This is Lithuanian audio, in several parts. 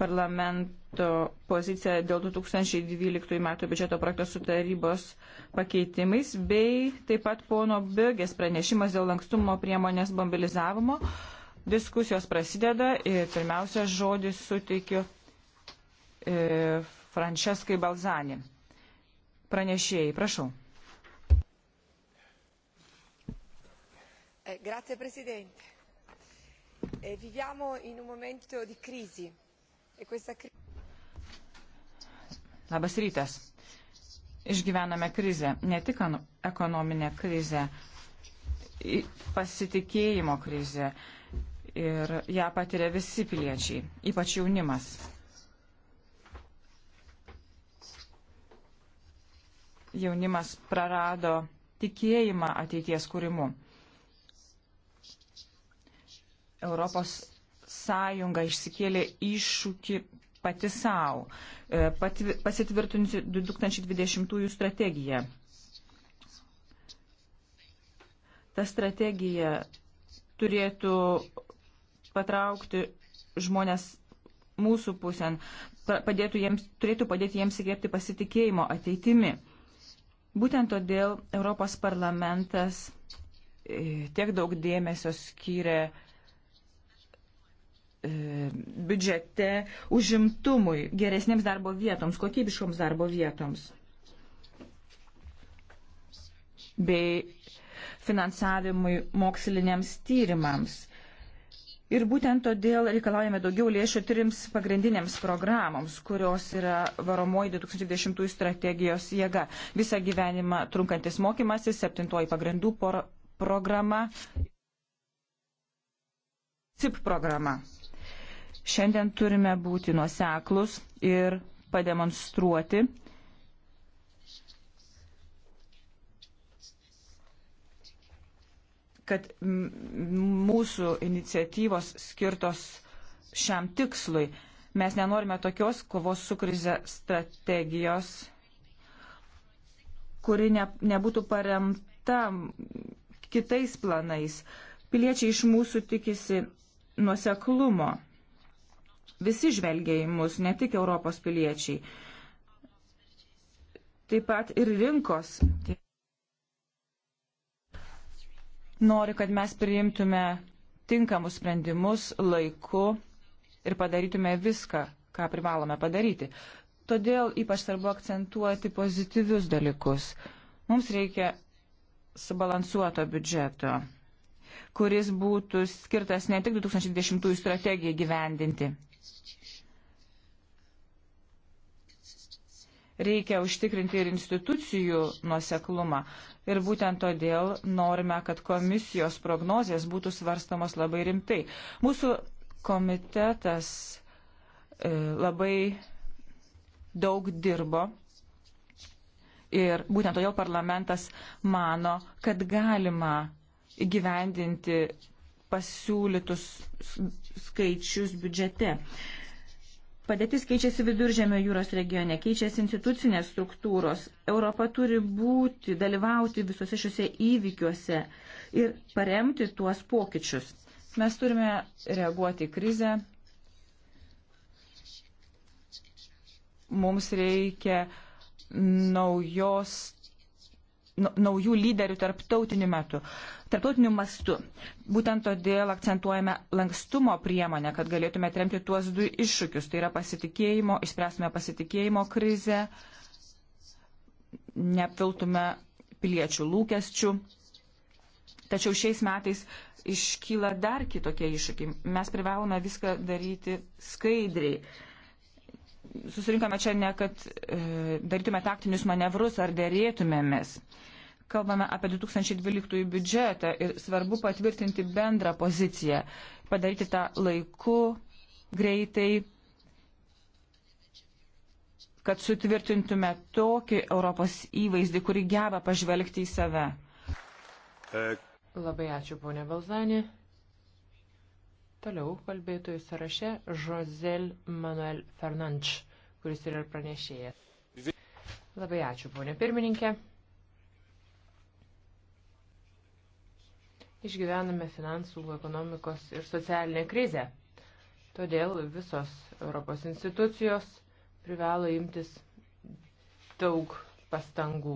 Parlamento pozicija dėl 2012 metų biudžeto projekto su tarybos pakeitimais bei taip pat pono Bögės pranešimas dėl lankstumo priemonės mobilizavimo. Diskusijos prasideda ir pirmiausia žodį suteikiu e, Franceskai Balzani. Pranešėjai, prašau. Grazie, prezidente. E viviamo in un momento di crisi. E questa crisi. Labas rytas. Išgyvename krizę, ne tik ekonominę krizę, pasitikėjimo krizę ir ją patiria visi piliečiai, ypač jaunimas. Jaunimas prarado tikėjimą ateities kūrimu. Europos Sąjunga išsikėlė iššūkį pati savo, e, pasitvirtinti 2020 strategiją. Ta strategija turėtų patraukti žmonės mūsų pusėn, padėtų jiems, turėtų padėti jiems įgėpti pasitikėjimo ateitimi. Būtent todėl Europos parlamentas e, tiek daug dėmesio skyrė E, biudžete užimtumui, geresnėms darbo vietoms, kokybiškoms darbo vietoms bei finansavimui moksliniams tyrimams. Ir būtent todėl reikalaujame daugiau lėšų trims pagrindinėms programoms, kurios yra varomoji 2010 strategijos jėga. Visą gyvenimą trunkantis mokymasis, septintoji pagrindų programa, CIP programa. Šiandien turime būti nuoseklus ir pademonstruoti, kad mūsų iniciatyvos skirtos šiam tikslui. Mes nenorime tokios kovos su krize strategijos, kuri ne, nebūtų paremta kitais planais. Piliečiai iš mūsų tikisi nuoseklumo. Visi žvelgia į mus, ne tik Europos piliečiai. Taip pat ir rinkos nori, kad mes priimtume tinkamus sprendimus laiku ir padarytume viską, ką privalome padaryti. Todėl ypač svarbu akcentuoti pozityvius dalykus. Mums reikia subalansuoto biudžeto, kuris būtų skirtas ne tik 2010 strategijai gyvendinti. Reikia užtikrinti ir institucijų nuoseklumą. Ir būtent todėl norime, kad komisijos prognozijas būtų svarstamos labai rimtai. Mūsų komitetas e, labai daug dirbo ir būtent todėl parlamentas mano, kad galima įgyvendinti pasiūlytus skaičius biudžete. Padėtis keičiasi viduržėmio jūros regione, keičiasi institucinės struktūros. Europa turi būti, dalyvauti visose šiuose įvykiuose ir paremti tuos pokyčius. Mes turime reaguoti į krizę. Mums reikia naujos Nu, naujų lyderių tarptautiniu metu, tarptautiniu mastu. Būtent todėl akcentuojame lankstumo priemonę, kad galėtume tremti tuos du iššūkius. Tai yra pasitikėjimo, išspręsime pasitikėjimo krizę, neapviltume piliečių lūkesčių. Tačiau šiais metais iškyla dar kitokie iššūkiai. Mes privalome viską daryti skaidriai susirinkome čia ne, kad e, darytume taktinius manevrus ar dėrėtumėmės kalbame apie 2012 biudžetą ir svarbu patvirtinti bendrą poziciją, padaryti tą laiku, greitai, kad sutvirtintume tokį Europos įvaizdį, kuri geba pažvelgti į save. Labai ačiū, ponė Valzani. Toliau kalbėtojų sąraše Žozel Manuel Fernanč, kuris yra pranešėjas. Labai ačiū, ponė pirmininkė. Išgyvename finansų, ekonomikos ir socialinę krizę. Todėl visos Europos institucijos privalo imtis daug pastangų.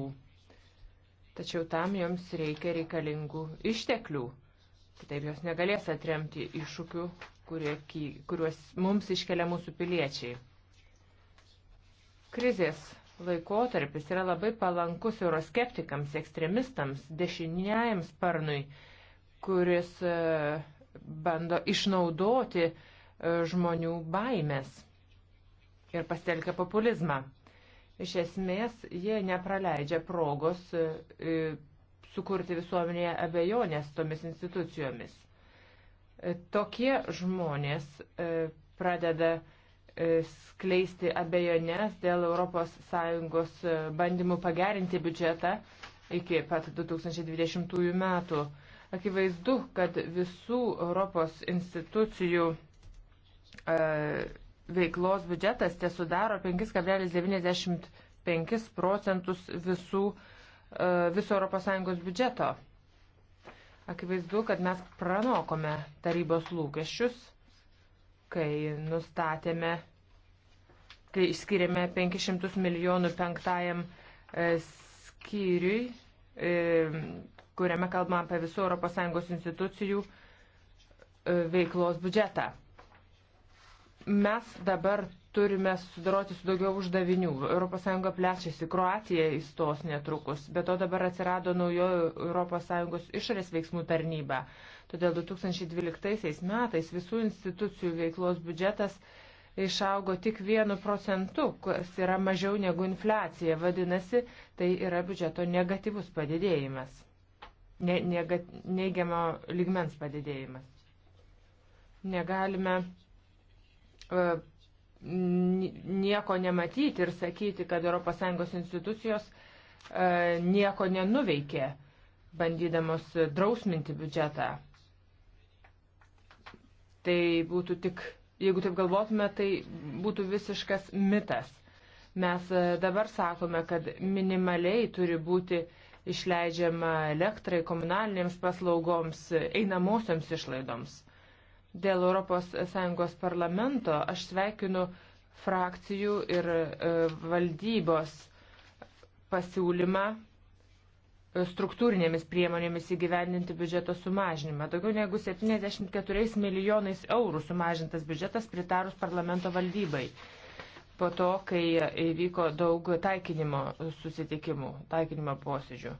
Tačiau tam joms reikia reikalingų išteklių. Kitaip jos negalės atremti iššūkių, kurie, kuriuos mums iškelia mūsų piliečiai. Krizės laikotarpis yra labai palankus euroskeptikams, ekstremistams, dešiniajam sparnui kuris e, bando išnaudoti e, žmonių baimės ir pastelkia populizmą. Iš esmės, jie nepraleidžia progos e, sukurti visuomenėje abejonės tomis institucijomis. Tokie žmonės pradeda skleisti abejonės dėl ES bandymų pagerinti biudžetą iki pat 2020 metų. Akivaizdu, kad visų Europos institucijų e, veiklos biudžetas tie sudaro 5,95 procentus visų, e, viso ES biudžeto. Akivaizdu, kad mes pranokome tarybos lūkesčius, kai nustatėme, kai išskiriame 500 milijonų penktajam e, skyriui kuriame kalbam apie visų ES institucijų e, veiklos biudžetą. Mes dabar turime sudaroti su daugiau uždavinių. ES plečiasi, Kroatija įstos netrukus, bet to dabar atsirado naujoji ES išorės veiksmų tarnyba. Todėl 2012 metais visų institucijų veiklos biudžetas išaugo tik vienu procentu, kas yra mažiau negu infliacija. Vadinasi, tai yra biudžeto negatyvus padidėjimas ne, ne, neigiamo lygmens padidėjimas. Negalime uh, nieko nematyti ir sakyti, kad ES institucijos uh, nieko nenuveikė, bandydamos drausminti biudžetą. Tai būtų tik, jeigu taip galvotume, tai būtų visiškas mitas. Mes e, dabar sakome, kad minimaliai turi būti uh, išleidžiama elektrai, komunalinėms paslaugoms, einamosioms išlaidoms. Dėl ES parlamento aš sveikinu frakcijų ir e, valdybos pasiūlymą e, struktūrinėmis priemonėmis įgyvendinti biudžeto sumažinimą. Daugiau negu 74 milijonais eurų sumažintas biudžetas pritarus parlamento valdybai po to, kai įvyko daug taikinimo susitikimų, taikinimo posėdžių.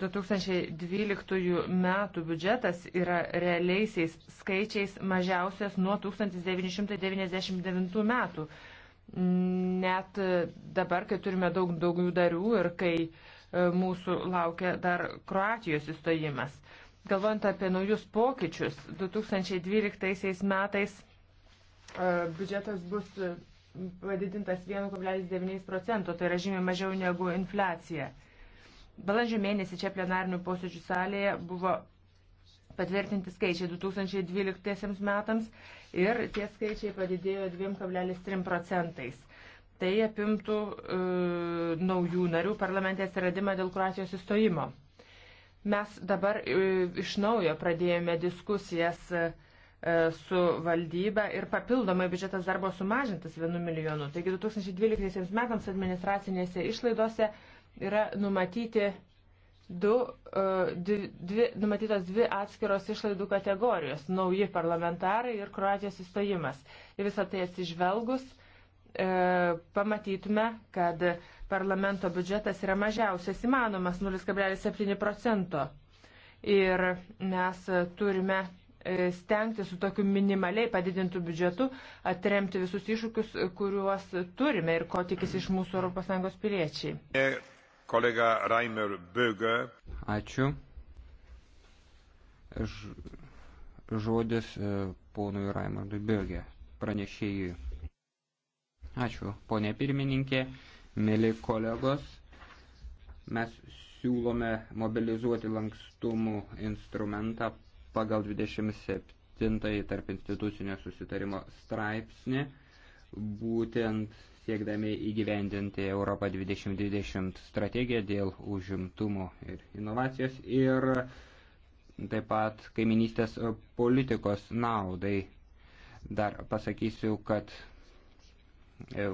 2012 metų biudžetas yra realiaisiais skaičiais mažiausias nuo 1999 metų. Net dabar, kai turime daug daugiau darių ir kai e, mūsų laukia dar Kroatijos įstojimas. Galvojant apie naujus pokyčius, 2012 metais e, biudžetas bus padidintas 1,9 procento, tai yra žymiai mažiau negu infliacija. Balandžio mėnesį čia plenarnių posėdžių salėje buvo patvirtinti skaičiai 2012 metams ir tie skaičiai padidėjo 2,3 procentais. Tai apimtų e, naujų narių parlamente atsiradimą dėl Kroatijos įstojimo. Mes dabar e, iš naujo pradėjome diskusijas. E, E, su valdyba ir papildomai biudžetas dar buvo sumažintas 1 milijonu. Taigi 2012 metams administracinėse išlaidose yra numatyti du, e, dvi, dvi, numatytos dvi atskiros išlaidų kategorijos - nauji parlamentarai ir Kroatijos įstojimas. Ir visą tai atsižvelgus e, pamatytume, kad parlamento biudžetas yra mažiausias įmanomas - 0,7 procento. Ir mes turime E, stengti su tokiu minimaliai padidintų biudžetu atremti visus iššūkius, kuriuos turime ir ko tikisi iš mūsų ES piliečiai. E, kolega Reimer Böge. Ačiū. Žodis e, ponui Raimondui Böge, pranešėjui. Ačiū, ponė pirmininkė, mėly kolegos. Mes siūlome mobilizuoti lankstumų instrumentą pagal 27 tarp institucinio susitarimo straipsnį, būtent siekdami įgyvendinti Europą 2020 strategiją dėl užimtumo ir inovacijos ir taip pat kaiminystės politikos naudai. Dar pasakysiu, kad e,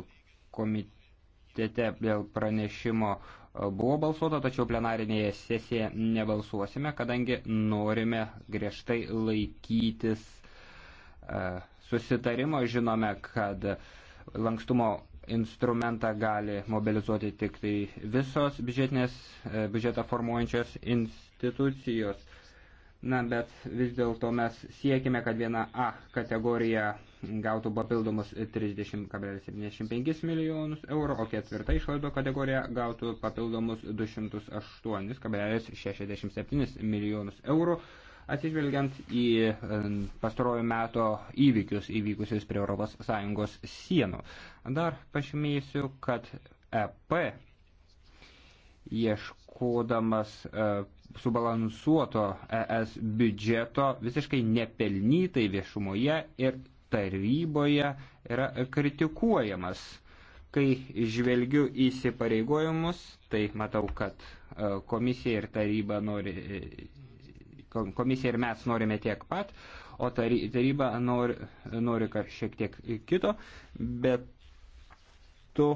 komitete dėl pranešimo buvo balsuota, tačiau plenarinėje sesijoje nebalsuosime, kadangi norime griežtai laikytis e, susitarimo. Žinome, kad lankstumo instrumentą gali mobilizuoti tik tai visos biudžetinės, e, biudžetą formuojančios institucijos. Na, bet vis dėlto mes siekime, kad viena A kategorija gautų papildomus 30,75 milijonus eurų, o ketvirta išlaidų kategorija gautų papildomus 208,67 milijonus eurų, atsižvelgiant į e, pastarojo meto įvykius įvykusius prie ES sienų. Dar pažymėsiu, kad EP ieško ieškodamas e, subalansuoto ES biudžeto visiškai nepelnytai viešumoje ir taryboje yra kritikuojamas. Kai žvelgiu įsipareigojimus, tai matau, kad e, komisija ir taryba nori, e, komisija ir mes norime tiek pat, o taryba nori, nori šiek tiek kito, bet metu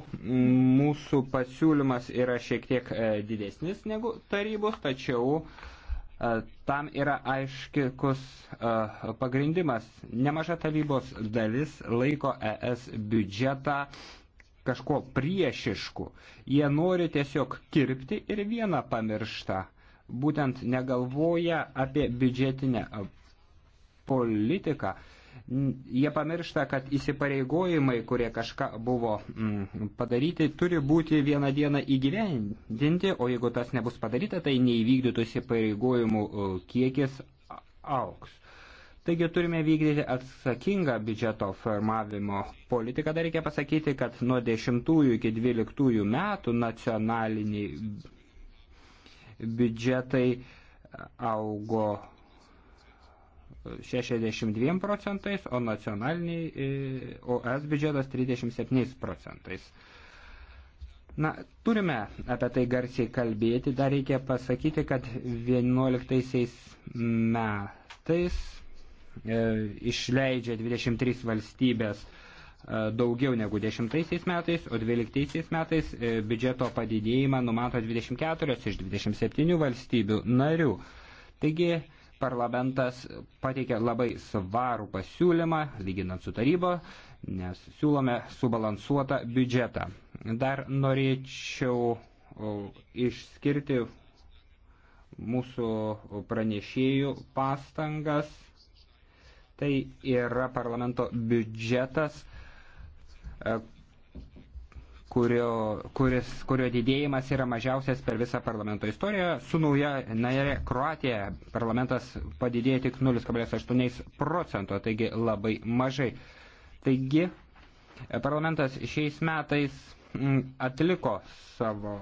mūsų pasiūlymas yra šiek tiek e, didesnis negu tarybos, tačiau e, tam yra aiškikus e, pagrindimas. Nemaža tarybos dalis laiko ES biudžetą kažko priešišku. Jie nori tiesiog kirpti ir vieną pamirštą. Būtent negalvoja apie biudžetinę politiką jie pamiršta, kad įsipareigojimai, kurie kažką buvo mm, padaryti, turi būti vieną dieną įgyvendinti, o jeigu tas nebus padaryta, tai neįvykdytų įsipareigojimų e, kiekis auks. Taigi turime vykdyti atsakingą biudžeto formavimo politiką. Dar reikia pasakyti, kad nuo 10 iki 12 metų nacionaliniai biudžetai augo 62 procentais, o nacionaliniai e, OS biudžetas 37 procentais. Na, turime apie tai garsiai kalbėti, dar reikia pasakyti, kad 11 metais e, išleidžia 23 valstybės e, daugiau negu 10 metais, o 12 metais e, biudžeto padidėjimą numato 24 iš 27 valstybių narių. Taigi, e, parlamentas pateikė labai svarų pasiūlymą, lyginant su taryba, nes siūlome subalansuotą biudžetą. Dar norėčiau išskirti mūsų pranešėjų pastangas. Tai yra parlamento biudžetas, kurio, kuris, kurio didėjimas yra mažiausias per visą parlamento istoriją. Su nauja narė Kroatija parlamentas padidėjo tik 0,8 procento, taigi labai mažai. Taigi parlamentas šiais metais mm, atliko savo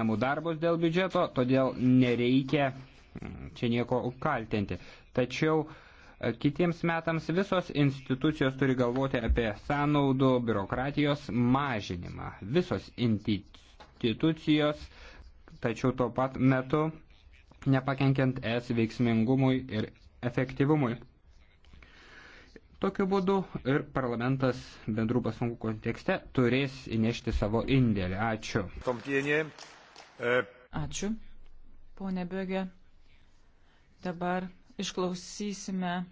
namų darbus dėl biudžeto, todėl nereikia mm, čia nieko kaltinti. Tačiau uh, Kitiems metams visos institucijos turi galvoti apie sąnaudų biurokratijos mažinimą. Visos institucijos, tačiau tuo pat metu nepakenkiant es veiksmingumui ir efektyvumui. Tokiu būdu ir parlamentas bendrų pasunkų kontekste turės įnešti savo indėlį. Ačiū. Kompienė. E... Ačiū. Pone Bėgė, dabar Išklausysime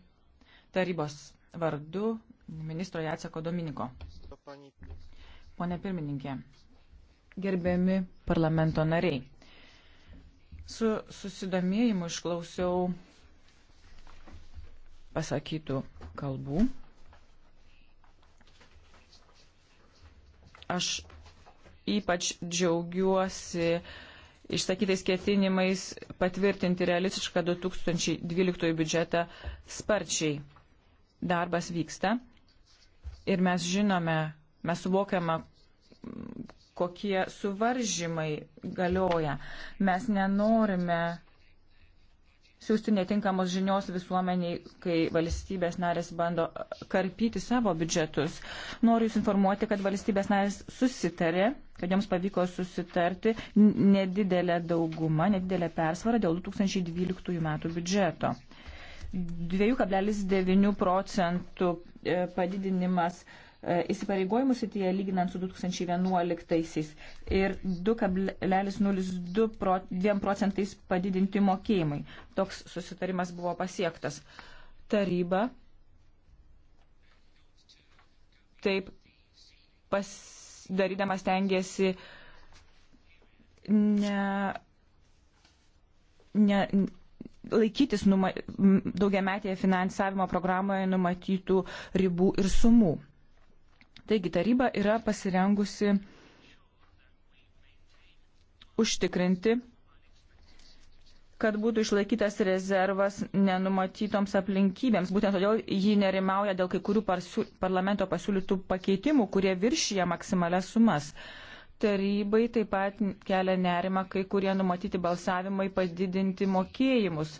tarybos vardu ministro Jaceko Dominiko. Pone pirmininkė, gerbiami parlamento nariai, su susidomėjimu išklausiau pasakytų kalbų. Aš ypač džiaugiuosi uh, išsakytais ketinimais patvirtinti realistišką 2012 biudžetą sparčiai. Darbas vyksta ir mes žinome, mes suvokiame, kokie suvaržymai galioja. Mes nenorime siūsti netinkamos žinios visuomeniai, kai valstybės narės bando karpyti savo biudžetus. Noriu Jūs informuoti, kad valstybės narės susitarė, kad joms pavyko susitarti nedidelę daugumą, nedidelę persvarą dėl 2012 metų biudžeto. 2,9 procentų e, padidinimas E, įsipareigojimų sityje lyginant su 2011-aisiais ir 2,02 procentais padidinti mokėjimai. Toks susitarimas buvo pasiektas. Taryba taip pasidarydamas tengiasi ne, ne, laikytis numa, daugiametėje finansavimo programoje numatytų ribų ir sumų. Taigi taryba yra pasirengusi užtikrinti, kad būtų išlaikytas rezervas nenumatytoms aplinkybėms. Būtent todėl ji nerimauja dėl kai kurių parsu, parlamento pasiūlytų pakeitimų, kurie viršyja maksimalias sumas. Uh, tarybai taip pat kelia nerima kai kurie numatyti balsavimai padidinti mokėjimus,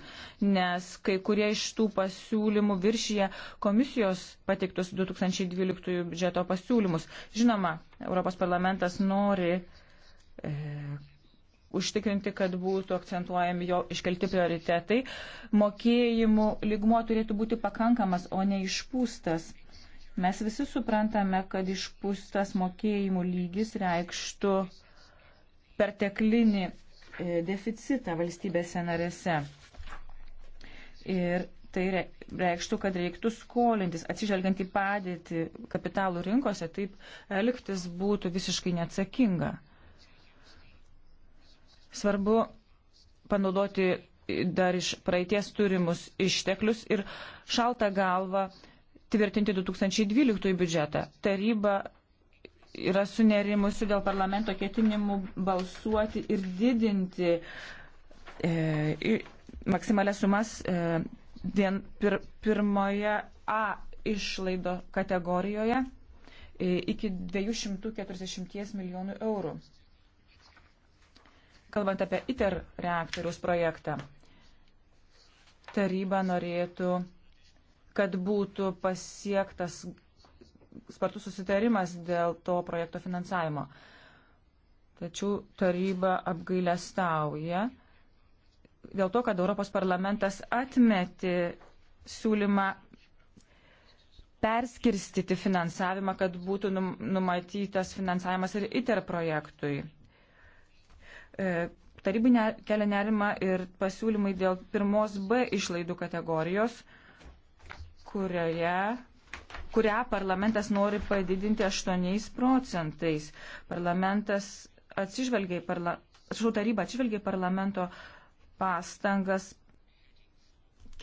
nes kai kurie iš tų pasiūlymų viršyje komisijos pateiktus 2012 biudžeto pasiūlymus. Žinoma, Europos parlamentas nori. E, užtikrinti, kad būtų akcentuojami jo iškelti prioritetai. Mokėjimų ligmuo turėtų būti pakankamas, o ne išpūstas. Mes visi suprantame, kad išpūstas mokėjimų lygis reikštų perteklinį e, deficitą valstybėse narėse. Ir tai reikštų, kad reiktų skolintis, atsižvelgiant į padėtį kapitalų rinkose, taip elgtis būtų visiškai neatsakinga. Svarbu panaudoti dar iš praeities turimus išteklius ir šaltą galvą tvirtinti 2012 biudžetą. Taryba yra sunerimusi dėl parlamento ketinimų balsuoti ir didinti e, maksimalės sumas e, dien, pir, pirmoje A išlaido kategorijoje e, iki 240 milijonų eurų. Kalbant apie ITER reaktorius projektą, taryba norėtų kad būtų pasiektas spartus susitarimas dėl to projekto finansavimo. Tačiau taryba apgailę stauja dėl to, kad Europos parlamentas atmeti siūlymą perskirstyti finansavimą, kad būtų numatytas finansavimas ir ITER projektui. E, tarybai kelia nerima ir pasiūlymai dėl pirmos B išlaidų kategorijos, kurioje kurią parlamentas nori padidinti 8 procentais. Parlamentas atsižvelgia į parla, atsižvelgia taryba atsižvelgia į parlamento pastangas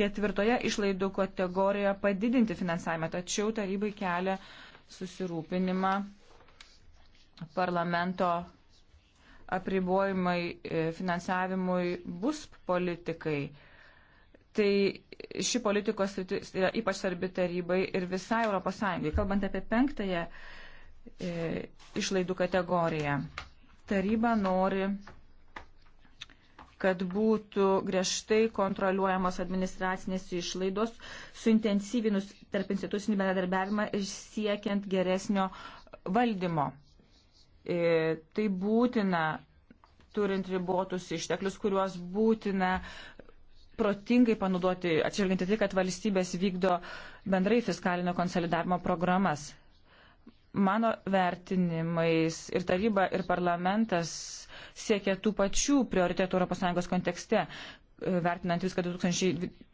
ketvirtoje išlaidų kategorijoje padidinti finansavimą, tačiau tarybai kelia susirūpinimą parlamento apribojimai e, finansavimui bus politikai tai ši politikos sritis yra ypač svarbi tarybai ir visai Europos Sąjungai. Kalbant apie penktąją e, išlaidų kategoriją, taryba nori, kad būtų griežtai kontroliuojamos administracinės išlaidos, suintensyvinus tarp institucinį bendradarbiavimą ir siekiant geresnio valdymo. E, tai būtina turint ribotus išteklius, kuriuos būtina protingai panaudoti, atsižvelgiant į tai, kad valstybės vykdo bendrai fiskalinio konsolidavimo programas. Mano vertinimais ir taryba, ir parlamentas siekia tų pačių prioritetų ES kontekste vertinant viską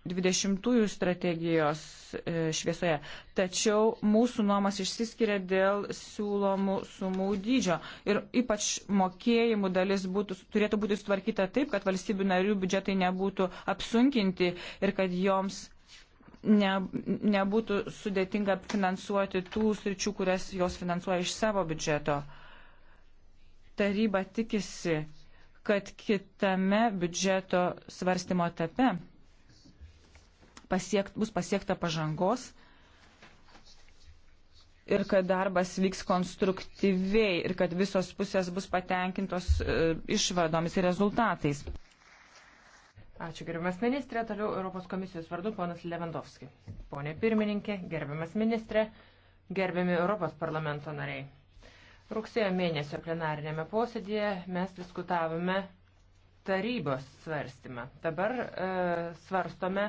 2020 strategijos e, šviesoje. Tačiau mūsų nuomas išsiskiria dėl siūlomų sumų dydžio. Ir ypač mokėjimų dalis būtų, turėtų būti sutvarkyta taip, kad valstybių narių biudžetai nebūtų apsunkinti ir kad joms ne, nebūtų sudėtinga finansuoti tų sričių, kurias jos finansuoja iš savo biudžeto. Taryba tikisi kad kitame biudžeto svarstymo etape pasiekt, bus pasiekta pažangos ir kad darbas vyks konstruktyviai ir kad visos pusės bus patenkintos e, išvadomis ir rezultatais. Ačiū, gerbiamas ministrė. Toliau Europos komisijos vardu ponas Levandovski. Pone pirmininkė, gerbiamas ministrė, gerbiami Europos parlamento nariai. Rugsėjo mėnesio plenarinėme posėdėje mes diskutavome tarybos svarstymą. Dabar e, svarstome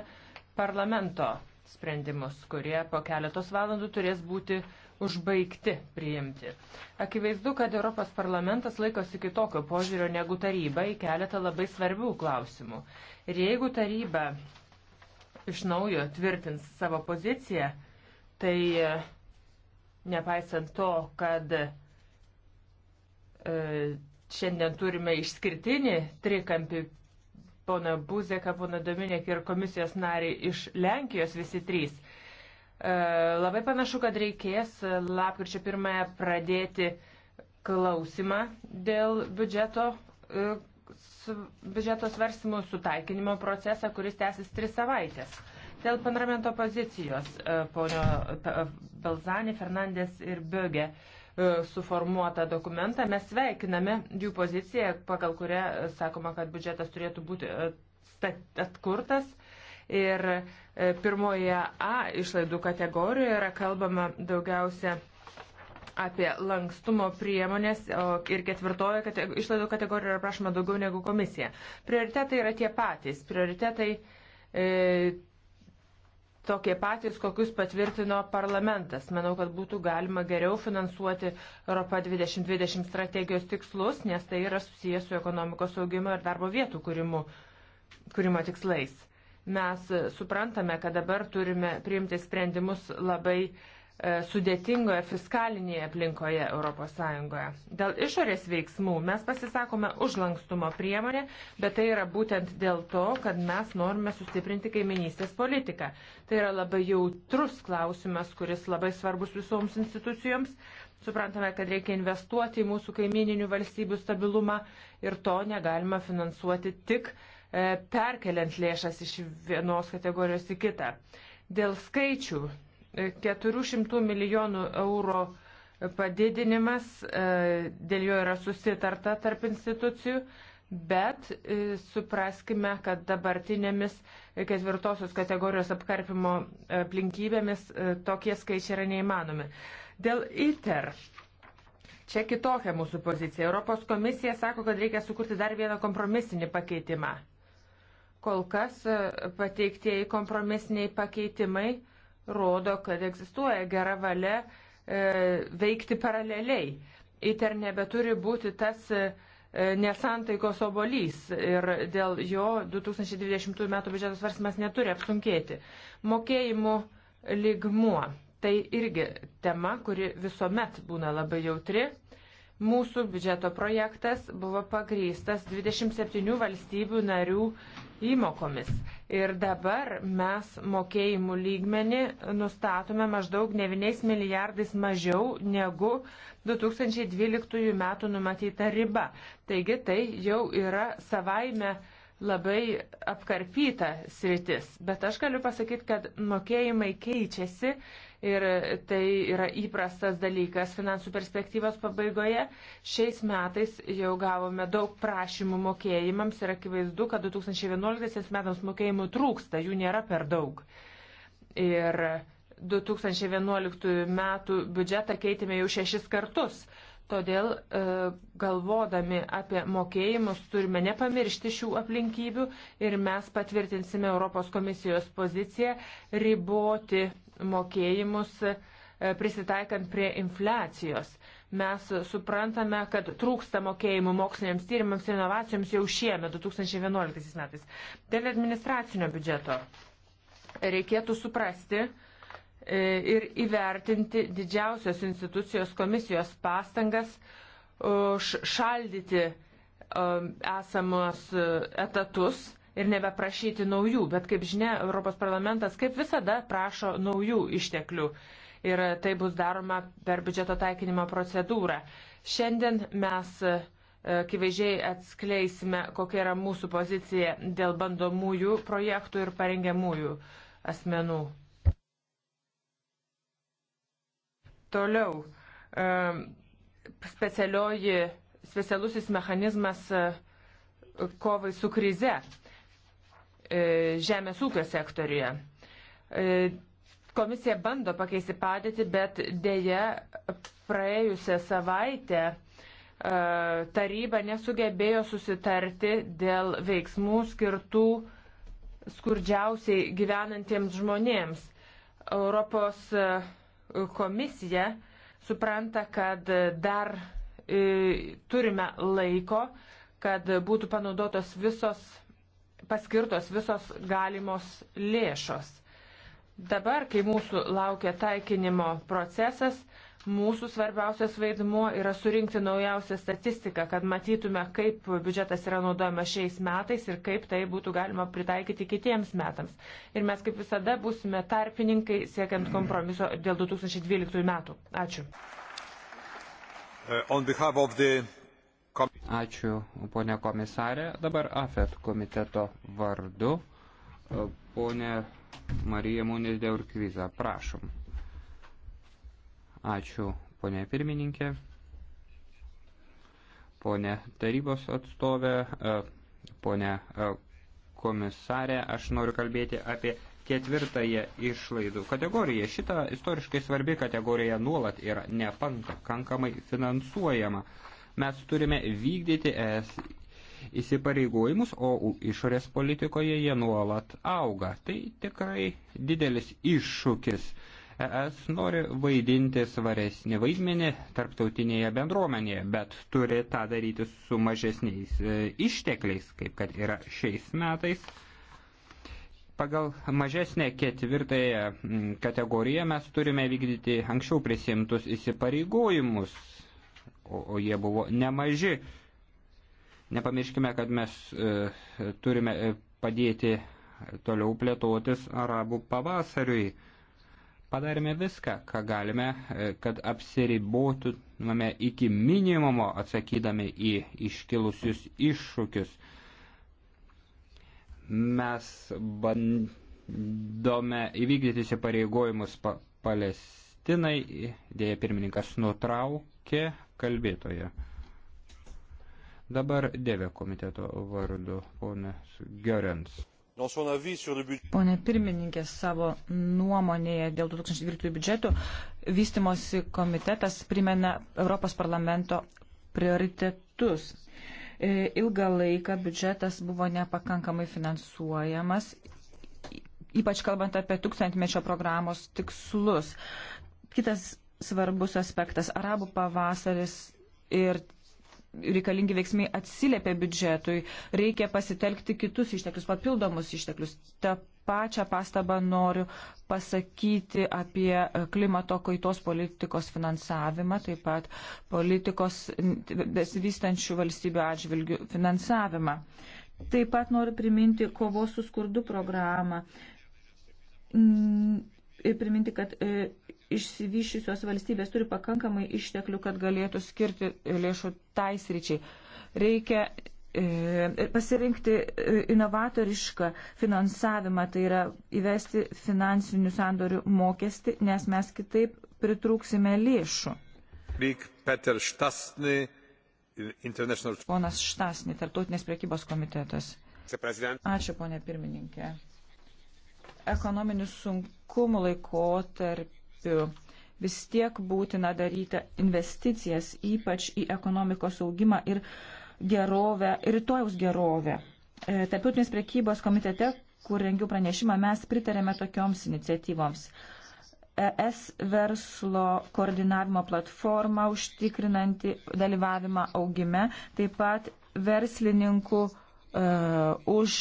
parlamento sprendimus, kurie po keletos valandų turės būti užbaigti priimti. Akivaizdu, kad Europos parlamentas laikosi kitokio požiūrio negu taryba į keletą labai svarbių klausimų. Ir jeigu taryba iš naujo tvirtins savo poziciją, tai e, nepaisant to, kad E, šiandien turime išskirtinį trikampį pona Buzeką, pona Dominik ir komisijos narį iš Lenkijos visi trys. E, labai panašu, kad reikės lapkričio pirmąją pradėti klausimą dėl biudžeto, e, biudžeto svarstymų sutaikinimo procesą, kuris tęsis tris savaitės. Dėl parlamento pozicijos, ponio Belzani, Fernandės ir Bögė E, suformuotą dokumentą. Mes sveikiname jų poziciją, pagal kurią e, sakoma, kad biudžetas turėtų būti e, atkurtas. Ir pirmoje A išlaidų kategorijoje yra kalbama daugiausia apie lankstumo priemonės ir ketvirtoje kate, išlaidų kategorijoje yra prašoma daugiau negu komisija. Prioritetai yra tie patys. Prioritetai e, tokie patys, kokius patvirtino parlamentas. Manau, kad būtų galima geriau finansuoti Europą 2020 strategijos tikslus, nes tai yra susijęs su ekonomikos augimo ir darbo vietų kūrimu, kūrimo tikslais. Mes suprantame, kad dabar turime priimti sprendimus labai uh, E, sudėtingoje fiskalinėje aplinkoje ES. Dėl išorės veiksmų mes pasisakome už lankstumo priemonę, bet tai yra būtent dėl to, kad mes norime sustiprinti kaiminystės politiką. Tai yra labai jautrus klausimas, kuris labai svarbus visoms institucijoms. Suprantame, kad reikia investuoti į mūsų kaimininių valstybių stabilumą ir to negalima finansuoti tik e, perkeliant lėšas iš vienos kategorijos į kitą. Dėl skaičių 400 milijonų eurų padidinimas, e, dėl jo yra susitarta tarp institucijų, bet e, supraskime, kad dabartinėmis ketvirtosios kategorijos apkarpimo aplinkybėmis e, tokie skaičiai yra neįmanomi. Dėl ITER. Čia kitokia mūsų pozicija. Europos komisija sako, kad reikia sukurti dar vieną kompromisinį pakeitimą. Kol kas pateiktieji kompromisiniai pakeitimai uh, rodo, kad egzistuoja gera valia e, veikti paraleliai. ITER nebeturi būti tas e, nesantaikos obolys ir dėl jo 2020 m. biudžeto svarstymas neturi apsunkėti. Mokėjimų lygmuo. Tai irgi tema, kuri visuomet būna labai jautri. Mūsų biudžeto projektas buvo pagrystas 27 valstybių narių įmokomis. Ir dabar mes mokėjimų lygmenį nustatome maždaug 9 milijardais mažiau negu 2012 metų numatyta riba. Taigi tai jau yra savaime labai apkarpyta sritis. Bet aš galiu pasakyti, kad mokėjimai keičiasi ir tai yra įprastas dalykas finansų perspektyvos pabaigoje. Šiais metais jau gavome daug prašymų mokėjimams ir akivaizdu, kad 2011 metams mokėjimų trūksta, jų nėra per daug. Ir 2011 metų biudžetą keitėme jau šešis kartus. Todėl e, galvodami apie mokėjimus turime nepamiršti šių aplinkybių ir mes patvirtinsime Europos komisijos poziciją riboti mokėjimus e, prisitaikant prie infliacijos. Mes suprantame, kad trūksta mokėjimų moksliniams tyrimams ir inovacijoms jau šiemet, 2011 metais. Dėl administracinio biudžeto reikėtų suprasti e, ir įvertinti didžiausios institucijos komisijos pastangas e, šaldyti esamos etatus ir nebeprašyti naujų, bet kaip žinia, Europos parlamentas kaip visada prašo naujų išteklių ir tai bus daroma per biudžeto taikinimo procedūrą. Šiandien mes e, akivaizdžiai atskleisime, kokia yra mūsų pozicija dėl bandomųjų projektų ir parengiamųjų asmenų. Toliau. E, specialioji, specialusis mechanizmas e, kovai su krize. E, žemės ūkio sektoriuje. E, komisija bando pakeisti padėtį, bet dėja praėjusią savaitę e, taryba nesugebėjo susitarti dėl veiksmų skirtų skurdžiausiai gyvenantiems žmonėms. Europos komisija supranta, kad dar turime laiko, kad būtų panaudotos visos paskirtos visos galimos lėšos. Dabar, kai mūsų laukia taikinimo procesas, mūsų svarbiausias vaidmuo yra surinkti naujausią statistiką, kad matytume, kaip biudžetas yra naudojamas šiais metais ir kaip tai būtų galima pritaikyti kitiems metams. Ir mes kaip visada būsime tarpininkai siekiant kompromiso dėl 2012 metų. Ačiū. Uh, Kom... Ačiū, ponė komisarė. Dabar AFET komiteto vardu. E, Pone Marija Mūnės Deurkviza, prašom. Ačiū, ponė pirmininkė. Pone tarybos atstovė, e, ponė e, komisarė, aš noriu kalbėti apie ketvirtąją išlaidų kategoriją. Šita istoriškai svarbi kategorija nuolat yra nepankankamai finansuojama. Mes turime vykdyti ES įsipareigojimus, o išorės politikoje jie nuolat auga. Tai tikrai didelis iššūkis. ES nori vaidinti svaresnį vaidmenį tarptautinėje bendruomenėje, bet turi tą daryti su mažesniais e, ištekliais, kaip kad yra šiais metais. Pagal mažesnę ketvirtąją kategoriją mes turime vykdyti anksčiau prisimtus įsipareigojimus o, o jie buvo nemaži. Nepamirškime, kad mes e, turime e, padėti toliau plėtotis arabų pavasariui. Padarėme viską, ką galime, e, kad apsiribotumėme iki minimumo atsakydami į iškilusius iššūkius. Mes bandome įvykdyti įsipareigojimus pa Palestinai, dėja pirmininkas nutraukė kalbėtoje. Dabar dėvė komiteto vardu ponas Gerens. Pone pirmininkė, savo nuomonėje dėl 2012 biudžetų vystimosi komitetas primena Europos parlamento prioritetus. E, ilgą laiką biudžetas buvo nepakankamai finansuojamas, ypač kalbant apie tūkstantmečio programos tikslus. Kitas svarbus aspektas. Arabų pavasaris ir reikalingi veiksmai atsiliepia biudžetui. Reikia pasitelkti kitus išteklius, papildomus išteklius. Ta pačią pastabą noriu pasakyti apie klimato kaitos politikos finansavimą, taip pat politikos besivystančių valstybių atžvilgių finansavimą. Taip pat noriu priminti kovos su skurdu programą priminti, kad e, išsivyščiusios valstybės turi pakankamai išteklių, kad galėtų skirti e, lėšų taisryčiai. Reikia e, pasirinkti inovatorišką finansavimą, tai yra įvesti finansinių sandorių mokestį, nes mes kitaip pritrūksime lėšų. Štasny, international... Ponas Štasni, Tartautinės priekybos komitetas. Ačiū, ponė pirmininkė. Ekonominių sunkumų sunkumų laikotarpiu vis tiek būtina daryti investicijas, ypač į ekonomikos augimą ir gerovę, rytojaus gerovę. E, Tarptautinės priekybos komitete, kur rengiu pranešimą, mes pritarėme tokioms iniciatyvoms. ES verslo koordinavimo platforma užtikrinanti dalyvavimą augime, taip pat verslininkų uh, už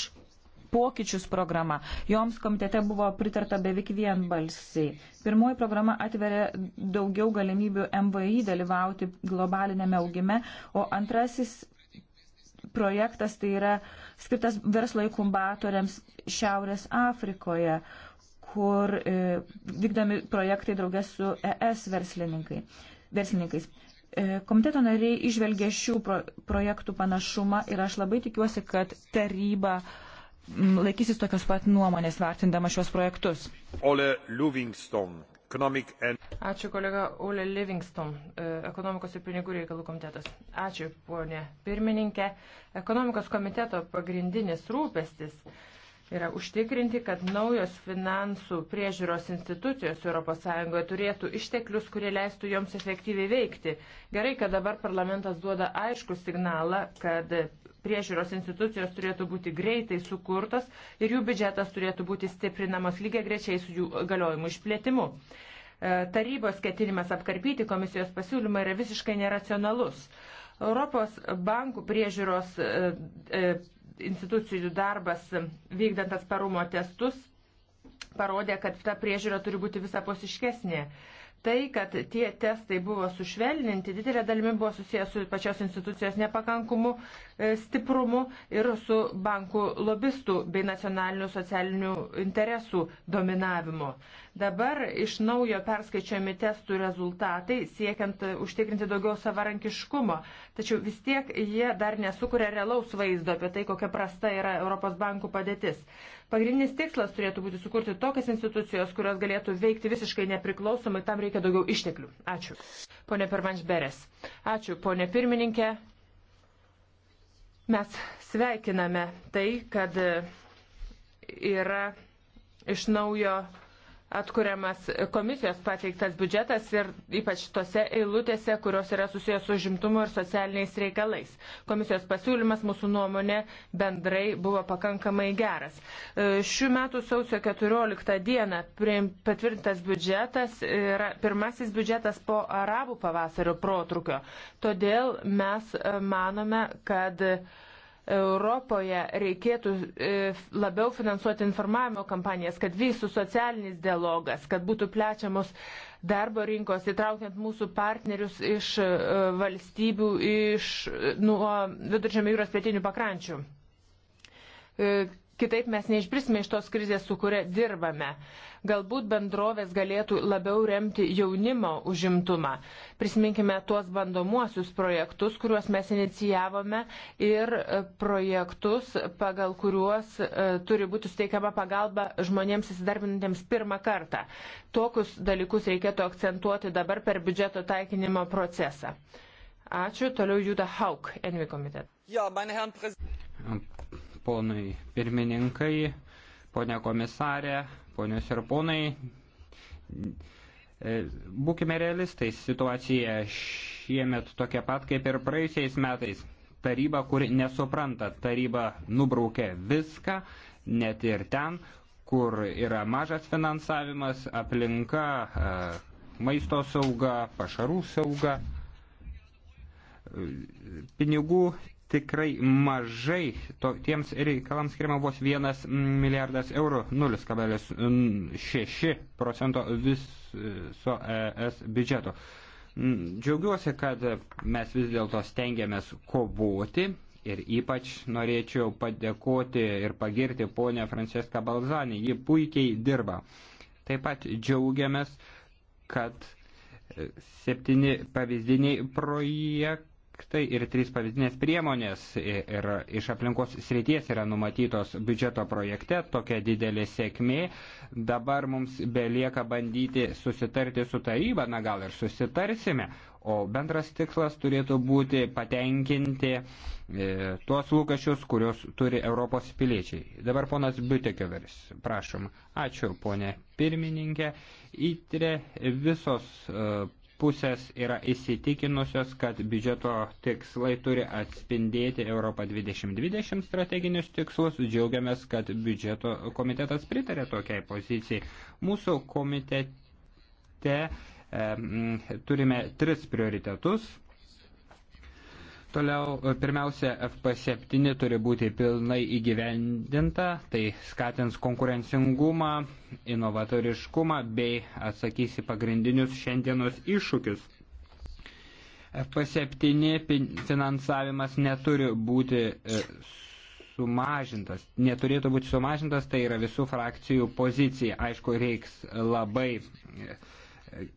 pokyčius programa. Joms komitete buvo pritarta beveik vienbalsiai. Pirmoji programa atveria daugiau galimybių MVI dalyvauti globalinėme augime, o antrasis projektas tai yra skirtas verslo įkumbatoriams Šiaurės Afrikoje kur e, vykdomi projektai draugės su ES verslininkais. E, komiteto nariai išvelgia šių pro, projektų panašumą ir aš labai tikiuosi, kad taryba uh, laikysis tokios pat nuomonės vertindama šios projektus. Ole Livingston. And... Ačiū kolega Ole Livingston, e, ekonomikos ir pinigų reikalų komitetas. Ačiū ponė pirmininkė. Ekonomikos komiteto pagrindinis rūpestis yra užtikrinti, kad naujos finansų priežiūros institucijos ES turėtų išteklius, kurie leistų joms efektyviai veikti. Gerai, kad dabar parlamentas duoda aišku signalą, kad priežiūros institucijos turėtų būti greitai sukurtos ir jų biudžetas turėtų būti stiprinamas lygiai grečiai su jų galiojimų išplėtimu. E, tarybos ketinimas apkarpyti komisijos pasiūlymą yra visiškai neracionalus. Europos bankų priežiūros e, e, institucijų darbas vykdant atsparumo testus parodė, kad ta priežiūra turi būti visaposiškesnė tai, kad tie testai buvo sušvelninti, didelė dalimi buvo susijęs su pačios institucijos nepakankumu, e, stiprumu ir su bankų lobistų bei nacionalinių socialinių interesų dominavimu. Dabar iš naujo perskaičiami testų rezultatai, siekiant užtikrinti daugiau savarankiškumo. Tačiau vis tiek jie dar nesukuria realaus vaizdo apie tai, kokia prasta yra Europos bankų padėtis. Pagrindinis tikslas turėtų būti sukurti tokias institucijos, kurios galėtų veikti visiškai nepriklausomai, tam reikia daugiau išteklių. Ačiū. Pone Permanšberės. Ačiū, ponė pirmininkė. Mes sveikiname tai, kad yra iš naujo atkuriamas komisijos pateiktas biudžetas ir ypač tose eilutėse, kurios yra susijęs su žimtumu ir socialiniais reikalais. Komisijos pasiūlymas mūsų nuomonė bendrai buvo pakankamai geras. E, šių metų sausio 14 dieną patvirtintas biudžetas yra pirmasis biudžetas po arabų pavasario protrukio. Todėl mes e, manome, kad Europoje reikėtų e, labiau finansuoti informavimo kampanijas, kad vysų socialinis dialogas, kad būtų plečiamos darbo rinkos, įtraukiant mūsų partnerius iš e, valstybių, iš e, nuo viduržėmio jūros pietinių pakrančių Kitaip mes neišbrisime iš tos krizės, su kuria dirbame. Galbūt bendrovės galėtų labiau remti jaunimo užimtumą. Prisiminkime tuos bandomuosius projektus, kuriuos mes inicijavome ir e, projektus, pagal kuriuos e, turi būti suteikiama pagalba žmonėms įsidarbinantiems pirmą kartą. Tokius dalykus reikėtų akcentuoti dabar per biudžeto taikinimo procesą. Ačiū. Toliau juda Hauk, Envi komitetas. Ja, ponui pirmininkai, ponė komisarė, ponios ir ponai. E, būkime realistais, situacija šiemet tokia pat kaip ir praėjusiais metais. Taryba, kuri nesupranta, taryba nubraukė viską, net ir ten, kur yra mažas finansavimas, aplinka, e, maisto sauga, pašarų sauga, e, pinigų tikrai mažai, to, tiems reikalams skiriama vos 1 milijardas eurų, 0,6 procento viso e, ES biudžeto. Mm, džiaugiuosi, kad mes vis dėlto stengiamės kovoti ir ypač norėčiau padėkoti ir pagirti ponę Franceską Balzanį, ji puikiai dirba. Taip pat džiaugiamės, kad e, septyni pavyzdiniai projektai projektai ir trys pavyzdinės priemonės ir iš aplinkos srities yra numatytos biudžeto projekte, tokia didelė sėkmė. Dabar mums belieka bandyti susitarti su taryba, na gal ir susitarsime, o bendras tikslas turėtų būti patenkinti e, tuos lūkesčius, kurios turi Europos piliečiai. Dabar ponas Biutekiovers, prašom. Ačiū, ponė pirmininkė. Įtrė visos e, pusės yra įsitikinusios, kad biudžeto tikslai turi atspindėti Europą 2020 strateginius tikslus. Džiaugiamės, kad biudžeto komitetas pritarė tokiai pozicijai. Mūsų komitete e, m, turime tris prioritetus Toliau, e, pirmiausia, FP7 turi būti pilnai įgyvendinta, tai skatins konkurencingumą, inovatoriškumą bei atsakys į pagrindinius šiandienos iššūkius. FP7 finansavimas neturi būti e, sumažintas, neturėtų būti sumažintas, tai yra visų frakcijų pozicija. Aišku, reiks labai e,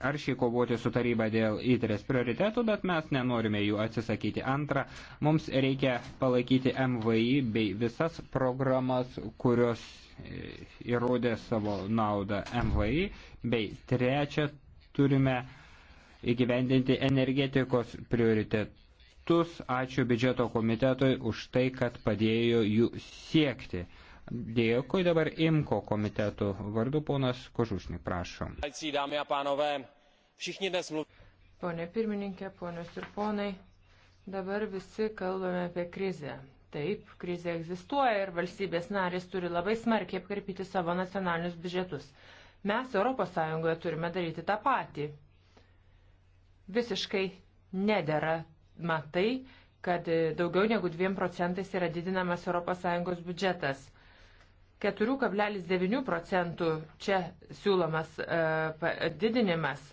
aršiai kovoti su taryba dėl įtrės prioritetų, bet mes nenorime jų atsisakyti. Antra, mums reikia palaikyti MVI bei visas programas, kurios e, įrodė savo naudą MVI. Bei trečia, turime įgyvendinti energetikos prioritetus. Ačiū biudžeto komitetui už tai, kad padėjo jų siekti. Dėkui dabar IMKO komitetų vardu ponas Kožušnik, prašom. Pone pirmininkė, ponios ir ponai, dabar visi kalbame apie krizę. Taip, krizė egzistuoja ir valstybės narės turi labai smarkiai apkarpyti savo nacionalinius biudžetus. Mes ES turime daryti tą patį. Visiškai nedėra matai, kad daugiau negu 2 procentais yra didinamas ES biudžetas. 4,9 procentų čia siūlomas e, didinimas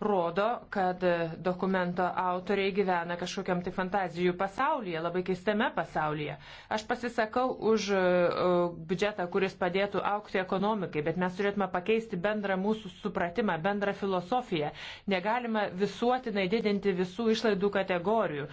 rodo, kad dokumento autoriai gyvena kažkokiam tai fantazijų pasaulyje, labai keistame pasaulyje. Aš pasisakau už e, biudžetą, kuris padėtų aukti ekonomikai, bet mes turėtume pakeisti bendrą mūsų supratimą, bendrą filosofiją. Negalima visuotinai didinti visų išlaidų kategorijų.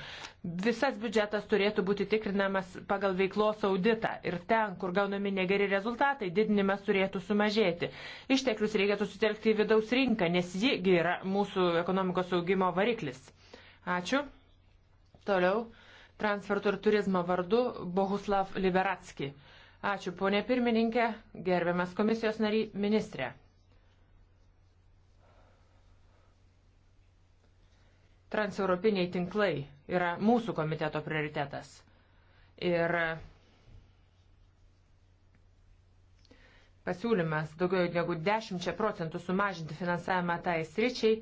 Visas biudžetas turėtų būti tikrinamas pagal veiklos auditą ir ten, kur gaunami negeri rezultatai, didinimas turėtų sumažėti. Išteklius reikėtų sutelkti į vidaus rinką, nes ji yra mūsų mūsų ekonomikos augimo variklis. Ačiū. Toliau transporto ir turizmo vardu Bohuslav Liberatski. Ačiū, ponė pirmininkė, gerbiamas komisijos nary ministrė. Transeuropiniai tinklai yra mūsų komiteto prioritetas. Ir pasiūlymas daugiau negu 10 procentų sumažinti finansavimą tai sričiai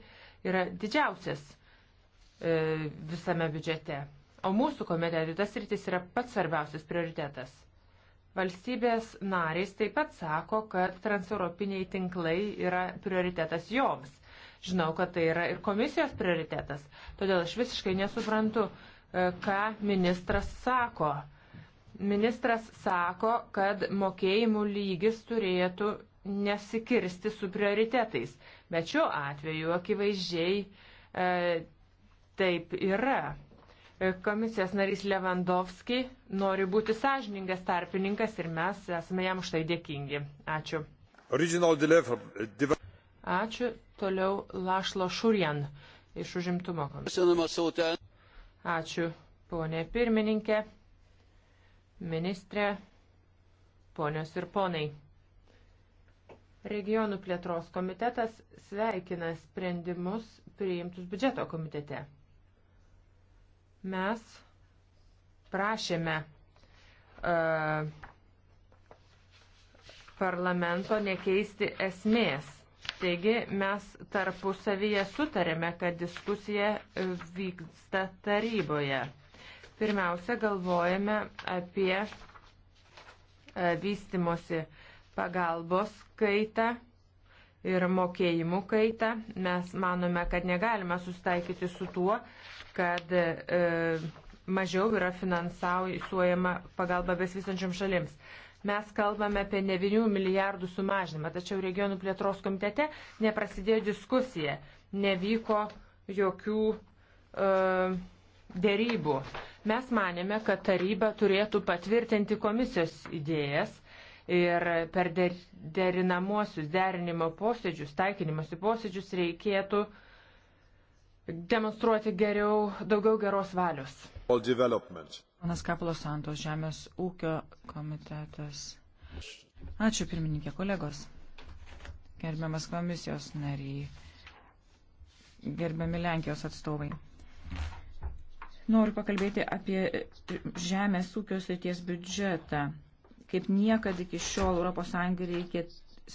yra didžiausias e, visame biudžete. O mūsų komitetui tas rytis yra pats svarbiausias prioritetas. Valstybės narys taip pat sako, kad transeuropiniai tinklai yra prioritetas joms. Žinau, kad tai yra ir komisijos prioritetas. Todėl aš visiškai nesuprantu, e, ką ministras sako. Ministras sako, kad mokėjimų lygis turėtų nesikirsti su prioritetais, bet šiuo atveju akivaizdžiai e, taip yra. E, komisijos narys Levandovski nori būti sąžiningas tarpininkas ir mes esame jam už tai dėkingi. Ačiū. Ačiū. Toliau Lašlo Šurjan iš užimtumo komisijos. Ačiū, ponė pirmininkė ministrė, ponios ir ponai. Regionų plėtros komitetas sveikina sprendimus priimtus biudžeto komitete. Mes prašėme uh, parlamento nekeisti esmės. Taigi mes tarpusavyje sutarėme, kad diskusija vyksta taryboje. Pirmiausia, galvojame apie e, vystimosi pagalbos kaitą ir mokėjimų kaitą. Mes manome, kad negalime sustaikyti su tuo, kad e, mažiau yra finansuojama pagalba besvystančiam šalims. Mes kalbame apie 9 milijardų sumažinimą, tačiau regionų plėtros komitete neprasidėjo diskusija, nevyko jokių uh, e, dėrybų. Mes manėme, kad taryba turėtų patvirtinti komisijos idėjas ir per derinamuosius derinimo posėdžius, taikinimosi posėdžius reikėtų demonstruoti geriau, daugiau geros valios. Manas Kapalos Santos, Žemės ūkio komitetas. Ačiū pirmininkė, kolegos. Gerbiamas komisijos nariai. Gerbiami Lenkijos atstovai. Noriu pakalbėti apie žemės ūkio srities biudžetą. Kaip niekad iki šiol ES reikia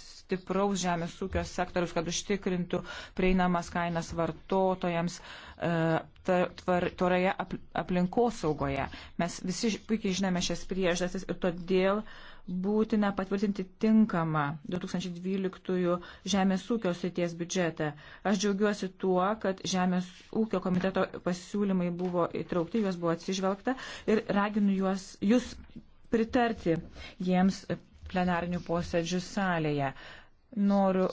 stipraus žemės ūkio sektorius, kad užtikrintų prieinamas kainas vartotojams e, tvarioje aplinkosaugoje. Mes visi puikiai žinome šias priežastis ir todėl uh, būtina patvirtinti tinkamą 2012 žemės ūkio srities biudžetą. Aš džiaugiuosi tuo, kad žemės ūkio komiteto pasiūlymai buvo įtraukti, juos buvo atsižvelgta ir raginu juos, jūs pritarti jiems plenarinių posėdžių salėje. Noriu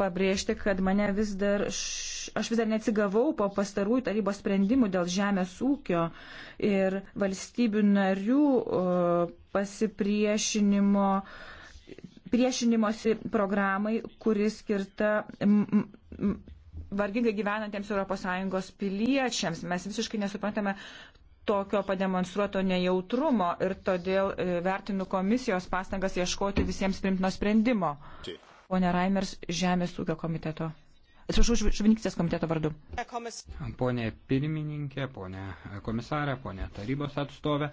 pabrėžti, kad mane vis dar, š... aš vis dar neatsigavau po pastarųjų tarybos sprendimų dėl žemės ūkio ir valstybių narių uh, pasipriešinimo priešinimosi programai, kuris skirta vargingai gyvenantiems ES piliečiams. Mes visiškai nesuprantame tokio pademonstruoto nejautrumo ir todėl e, vertinu komisijos pastangas ieškoti visiems primtino sprendimo. Pone Raimers, Žemės ūkio komiteto atsiprašau, žuvininkystės komiteto vardu. Pone pirmininkė, pone komisarė, pone tarybos atstovė,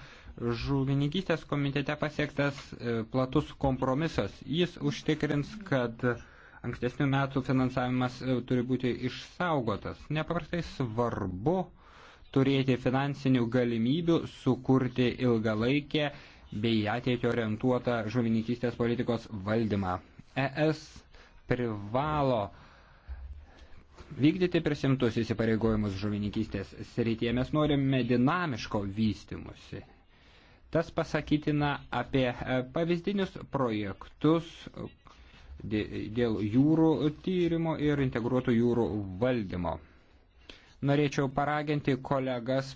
žuvininkystės komitete pasiektas e, platus kompromisas. Jis užtikrins, kad ankstesnių metų finansavimas e, turi būti išsaugotas. Nepaprastai svarbu turėti finansinių galimybių sukurti ilgalaikę bei ateitį orientuotą žuvininkystės politikos valdymą. ES privalo uh, vykdyti prisimtus įsipareigojimus žuvininkystės srityje. Mes norime dinamiško vystimusi. Tas pasakytina apie e, pavyzdinius projektus dėl jūrų tyrimo ir integruotų jūrų valdymo. Norėčiau paraginti kolegas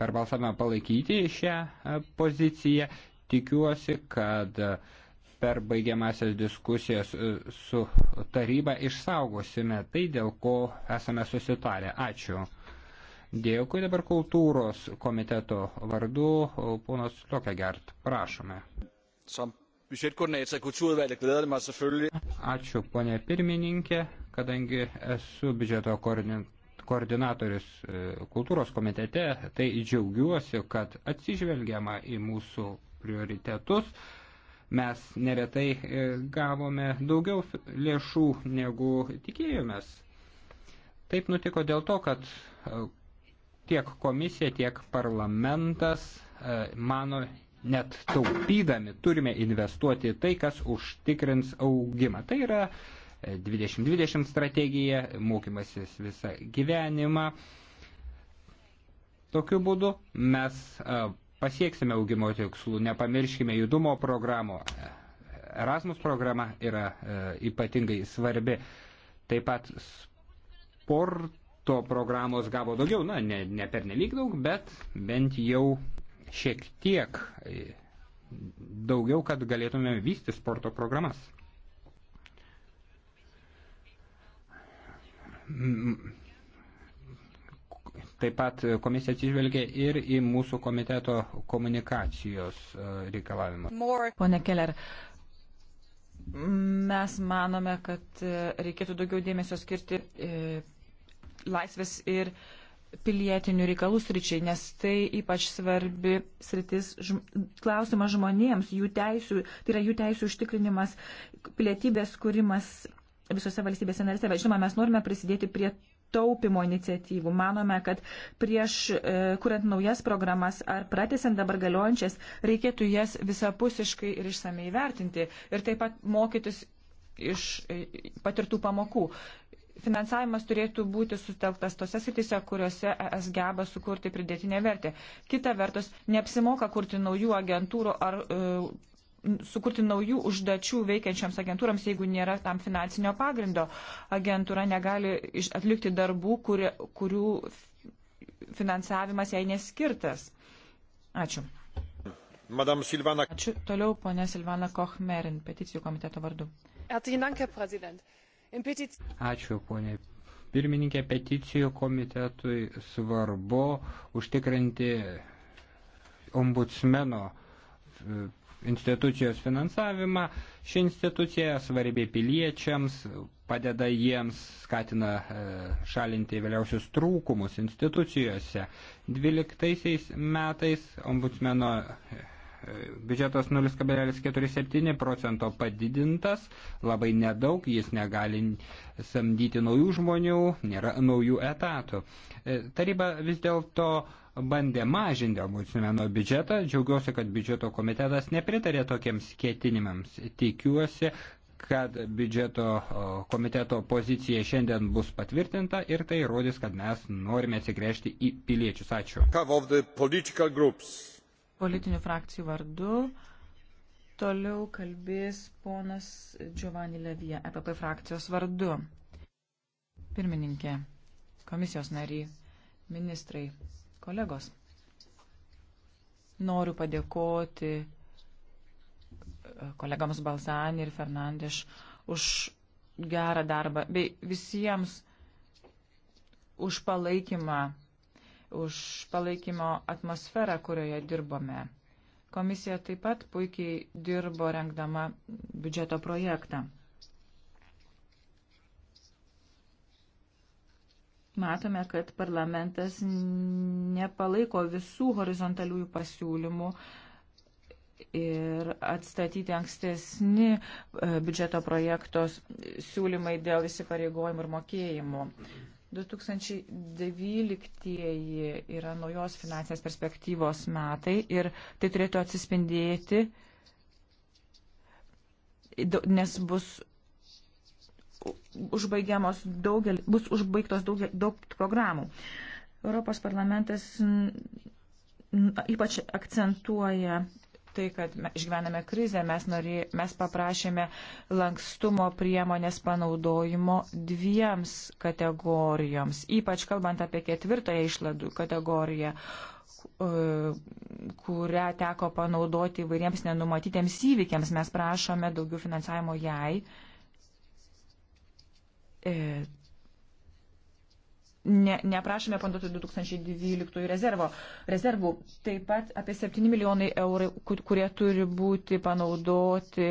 per balsavimą palaikyti šią e, poziciją. Tikiuosi, kad uh, per baigiamasias diskusijas e, su taryba išsaugosime tai, dėl ko esame susitarę. Ačiū. Dėkui dabar kultūros komiteto vardu, e, ponas Lokegert, prašome. Som budžetkoordinator kultūrvalget glæder det mig selvfølgelig. Ačiū, ponė pirmininkė, kadangi esu biudžeto koordinatorius koordinatorius e, kultūros komitete, tai džiaugiuosi, kad atsižvelgiama į mūsų prioritetus. Mes neretai e, gavome daugiau lėšų, negu tikėjomės. Taip nutiko dėl to, kad e, tiek komisija, tiek parlamentas e, mano net taupydami turime investuoti tai, kas užtikrins augimą. Tai yra 2020 strategija, mokymasis visą gyvenimą. Tokiu būdu mes pasieksime augimo tikslų, nepamirškime judumo programų. Erasmus programa yra e, ypatingai svarbi. Taip pat sporto programos gavo daugiau, na, ne, ne per nelik daug, bet bent jau šiek tiek e, daugiau, kad galėtume vysti sporto programas. Taip pat komisija atsižvelgia ir į mūsų komiteto komunikacijos e, reikalavimą. Pone Keller, mes manome, kad e, reikėtų daugiau dėmesio skirti e, laisvės ir pilietinių reikalų sričiai, nes tai ypač svarbi sritis žm klausimas žmonėms, jų teisų, tai yra jų teisų užtikrinimas, pilietybės kūrimas visose valstybėse narėse. Bet žinoma, mes norime prisidėti prie taupimo iniciatyvų. Manome, kad prieš e, kuriant naujas programas ar pratesiant dabar galiojančias, reikėtų jas visapusiškai ir išsamei vertinti ir taip pat mokytis iš e, patirtų pamokų. Finansavimas turėtų būti sutelktas tose sritise, kuriuose ES geba sukurti pridėtinę vertę. Kita vertus, neapsimoka kurti naujų agentūrų ar e, sukurti naujų užduočių veikiančiams agentūrams, jeigu nėra tam finansinio pagrindo. Agentūra negali atlikti darbų, kurie, kurių finansavimas jai neskirtas. Ačiū. Madame Silvana. Ačiū. Toliau ponė Silvana Kochmerin, peticijų komiteto vardu. Ačiū, ponė pirmininkė, peticijų komitetui svarbu užtikrinti ombudsmeno institucijos finansavimą. Ši institucija svarbi piliečiams, padeda jiems, skatina e, šalinti vėliausius trūkumus institucijose. 12 metais ombudsmeno e, e, biudžetas 0,47 procento padidintas, labai nedaug, jis negali samdyti naujų žmonių, nėra naujų etatų. Taryba vis dėlto bandė mažinti ombudsmeno biudžetą. Džiaugiuosi, kad biudžeto komitetas nepritarė tokiems ketinimams. Tikiuosi, kad biudžeto komiteto pozicija šiandien bus patvirtinta ir tai rodys, kad mes norime atsigręžti į piliečius. Ačiū. Politinių frakcijų vardu toliau kalbės ponas Giovanni Levija, EPP frakcijos vardu. Pirmininkė, komisijos nariai, ministrai, Kolegos, noriu padėkoti e, kolegams Balzani ir Fernandiš už gerą darbą, bei visiems už palaikymą, už palaikymo atmosferą, kurioje dirbome. Komisija taip pat puikiai dirbo rengdama biudžeto projektą. matome, kad parlamentas nepalaiko visų horizontaliųjų pasiūlymų ir atstatyti ankstesni e, biudžeto projektos siūlymai dėl įsipareigojimų ir mokėjimų. 2012 yra naujos finansinės perspektyvos metai ir tai turėtų atsispindėti, nes bus užbaigiamos daugel, bus užbaigtos daugel, daug programų. Europos parlamentas ypač akcentuoja tai, kad išgyvename krizę, mes, norė, mes paprašėme lankstumo priemonės panaudojimo dviems kategorijoms, ypač kalbant apie ketvirtąją išladų kategoriją e, kurią teko panaudoti įvairiems nenumatytiems įvykiams. Mes prašome daugiau finansavimo jai, E, ne, neprašome panduoti 2012 rezervo, rezervų. Taip pat apie 7 milijonai eurų, kur, kurie turi būti panaudoti,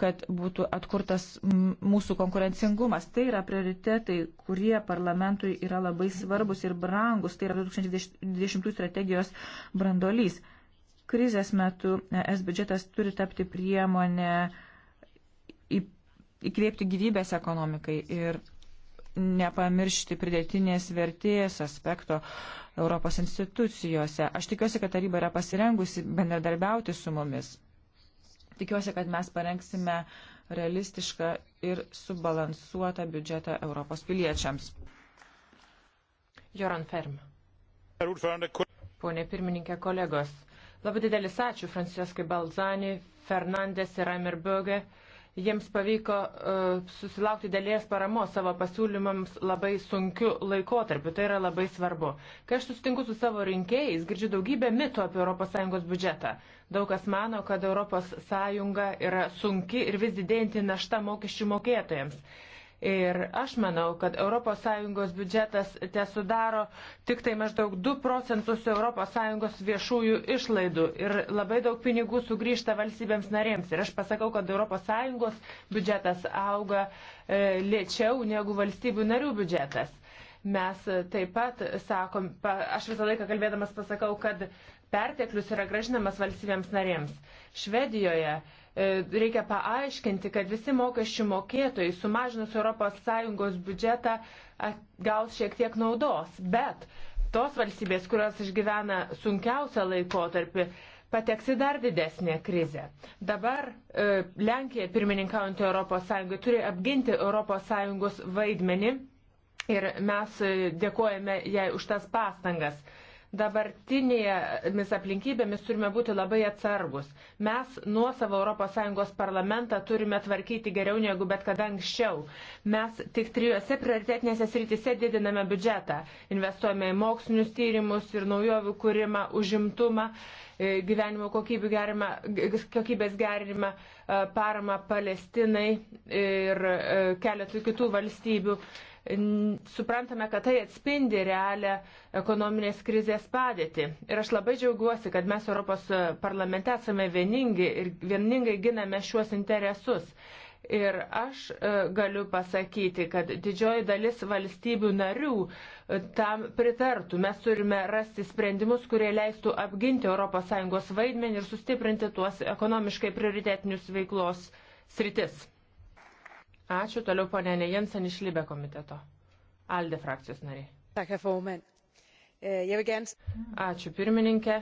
kad būtų atkurtas mūsų konkurencingumas. Tai yra prioritetai, kurie parlamentui yra labai svarbus ir brangus. Tai yra 2020 strategijos brandolys. Krizės metu e, es biudžetas turi tapti priemonę į įkvėpti gyvybės ekonomikai ir nepamiršti pridėtinės vertės aspekto Europos institucijose. Aš tikiuosi, kad taryba yra pasirengusi bendradarbiauti su mumis. Tikiuosi, kad mes parengsime realistišką ir subalansuotą biudžetą Europos piliečiams. Joran Ferm. Pone pirmininkė, kolegos. Labai didelis ačiū Franciskai Balzani, Fernandes ir Amirbergai Jiems pavyko uh, susilaukti dėlės paramos savo pasiūlymams labai sunkiu laikotarpiu. Tai yra labai svarbu. Kai aš susitinku su savo rinkėjais, girdžiu daugybę mitų apie ES biudžetą. Daug kas mano, kad ES yra sunki ir vis didėjanti našta mokesčių mokėtojams. Ir aš manau, kad ES biudžetas te sudaro tik tai maždaug 2 procentus ES viešųjų išlaidų ir labai daug pinigų sugrįžta valstybėms narėms. Ir aš pasakau, kad ES biudžetas auga e, lėčiau negu valstybių narių biudžetas. Mes taip pat sakom, pa, aš visą laiką kalbėdamas pasakau, kad perteklius yra gražinamas valstybėms narėms. Švedijoje E, reikia paaiškinti, kad visi mokesčių mokėtojai sumažinus ES biudžetą gaus šiek tiek naudos, bet tos valstybės, kurios išgyvena sunkiausią laikotarpį, pateks į dar didesnę krizę. Dabar e, Lenkija, pirmininkaujantį ES, turi apginti ES vaidmenį ir mes e, dėkojame jai už tas pastangas. Dabartinėmis aplinkybėmis turime būti labai atsargus. Mes nuo savo ES parlamentą turime tvarkyti geriau negu bet kada anksčiau. Mes tik trijose prioritetinėse srityse didiname biudžetą. Investuojame į mokslinius tyrimus ir naujovių kūrimą, užimtumą e, gyvenimo gerimą, kokybės gerinimą, e, paramą Palestinai ir e, keletui kitų valstybių. Suprantame, kad tai atspindi realią ekonominės krizės padėtį. Ir aš labai džiaugiuosi, kad mes Europos parlamente esame vieningi ir vieningai giname šiuos interesus. Ir aš e, galiu pasakyti, kad didžioji dalis valstybių narių e, tam pritartų. Mes turime rasti sprendimus, kurie leistų apginti ES vaidmenį ir sustiprinti tuos ekonomiškai prioritetinius veiklos sritis. Ačiū toliau ponė Jensen iš Libė komiteto. Alde frakcijos nariai. E, Ačiū pirmininkė.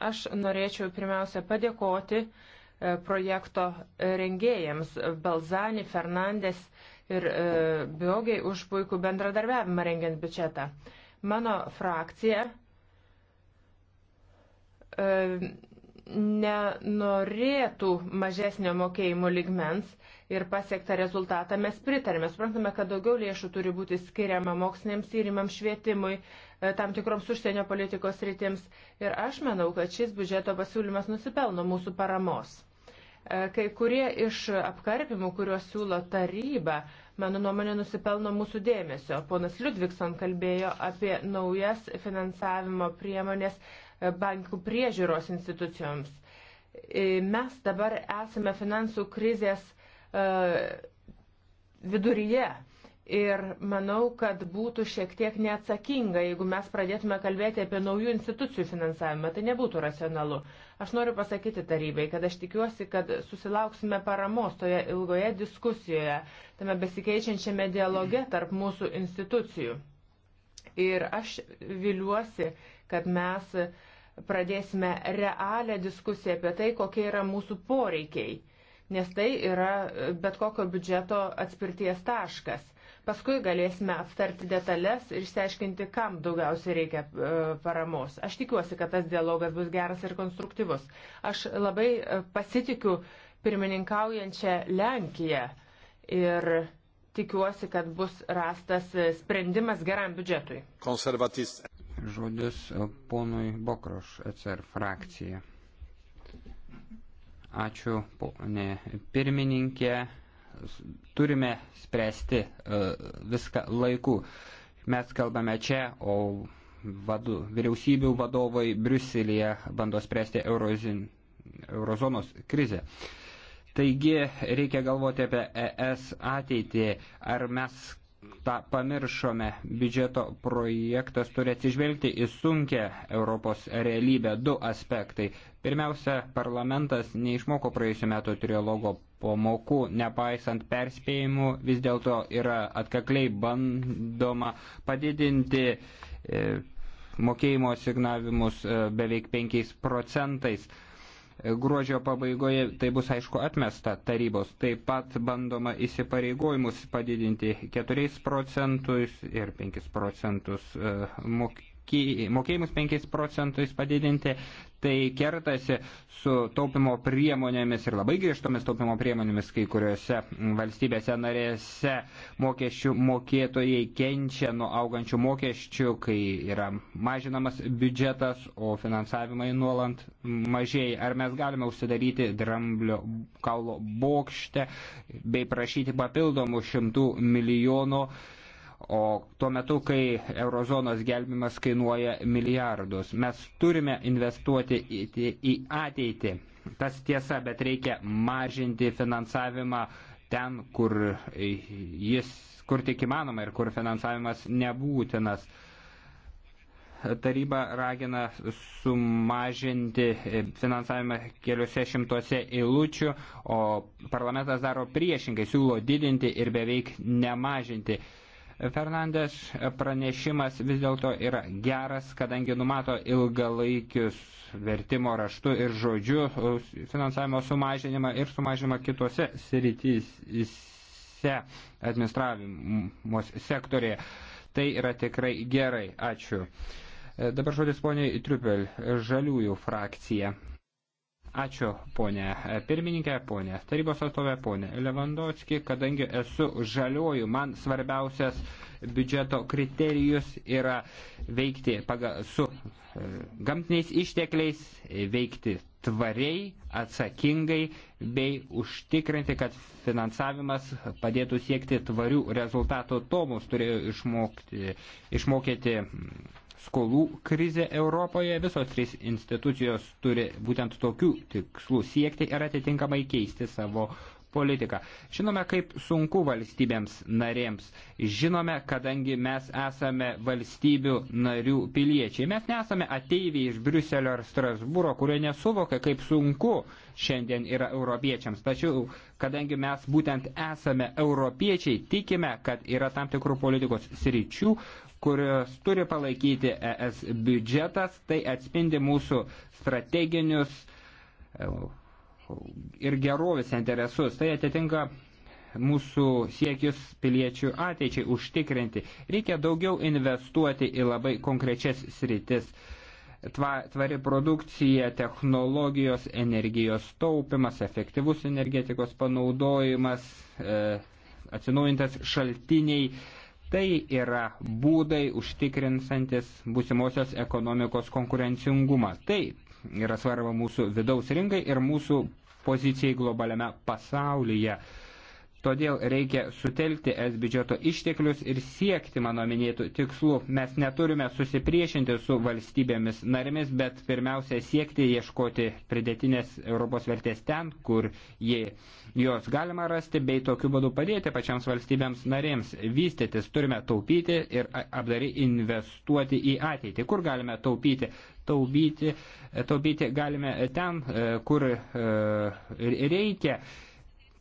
Aš norėčiau pirmiausia padėkoti e, projekto rengėjams Balzani, Fernandes ir e, Biogiai už puikų bendradarbiavimą rengiant biudžetą. Mano frakcija nenorėtų mažesnio mokėjimų ligmens ir pasiektą rezultatą mes pritarėme. Suprantame, kad daugiau lėšų turi būti skiriama moksliniams tyrimams, švietimui, e, tam tikroms užsienio politikos rytims. Ir aš manau, kad šis biudžeto pasiūlymas nusipelno mūsų paramos. E, kai kurie iš apkarpimų, kuriuos siūlo taryba, mano nuomonė nusipelno mūsų dėmesio. Ponas Liudvikson kalbėjo apie naujas finansavimo priemonės e, bankų priežiūros institucijoms mes dabar esame finansų krizės E, viduryje. Ir manau, kad būtų šiek tiek neatsakinga, jeigu mes pradėtume kalbėti apie naujų institucijų finansavimą. Tai nebūtų racionalu. Aš noriu pasakyti tarybai, kad aš tikiuosi, kad susilauksime paramos toje ilgoje diskusijoje, tame besikeičiančiame dialoge tarp mūsų institucijų. Ir aš viliuosi, kad mes pradėsime realią diskusiją apie tai, kokie yra mūsų poreikiai nes tai yra e, bet kokio biudžeto atspirties taškas. Paskui galėsime aptarti detalės ir išsiaiškinti, kam daugiausiai reikia e, paramos. Aš tikiuosi, kad tas dialogas bus geras ir konstruktyvus. Aš labai e, pasitikiu pirmininkaujančią Lenkiją ir tikiuosi, kad bus rastas sprendimas geram biudžetui. Žodis ponui Bokroš, ECR frakcija. Ačiū, ponė pirmininkė. Turime spręsti e, viską laiku. Mes kalbame čia, o vadu, vyriausybių vadovai Briuselėje bando spręsti eurozin, eurozonos krizę. Taigi reikia galvoti apie ES ateitį, ar mes tą pamiršome. Biudžeto projektas turi atsižvelgti į sunkę Europos realybę. Du aspektai. Pirmiausia, parlamentas neišmoko praėjusiu metu trialogo pamokų, nepaisant perspėjimų, vis dėlto yra atkakliai bandoma padidinti e, mokėjimo signavimus e, beveik 5 procentais. Gruodžio pabaigoje tai bus aišku atmesta tarybos. Taip pat bandoma įsipareigojimus padidinti 4 procentus ir 5 procentus e, mokymų mokėjimus 5 procentais padidinti, tai kertasi su taupimo priemonėmis ir labai griežtomis taupimo priemonėmis kai kuriuose valstybėse narėse mokesčių mokėtojai kenčia nuo augančių mokesčių, kai yra mažinamas biudžetas, o finansavimai nuolant mažėja. Ar mes galime užsidaryti dramblio kaulo bokšte bei prašyti papildomų šimtų milijonų o tuo metu, kai eurozonos gelbimas kainuoja milijardus. Mes turime investuoti į, į ateitį. Tas tiesa, bet reikia mažinti finansavimą ten, kur, jis, kur tik įmanoma ir kur finansavimas nebūtinas. Taryba ragina sumažinti finansavimą keliuose šimtuose eilučių, o parlamentas daro priešingai, siūlo didinti ir beveik nemažinti. Fernandes pranešimas vis dėlto yra geras, kadangi numato ilgalaikius vertimo raštu ir žodžiu finansavimo sumažinimą ir sumažinimą kitose srityse administravimos sektorėje. Tai yra tikrai gerai. Ačiū. Dabar žodis poniai Triupel, žaliųjų frakcija. Ačiū, ponė pirmininkė, ponė tarybos atstovė, ponė Levandovski, kadangi esu žaliuoju, man svarbiausias biudžeto kriterijus yra veikti pagal, su e, gamtiniais ištekliais, veikti tvariai, atsakingai bei užtikrinti, kad finansavimas padėtų siekti tvarių rezultatų. To mus turėjo išmokti, išmokyti skolų krizę Europoje. Visos trys institucijos turi būtent tokių tikslų siekti ir atitinkamai keisti savo politiką. Žinome, kaip sunku valstybėms narėms. Žinome, kadangi mes esame valstybių narių piliečiai. Mes nesame ateiviai iš Briuselio ar Strasbūro, kurie nesuvokia, kaip sunku šiandien yra europiečiams. Tačiau, kadangi mes būtent esame europiečiai, tikime, kad yra tam tikrų politikos sričių, kurios turi palaikyti ES biudžetas, tai atspindi mūsų strateginius ir gerovės interesus. Tai atitinka mūsų siekius piliečių ateičiai užtikrinti. Reikia daugiau investuoti į labai konkrečias sritis. Tva, tvari produkcija, technologijos, energijos taupimas, efektyvus energetikos panaudojimas, e, atsinaujintas šaltiniai. Tai yra būdai užtikrinsantis būsimosios ekonomikos konkurencingumą. Tai yra svarba mūsų vidaus rinkai ir mūsų pozicijai globaliame pasaulyje. Todėl reikia sutelkti es biudžeto išteklius ir siekti mano minėtų tikslų. Mes neturime susipriešinti su valstybėmis narėmis, bet pirmiausia siekti ieškoti pridėtinės Europos vertės ten, kur jie, jos galima rasti, bei tokiu būdu padėti pačiams valstybėms narėms vystytis. Turime taupyti ir apdari investuoti į ateitį. Kur galime taupyti? Taupyti, taupyti galime ten, e, kur e, reikia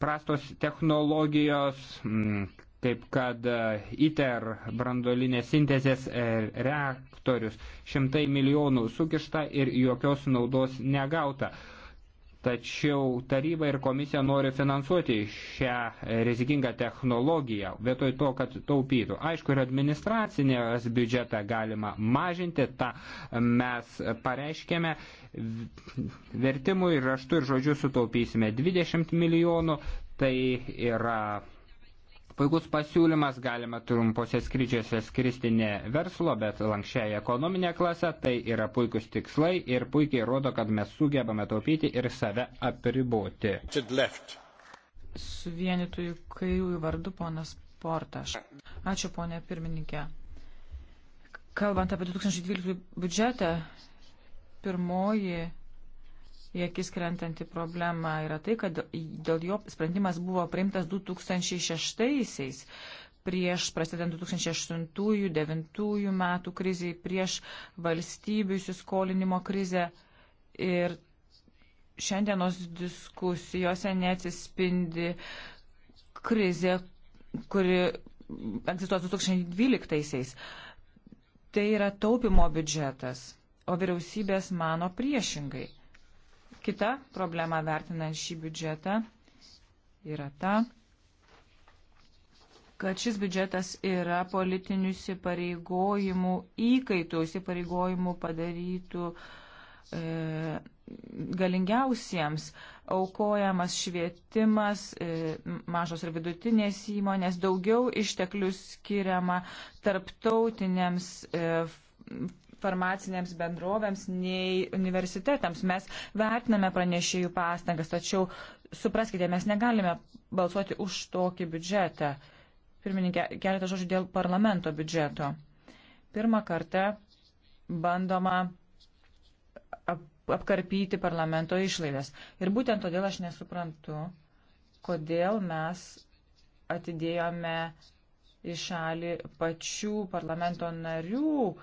prastos technologijos, mm, kaip kad e, ITER brandolinės sintezės e, reaktorius. Šimtai milijonų sukišta ir jokios naudos negauta. Tačiau taryba ir komisija nori finansuoti šią rizikingą technologiją, vietoj to, kad taupytų. Aišku, ir administracinės biudžetą galima mažinti, tą mes pareiškėme, vertimų ir raštų ir žodžių sutaupysime 20 milijonų, tai yra puikus pasiūlymas, galima trumposios skrydžiuose skristi ne verslo, bet lankščiai ekonominė klasė, tai yra puikus tikslai ir puikiai rodo, kad mes sugebame taupyti ir save apriboti. Suvienytųjų kairiųjų vardu ponas Portaš. Ačiū ponė pirmininkė. Kalbant apie 2012 biudžetą, pirmoji į akis krentanti problema yra tai, kad dėl jo sprendimas buvo priimtas 2006-aisiais, prieš prasidant 2008-2009 metų kriziai, prieš valstybių įsiskolinimo krizę. Ir šiandienos diskusijose neatsispindi krizė, kuri egzistuos 2012-aisiais. Tai yra taupimo biudžetas, o vyriausybės mano priešingai Kita problema vertinant šį biudžetą yra ta, kad šis biudžetas yra politinių įsipareigojimų įkaitų, įsipareigojimų padarytų e, galingiausiems. Aukojamas švietimas, e, mažos ir vidutinės įmonės, daugiau išteklių skiriama tarptautiniams e, farmacinėms bendrovėms, nei universitetams. Mes vertiname pranešėjų pastangas, tačiau supraskite, mes negalime balsuoti už tokį biudžetą. Pirmininkė, keletą žodžių dėl parlamento biudžeto. Pirmą kartą bandoma apkarpyti parlamento išlaidas. Ir būtent todėl aš nesuprantu, kodėl mes atidėjome į šalį pačių parlamento narių uh,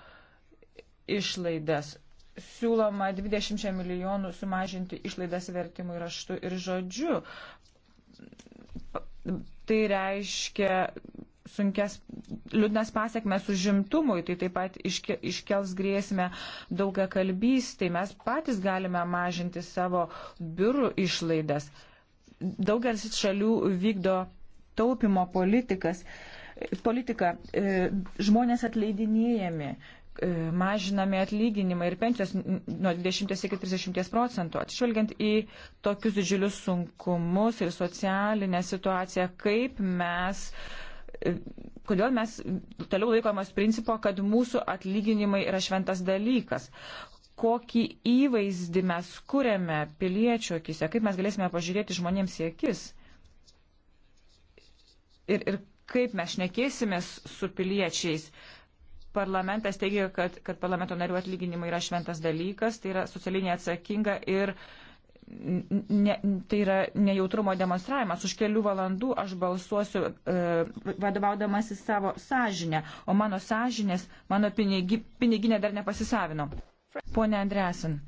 išlaidas. Siūloma 20 milijonų sumažinti išlaidas vertimui raštu ir žodžiu. Tai reiškia sunkes, liūdnas pasiekmes užimtumui, tai taip pat iške, iškels grėsmę daugia kalbystai. Mes patys galime mažinti savo biurų išlaidas. Daugelis šalių vykdo taupimo politikas. Politika, e, žmonės atleidinėjami, E, mažinami atlyginimai ir pensijos nuo 20 iki 30 procentų. Atšvelgiant į tokius didžiulius sunkumus ir socialinę situaciją, kaip mes, e, kodėl mes toliau laikomas principo, kad mūsų atlyginimai yra šventas dalykas. Kokį įvaizdį mes kuriame piliečių akise, kaip mes galėsime pažiūrėti žmonėms į akis. Ir, ir kaip mes šnekėsimės su piliečiais. Uh, parlamentas teigia, kad, kad parlamento narių atlyginimai yra šventas dalykas, tai yra socialiniai atsakinga ir ne, tai yra nejautrumo demonstravimas. Už kelių valandų aš balsuosiu e, vadovaudamasi savo sąžinę, o mano sąžinės, mano pinigi, piniginė dar nepasisavino. Pone Andresin.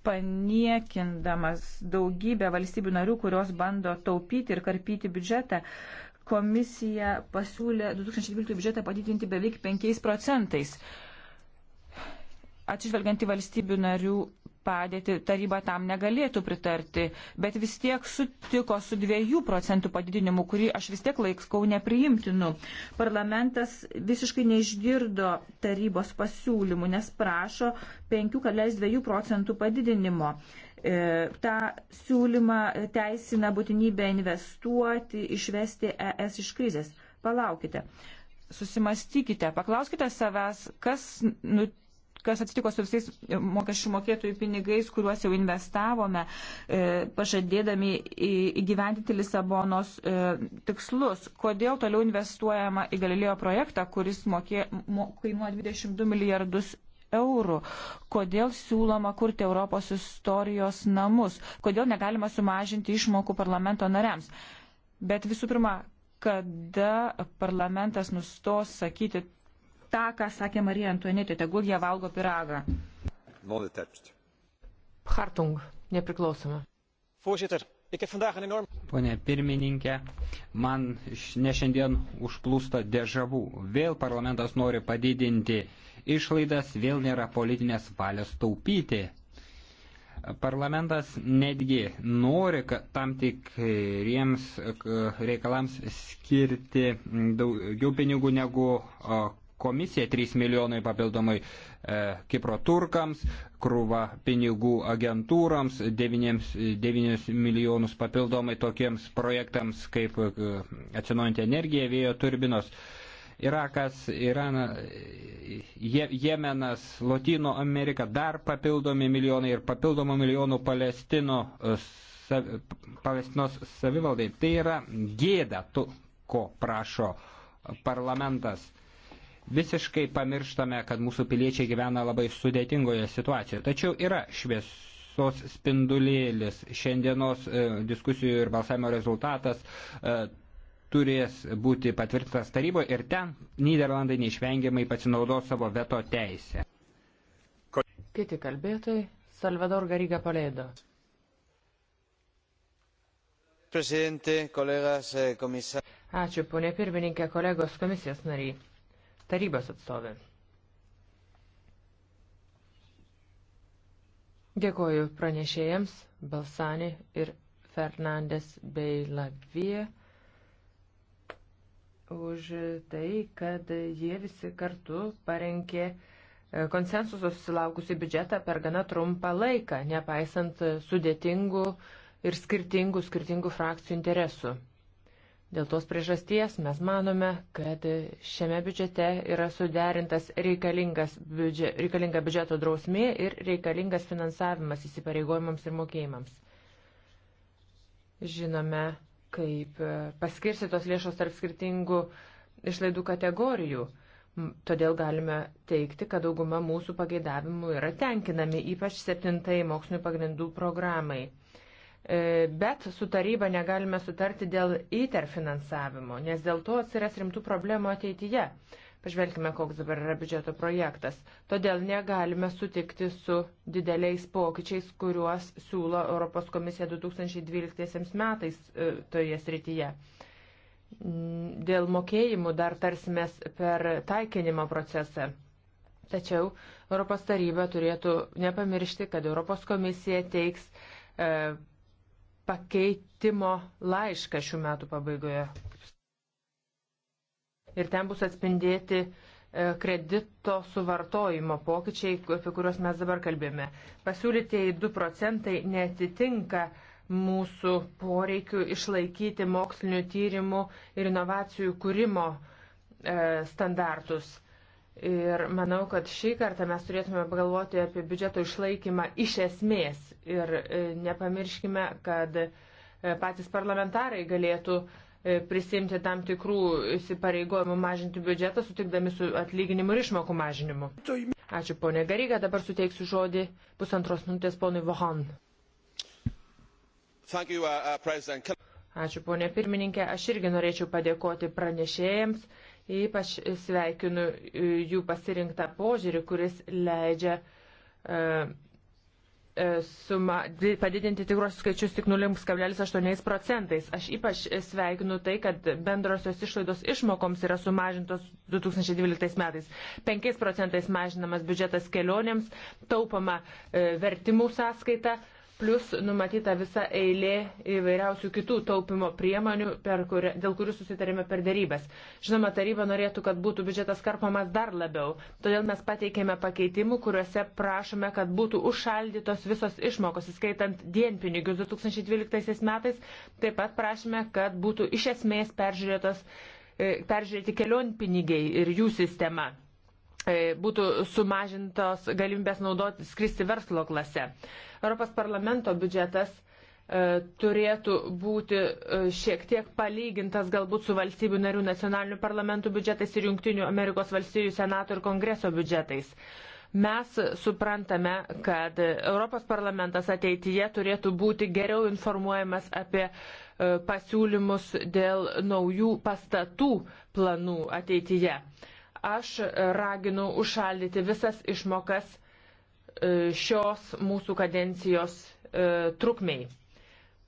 Paniekindamas daugybę valstybių narių, kurios bando taupyti ir karpyti biudžetą, e, komisija pasiūlė 2012 biudžetą padidinti beveik 5 procentais. Atsižvelgiant į valstybių narių padėtį, taryba tam negalėtų pritarti, bet vis tiek sutiko su 2 procentų padidinimu, kurį aš vis tiek laikskau nepriimtinu. Parlamentas visiškai neišgirdo tarybos pasiūlymų, nes prašo 5,2 procentų padidinimo. E, tą siūlymą teisina būtinybę investuoti, išvesti ES iš krizės. Palaukite, susimastykite, paklauskite savęs, kas, nu, kas atsitiko su visais mokesčių mokėtojų pinigais, kuriuos jau investavome, e, pažadėdami įgyvendinti Lisabonos e, tikslus. Kodėl toliau investuojama į Galilėjo projektą, kuris mokė, mo, kainuoja 22 milijardus eurų. Kodėl siūloma kurti Europos istorijos namus? Kodėl negalima sumažinti išmokų parlamento nariams? Bet visų pirma, kada parlamentas nustos sakyti tą, ką sakė Marija Antuanitė, tegul jie valgo piragą. Hartung, nepriklausoma. Voorzitter, ik heb vandaag een enorm. Pone pirmininkė, man ne šiandien užplūsta dėžavų. Vėl parlamentas nori padidinti uh, išlaidas, vėl nėra politinės valios taupyti. Parlamentas netgi nori tam tikriems reikalams skirti daugiau pinigų negu komisija 3 milijonai papildomai e, Kipro turkams, krūva pinigų agentūrams, 9, 9 milijonus papildomai tokiems projektams kaip e, atsinaujantį energiją, vėjo turbinos. E, Irakas, Iranas, Je, Jemenas, Lotino Amerika, dar papildomi milijonai ir papildomų milijonų Palestino, e, sav, Palestinos savivaldai. Tai yra gėda, tu, ko prašo parlamentas. Visiškai pamirštame, kad mūsų piliečiai gyvena labai sudėtingoje situacijoje. Tačiau yra šviesos spindulėlis šiandienos e, diskusijų ir balsavimo rezultatas. E, turės būti patvirtintas taryboje ir ten Niderlandai neišvengiamai pasinaudos savo veto teisę. Kiti kalbėtojai - Salvador Gariga Paleido. Eh, Ačiū, ponė pirmininkė, kolegos komisijos nariai, tarybos atstovė. Dėkoju pranešėjams Balsani ir Fernandes bei Lavie už tai, kad jie visi kartu parengė e, konsensuso susilaukusi biudžetą per gana trumpą laiką, nepaisant sudėtingų ir skirtingų, skirtingų frakcijų interesų. Dėl tos priežasties mes manome, kad šiame biudžete yra suderintas biudžet, reikalinga biudžeto drausmė ir reikalingas finansavimas įsipareigojimams ir mokėjimams. Žinome, kaip e, paskirstytos lėšos tarp skirtingų išlaidų kategorijų. Todėl galime teikti, kad dauguma mūsų pageidavimų yra tenkinami, ypač septintai mokslinio pagrindų programai. E, bet su taryba negalime sutarti dėl įterfinansavimo, nes dėl to atsiras rimtų problemų ateityje. Pažvelkime, koks dabar yra biudžeto projektas. Todėl negalime sutikti su dideliais pokyčiais, kuriuos siūlo Europos komisija 2012 metais e, toje srityje. Dėl mokėjimų dar tarsimės per taikinimo procesą. Tačiau Europos taryba turėtų nepamiršti, kad Europos komisija teiks e, pakeitimo laišką šių metų pabaigoje ir ten bus atspindėti e, kredito suvartojimo pokyčiai, apie kuriuos mes dabar kalbėjome. Pasiūlytieji 2 procentai netitinka mūsų poreikių išlaikyti mokslinių tyrimų ir inovacijų kūrimo e, standartus. Ir manau, kad šį kartą mes turėtume pagalvoti apie biudžeto išlaikymą iš esmės. Ir e, nepamirškime, kad patys parlamentarai galėtų uh, E, prisimti tam tikrų įsipareigojimų mažinti biudžetą, sutikdami su atlyginimu ir išmokų mažinimu. Ačiū ponė Garyga, dabar suteiksiu žodį pusantros minutės ponui Vohan. Uh, uh, Ačiū ponė pirmininkė, aš irgi norėčiau padėkoti pranešėjams, ypač sveikinu e, jų pasirinktą požiūrį, kuris leidžia uh, E, suma, padidinti tikruosius skaičius tik 0,8 procentais. Aš ypač sveikinu tai, kad bendrosios išlaidos išmokoms yra sumažintos 2012 metais. 5 procentais mažinamas biudžetas kelionėms, taupama e, vertimų sąskaita plus numatyta visa eilė įvairiausių kitų taupimo priemonių, kuria, dėl kurių susitarėme per dėrybęs. Žinoma, taryba norėtų, kad būtų biudžetas karpamas dar labiau, todėl mes pateikėme pakeitimų, kuriuose prašome, kad būtų užšaldytos visos išmokos, įskaitant dienpinigius 2012 metais. Taip pat prašome, kad būtų iš esmės peržiūrėtos e, peržiūrėti kelionpinigiai ir jų sistema. E, būtų sumažintos galimybės naudoti skristi verslo klase. Europos parlamento biudžetas e, turėtų būti e, šiek tiek palygintas galbūt su valstybių narių nacionalinių parlamentų biudžetais ir Junktinių Amerikos valstybių senato ir kongreso biudžetais. Mes suprantame, kad Europos parlamentas ateityje turėtų būti geriau informuojamas apie pasiūlymus dėl naujų pastatų planų ateityje. Aš raginu užšaldyti visas išmokas e, šios mūsų kadencijos e, trukmiai.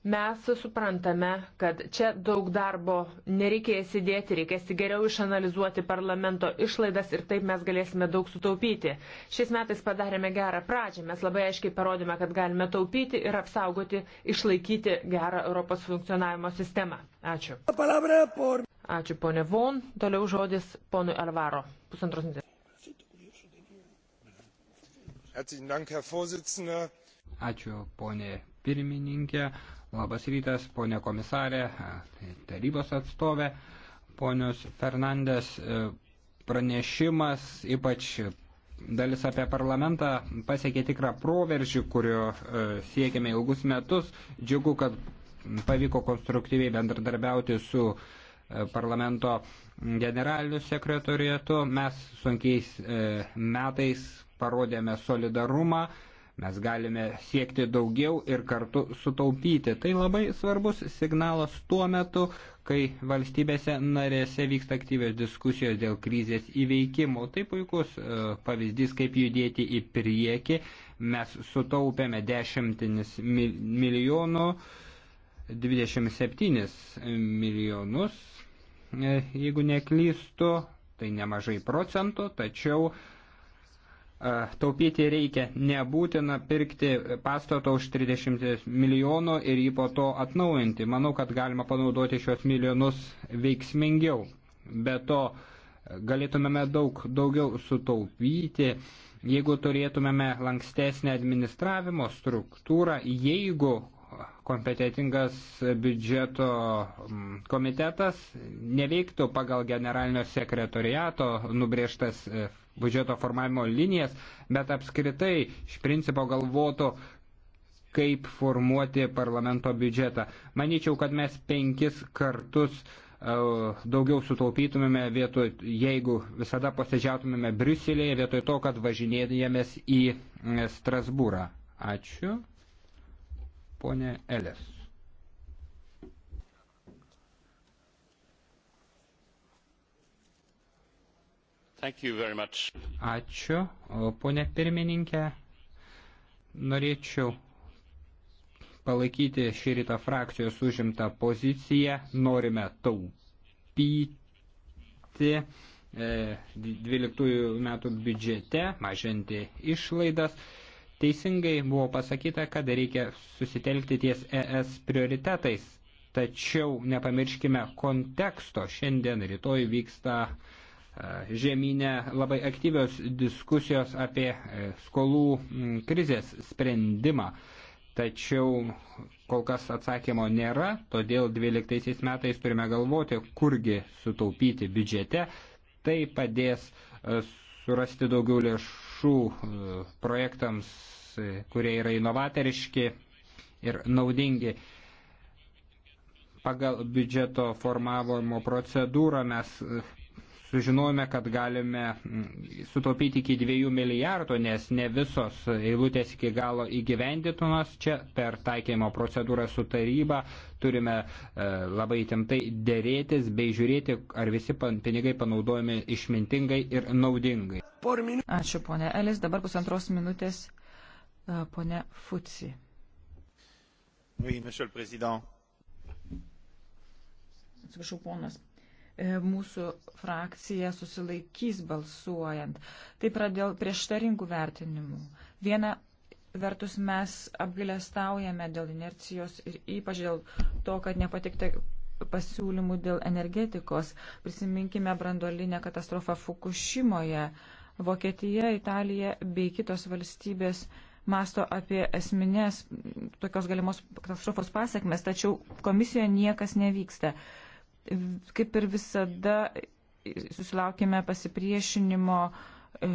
Mes suprantame, kad čia daug darbo nereikės įdėti, reikės geriau išanalizuoti parlamento išlaidas ir taip mes galėsime daug sutaupyti. Šiais metais padarėme gerą pradžią, mes labai aiškiai parodėme, kad galime taupyti ir apsaugoti, išlaikyti gerą Europos funkcionavimo sistemą. Ačiū. Ačiū ponė Von. Toliau žodis ponui Alvaro. Pusantros minutės. Ačiū ponė pirmininkė. Labas rytas, ponė komisarė, e, tarybos atstovė, ponios Fernandės e, pranešimas, ypač dalis apie parlamentą pasiekė tikrą proveržį, kurio e, siekėme ilgus metus. Džiugu, kad pavyko konstruktyviai bendradarbiauti su uh, parlamento generaliniu sekretorietu. Mes sunkiais e, metais parodėme solidarumą, mes galime siekti daugiau ir kartu sutaupyti. Tai labai svarbus signalas tuo metu, kai valstybėse narėse vyksta aktyvios diskusijos dėl krizės įveikimo. Tai puikus e, pavyzdys, kaip judėti į priekį. Mes sutaupėme dešimtinis milijonų 27 milijonus, e, jeigu neklystu, tai nemažai procentų, tačiau e, taupyti reikia nebūtina pirkti pastato už 30 milijonų ir jį po to atnaujinti. Manau, kad galima panaudoti šios milijonus veiksmingiau. Be to, galėtumėme daug daugiau sutaupyti, jeigu turėtumėme lankstesnę administravimo struktūrą, jeigu kompetitingas biudžeto mm, komitetas neveiktų pagal generalinio sekretoriato nubrėžtas e, biudžeto formavimo linijas, bet apskritai iš principo galvotų, kaip formuoti parlamento biudžetą. Manyčiau, kad mes penkis kartus e, daugiau sutaupytumėme vietoj, jeigu visada posėdžiautumėme Briuselėje, vietoj to, kad važinėdėjomės į e, Strasbūrą. Ačiū ponė Elės. Ačiū, ponė pirmininkė. Norėčiau palaikyti šį rytą frakcijos užimtą poziciją. Norime taupyti 12 e, metų biudžete, mažinti išlaidas. Teisingai buvo pasakyta, kad reikia susitelkti ties ES prioritetais, tačiau nepamirškime konteksto. Šiandien, rytoj vyksta e, žemynė labai aktyvios diskusijos apie e, skolų krizės sprendimą. Tačiau kol kas atsakymo nėra, todėl 12 metais turime galvoti, kurgi sutaupyti biudžete. Tai padės e, surasti daugiau lėšų lėšų e, projektams, e, kurie yra inovatoriški ir naudingi. Pagal biudžeto formavimo procedūrą mes e, sužinojome, kad galime mm, sutaupyti iki 2 milijardų, nes ne visos eilutės iki galo įgyvendytumas. Čia per taikymo procedūrą su taryba turime e, labai temtai dėrėtis bei žiūrėti, ar visi pinigai panaudojami išmintingai ir naudingai. Ačiū, ponė Elis. Dabar pusantros minutės, e, ponė Futsi. Oui, monsieur le président. Atsiprašau, ponas E, mūsų frakcija susilaikys balsuojant. Taip pradėl prieštaringų vertinimų. Viena vertus mes apgailestaujame dėl inercijos ir ypač dėl to, kad nepatikta pasiūlymų dėl energetikos. Prisiminkime brandolinę katastrofą Fukushimoje. Vokietija, Italija bei kitos valstybės masto apie esminės tokios galimos katastrofos pasiekmes, tačiau komisijoje niekas nevyksta. Kaip ir visada susilaukime pasipriešinimo, e,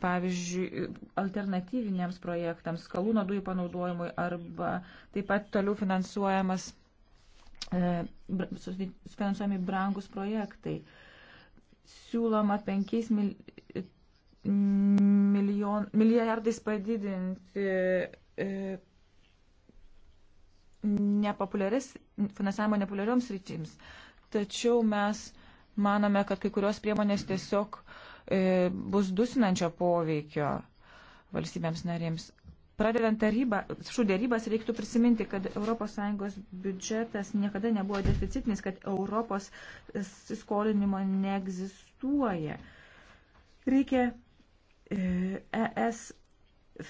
pavyzdžiui, alternatyviniams projektams, kalūno dujų panaudojimui arba taip pat toliau finansuojamas, e, finansuojami brangus projektai. Siūloma 5 milijon, milijardais padidinti e, nepopuliaris, finansavimo nepopuliarioms ryčims. E, tačiau mes manome, kad kai kurios priemonės tiesiog e, bus dusinančio poveikio valstybėms narėms. Pradedant tarybą, šių dėrybas reiktų prisiminti, kad ES biudžetas niekada nebuvo deficitinis, kad Europos skolinimo neegzistuoja. Reikia e, ES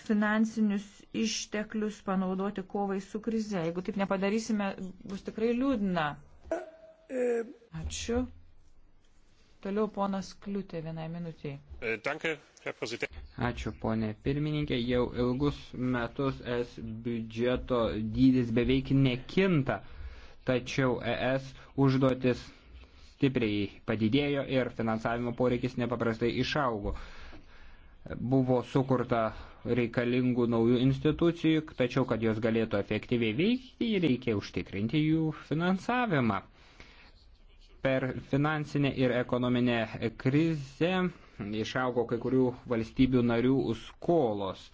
finansinius išteklius panaudoti kovai su krize. Jeigu taip nepadarysime, bus tikrai liūdna. Ačiū. Toliau ponas Kliūtė vienai minutiai. E, Ačiū ponė pirmininkė. Jau ilgus metus es biudžeto dydis beveik nekinta, tačiau es užduotis stipriai padidėjo ir finansavimo poreikis nepaprastai išaugo. Buvo sukurta reikalingų naujų institucijų, tačiau kad jos galėtų efektyviai veikti, reikia užtikrinti jų finansavimą Per finansinę ir ekonominę krizę išaugo kai kurių valstybių narių skolos.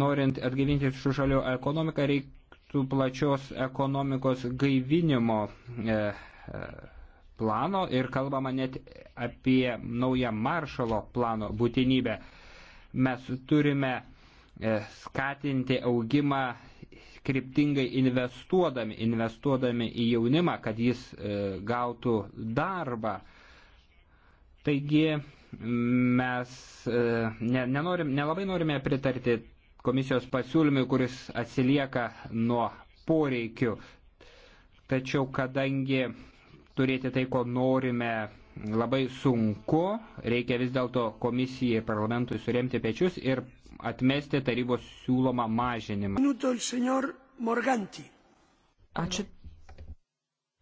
Norint atgaivinti šių šalių ekonomiką, reiktų plačios ekonomikos gaivinimo e, e, plano ir kalbama net apie naują maršalo plano būtinybę. Mes turime e, skatinti augimą kryptingai investuodami, investuodami į jaunimą, kad jis e, gautų darbą. Taigi mes e, ne, nenorim, nelabai norime pritarti komisijos pasiūlymui, kuris atsilieka nuo poreikių. Tačiau kadangi turėti tai, ko norime, labai sunku, reikia vis dėlto komisijai parlamentui suremti pečius ir atmesti tarybos siūlomą mažinimą. Minuto, Ačiū.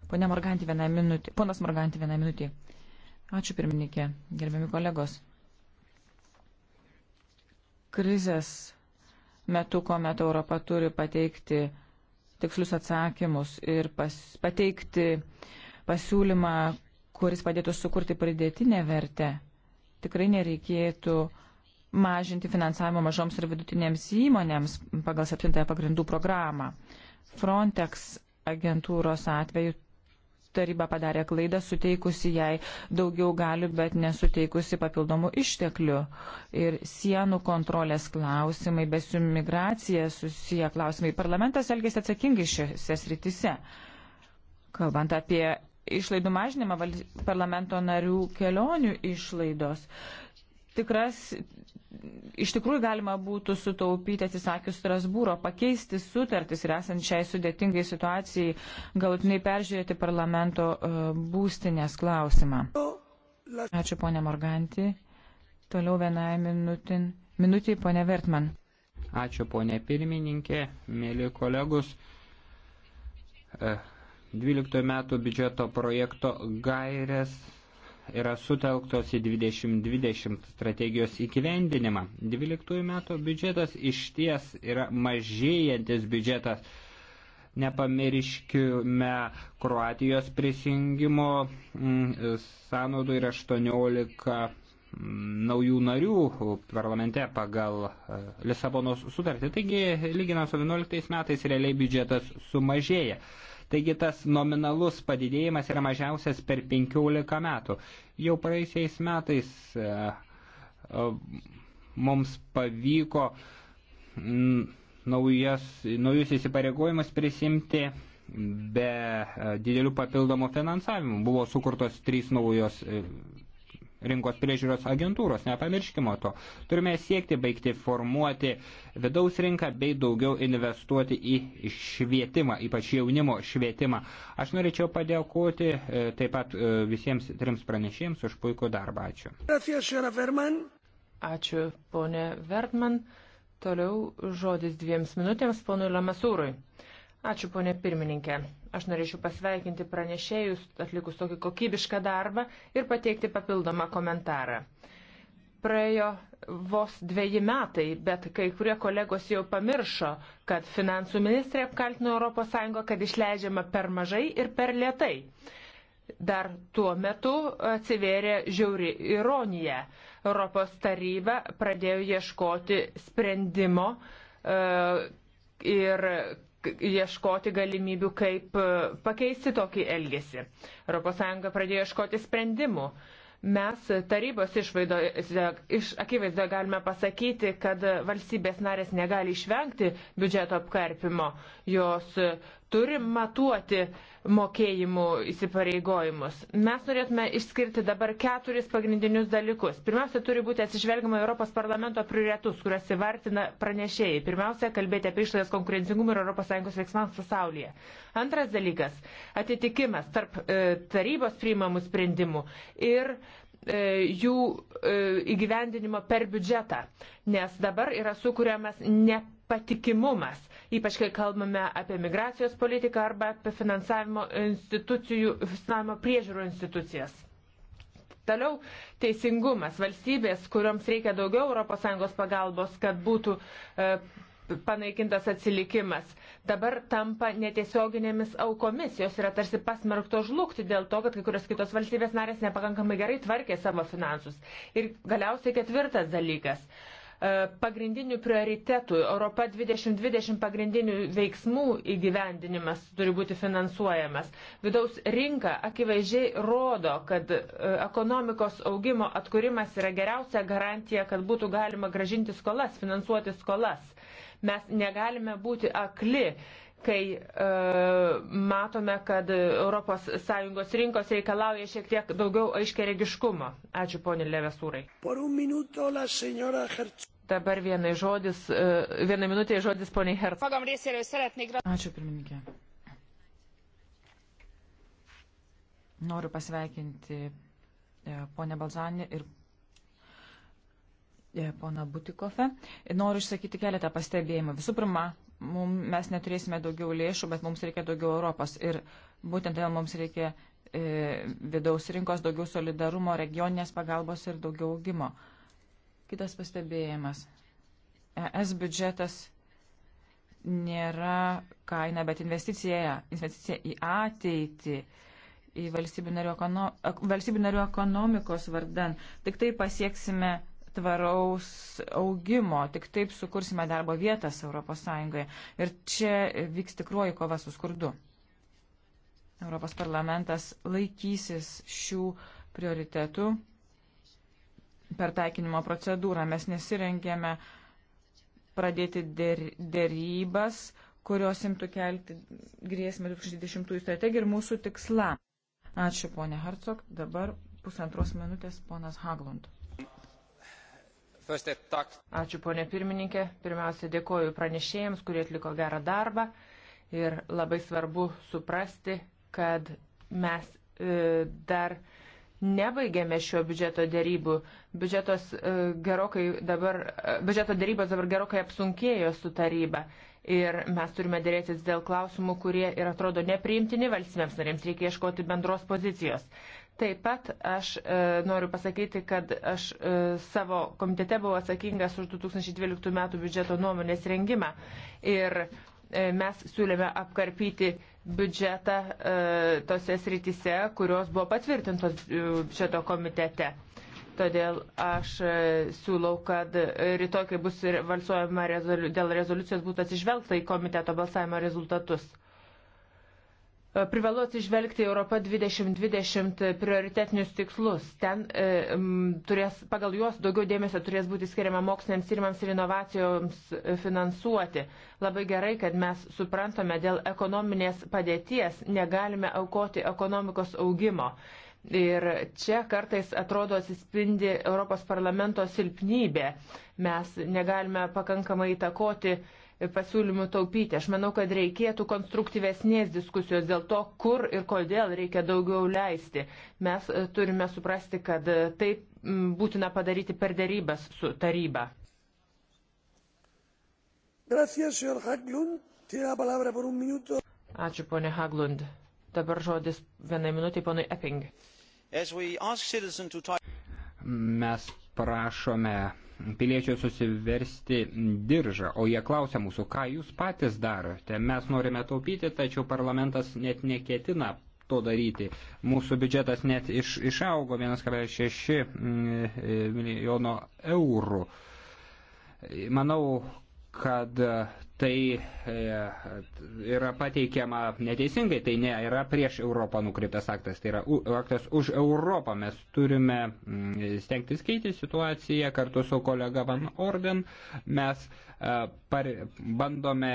Pone Morganti, vieną minutį. Ponas Morganti, vieną minutį. Ačiū pirmininkė, gerbiami kolegos. Krizės metu, kuomet Europa turi pateikti tikslius atsakymus ir pas, pateikti pasiūlymą, kuris padėtų sukurti pridėtinę vertę. Tikrai nereikėtų mažinti finansavimo mažoms ir vidutinėms įmonėms pagal septintąją pagrindų programą. Frontex agentūros atveju taryba padarė klaidą, suteikusi jai daugiau galių, bet nesuteikusi papildomų išteklių. Ir sienų kontrolės klausimai, be su migracija susiję klausimai. Parlamentas elgėsi atsakingai šiose sritise. Kalbant apie išlaidų mažinimą parlamento narių kelionių išlaidos. Tikras, iš tikrųjų galima būtų sutaupyti atsisakius Strasbūro, pakeisti sutartis ir esant šiai sudėtingai situacijai galutinai peržiūrėti parlamento e, būstinės klausimą. Ačiū ponė Morganti. Toliau vienai minutin, minutį ponė Vertman. Ačiū ponė pirmininkė, mėly kolegus. Uh e, 12 metų biudžeto projekto gairės yra sutelktos į 2020 strategijos įgyvendinimą. 12 metų biudžetas iš ties yra mažėjantis biudžetas. Nepamirškime Kroatijos prisijungimo mm, sąnaudų ir 18 mm, naujų narių parlamente pagal e, Lisabonos sutartį. Taigi, lyginant su 11 metais, realiai biudžetas sumažėja. Taigi tas nominalus padidėjimas yra mažiausias per 15 metų. Jau praeisiais metais e, e, mums pavyko naujas, naujus įsipareigojimus prisimti be e, didelių papildomų finansavimų. Buvo sukurtos trys naujos rinkos priežiūros agentūros, nepamirškimo to. Turime siekti baigti formuoti vidaus rinką bei daugiau investuoti į švietimą, ypač jaunimo švietimą. Aš norėčiau padėkoti e, taip pat e, visiems trims pranešėjams už puikų darbą. Ačiū. Ačiū, ponė Vertman. Toliau žodis dviems minutėms ponui Lamasūrui. Ačiū, ponė pirmininkė. Aš norėčiau pasveikinti pranešėjus, atlikus tokį kokybišką darbą ir pateikti papildomą komentarą. Praėjo vos dviejai metai, bet kai kurie kolegos jau pamiršo, kad finansų ministrė apkaltino ES, kad išleidžiama per mažai ir per lietai. Dar tuo metu atsivėrė žiauri ironija. Europos taryba pradėjo ieškoti sprendimo, e, ir ieškoti galimybių, kaip e, pakeisti tokį elgesį. ES pradėjo ieškoti sprendimų. Mes tarybos išvaido, iš akivaizdoje galime pasakyti, kad valstybės narės negali išvengti biudžeto apkarpimo, jos turi matuoti mokėjimų įsipareigojimus. Mes norėtume išskirti dabar keturis pagrindinius dalykus. Pirmiausia, turi būti atsižvelgiama Europos parlamento prioritetus, kurias įvartina pranešėjai. Pirmiausia, kalbėti apie išlaidas konkurencingumą ir ES veiksmams pasaulyje. Antras dalykas - atitikimas tarp e, tarybos priimamų sprendimų ir e, jų e, įgyvendinimo per biudžetą, nes dabar yra sukūriamas ne patikimumas, ypač kai kalbame apie migracijos politiką arba apie finansavimo institucijų, finansavimo priežiūrų institucijas. Toliau teisingumas. Valstybės, kuriuoms reikia daugiau ES pagalbos, kad būtų e, panaikintas atsilikimas, dabar tampa netiesioginėmis aukomis. Jos yra tarsi pasmerkto žlugti dėl to, kad kai kurios kitos valstybės narės nepakankamai gerai tvarkė savo finansus. Ir galiausiai ketvirtas dalykas. E, E, pagrindinių prioritetų, Europa 2020 pagrindinių veiksmų įgyvendinimas turi būti finansuojamas. Vidaus rinka akivaizdžiai rodo, kad e, ekonomikos augimo atkurimas yra geriausia garantija, kad būtų galima gražinti skolas, finansuoti skolas. Mes negalime būti akli kai e, matome, kad ES rinkos reikalauja šiek tiek daugiau aiškiaregiškumo. Ačiū, ponė Levesūrai. Dabar vienai žodis, e, vieną minutę žodis poniai Herc. Ačiū, pirmininkė. Noriu pasveikinti e, ponę Balzanį ir e, pona Butikofe. Noriu išsakyti keletą pastebėjimų. Visų pirma, mum, mes neturėsime daugiau lėšų, bet mums reikia daugiau Europos. Ir būtent todėl mums reikia e, vidaus rinkos, daugiau solidarumo, regioninės pagalbos ir daugiau augimo. Kitas pastebėjimas. ES biudžetas nėra kaina, bet investicija, investicija į ateitį į valstybių narių, ekono, valstybių narių ekonomikos vardan. Tik tai pasieksime tvaraus augimo. Tik taip sukursime darbo vietas ES. Ir čia vyks tikroji kova su skurdu. Europos parlamentas laikysis šių prioritetų per taikinimo procedūrą. Mes nesirengėme pradėti dėrybas, kurios imtų kelti grėsmę 2020 strategiją ir mūsų tiksla. Ačiū, ponė Hartsok. Dabar pusantros minutės ponas Haglund. Ačiū, ponė pirmininkė. Pirmiausia, dėkoju pranešėjams, kurie atliko gerą darbą. Ir labai svarbu suprasti, kad mes e, dar nebaigėme šio biudžeto dėrybų. Biudžetos, e, gerokai dabar, e, biudžeto dėrybos dabar gerokai apsunkėjo su taryba. Ir mes turime dėrėtis dėl klausimų, kurie ir atrodo nepriimtini valstybėms narėms. Reikia ieškoti bendros pozicijos. Taip pat aš e, noriu pasakyti, kad aš e, savo komitete buvau atsakingas už 2012 metų biudžeto nuomonės rengimą. Ir e, mes siūlėme apkarpyti biudžetą e, tose srityse, kurios buvo patvirtintos e, biudžeto komitete. Todėl aš e, siūlau, kad rytoj, kai bus valsuojama rezoliu, dėl rezoliucijos, būtų atsižvelgta į komiteto balsavimo rezultatus. E, privalu atsižvelgti Europą 2020 prioritetinius tikslus. Ten e, m, turės, pagal juos daugiau dėmesio turės būti skiriama moksliniams tyrimams ir inovacijoms e, finansuoti. Labai gerai, kad mes suprantame, dėl ekonominės padėties negalime aukoti ekonomikos augimo. Ir čia kartais atrodo atsispindi Europos parlamento silpnybė. Mes negalime pakankamai įtakoti e, pasiūlymų taupyti. Aš manau, kad reikėtų konstruktyvesnės diskusijos dėl to, kur ir kodėl reikia daugiau leisti. Mes e, turime suprasti, kad tai būtina padaryti per dėrybas su taryba. Ačiū, ponė Haglund. Dabar žodis vienai minutiai, ponui Epping. Mes prašome piliečiai susiversti diržą, o jie klausia mūsų, ką jūs patys darote. Mes norime taupyti, tačiau parlamentas net neketina to daryti. Mūsų biudžetas net iš, išaugo 1,6 mm, milijono eurų. Manau, kad e, tai e, yra pateikiama neteisingai, tai ne, yra prieš Europą nukreiptas aktas, tai yra aktas už Europą. Mes turime mm, stengtis keiti situaciją kartu su kolega Van Orden, mes e, par, bandome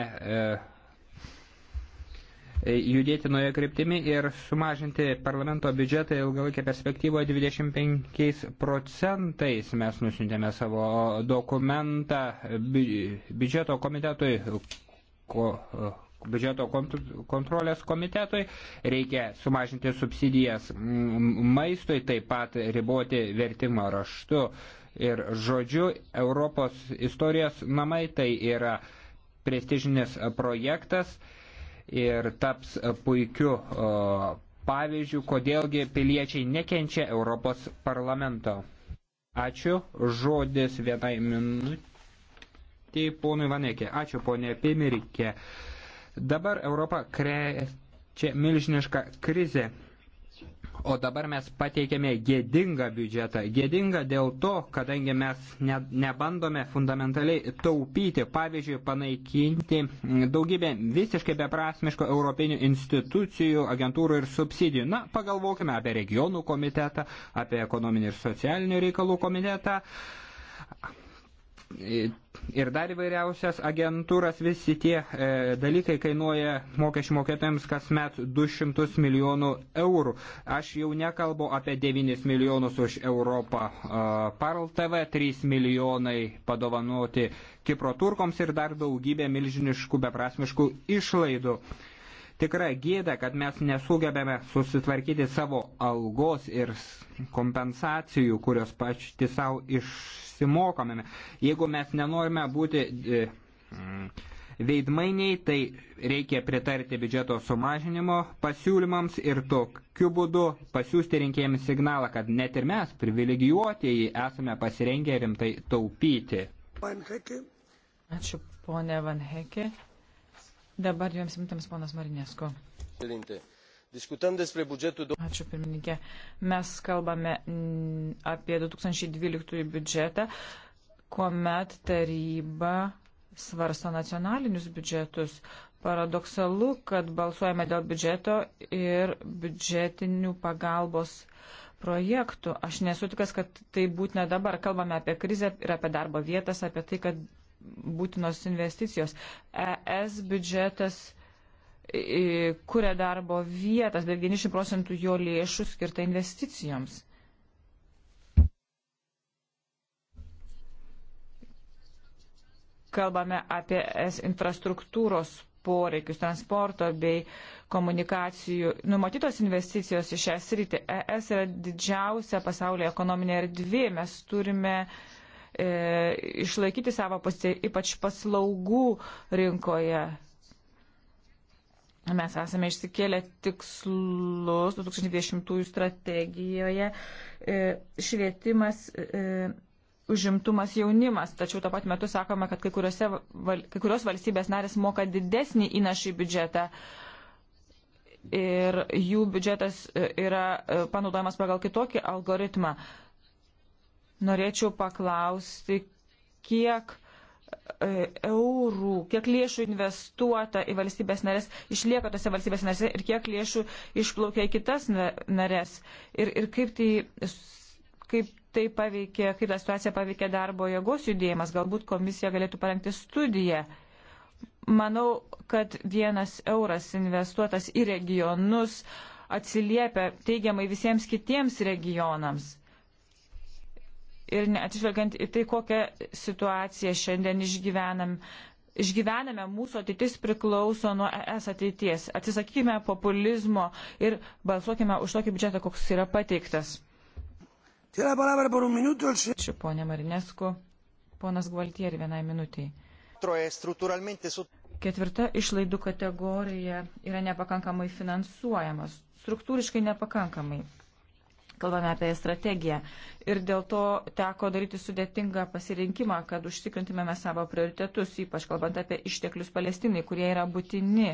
judėti nuoje kryptimi ir sumažinti parlamento biudžetą ilgalaikę perspektyvoje 25 procentais. Mes nusintėme savo dokumentą biudžeto komitetui, ko, biudžeto kontrolės komitetui, reikia sumažinti subsidijas maistui, taip pat riboti vertimą raštu ir žodžiu. Europos istorijos namai tai yra prestižinis projektas ir taps puikiu pavyzdžių, kodėlgi piliečiai nekenčia Europos parlamento. Ačiū. Žodis vienai minutė ponui Vanekė. Ačiū ponė Pimirikė. Dabar Europą krečia milžinišką krizę o dabar mes pateikėme gėdingą biudžetą. Gėdingą dėl to, kadangi mes ne, nebandome fundamentaliai taupyti, pavyzdžiui, panaikinti daugybę visiškai beprasmiško europinių institucijų, agentūrų ir subsidijų. Na, pagalvokime apie regionų komitetą, apie ekonominį ir socialinių reikalų komitetą ir dar įvairiausias agentūras, visi tie e, dalykai kainuoja mokesčių mokėtojams kasmet 200 milijonų eurų. Aš jau nekalbu apie 9 milijonus už Europą e, Parl TV, 3 milijonai padovanoti Kipro turkoms ir dar daugybė milžiniškų beprasmiškų išlaidų. E, tikra gėda, kad mes nesugebėme susitvarkyti savo algos ir kompensacijų, kurios pačti savo išsimokome. Jeigu mes nenorime būti e, mm, veidmainiai, tai reikia pritarti biudžeto sumažinimo pasiūlymams ir tokiu būdu pasiūsti rinkėjams signalą, kad net ir mes, privilegijuotieji, esame pasirengę rimtai taupyti. Ačiū, ponė Van Hekė. Dabar dviems mintams ponas Marinesko. Ačiū pirmininkė. Mes kalbame apie 2012 biudžetą, kuomet taryba svarsto nacionalinius biudžetus. Paradoksalu, kad balsuojame dėl biudžeto ir biudžetinių pagalbos projektų. Aš nesu tikras, kad tai būtina dabar. Kalbame apie krizę ir apie darbo vietas, apie tai, kad būtinos investicijos. ES biudžetas kuria darbo vietas, bet 90 procentų jo lėšų skirta investicijoms. Kalbame apie es infrastruktūros poreikius, transporto bei komunikacijų. Numatytos investicijos į šią sritį ES yra didžiausia pasaulio ekonominė erdvė. Mes turime uh, e, išlaikyti savo pasi, ypač paslaugų rinkoje. Mes esame išsikėlę tikslus 2020 strategijoje e, švietimas. E, užimtumas jaunimas, tačiau tuo pat metu sakome, kad kai, kuriuose, val, kai kurios valstybės narės moka didesnį įnašį į biudžetą ir jų biudžetas e, yra e, panaudojamas pagal kitokį algoritmą. E, Norėčiau paklausti, kiek e, eurų, kiek lėšų investuota į valstybės narės, išlieka tose valstybės narėse ir kiek lėšų išplaukia į kitas narės. Ir, ir kaip, tai, kaip tai paveikė, kaip ta situacija paveikė darbo jėgos judėjimas, galbūt komisija galėtų parengti studiją. Manau, kad vienas euras investuotas į regionus atsiliepia teigiamai visiems kitiems regionams ir neatsižvelgiant į tai, kokią situaciją šiandien išgyvenam. Išgyvename, mūsų ateitis priklauso nuo ES ateities. Atsisakykime populizmo ir balsuokime už tokį biudžetą, koks yra pateiktas. Ačiū, ponė Marinesku. Ponas Gvaltieri, vienai minutiai. Ketvirta išlaidų kategorija yra nepakankamai finansuojamas, struktūriškai nepakankamai kalbame apie strategiją. Ir dėl to teko daryti sudėtingą pasirinkimą, kad užtikrintumėme savo prioritetus, ypač kalbant apie išteklius palestinai, kurie yra būtini,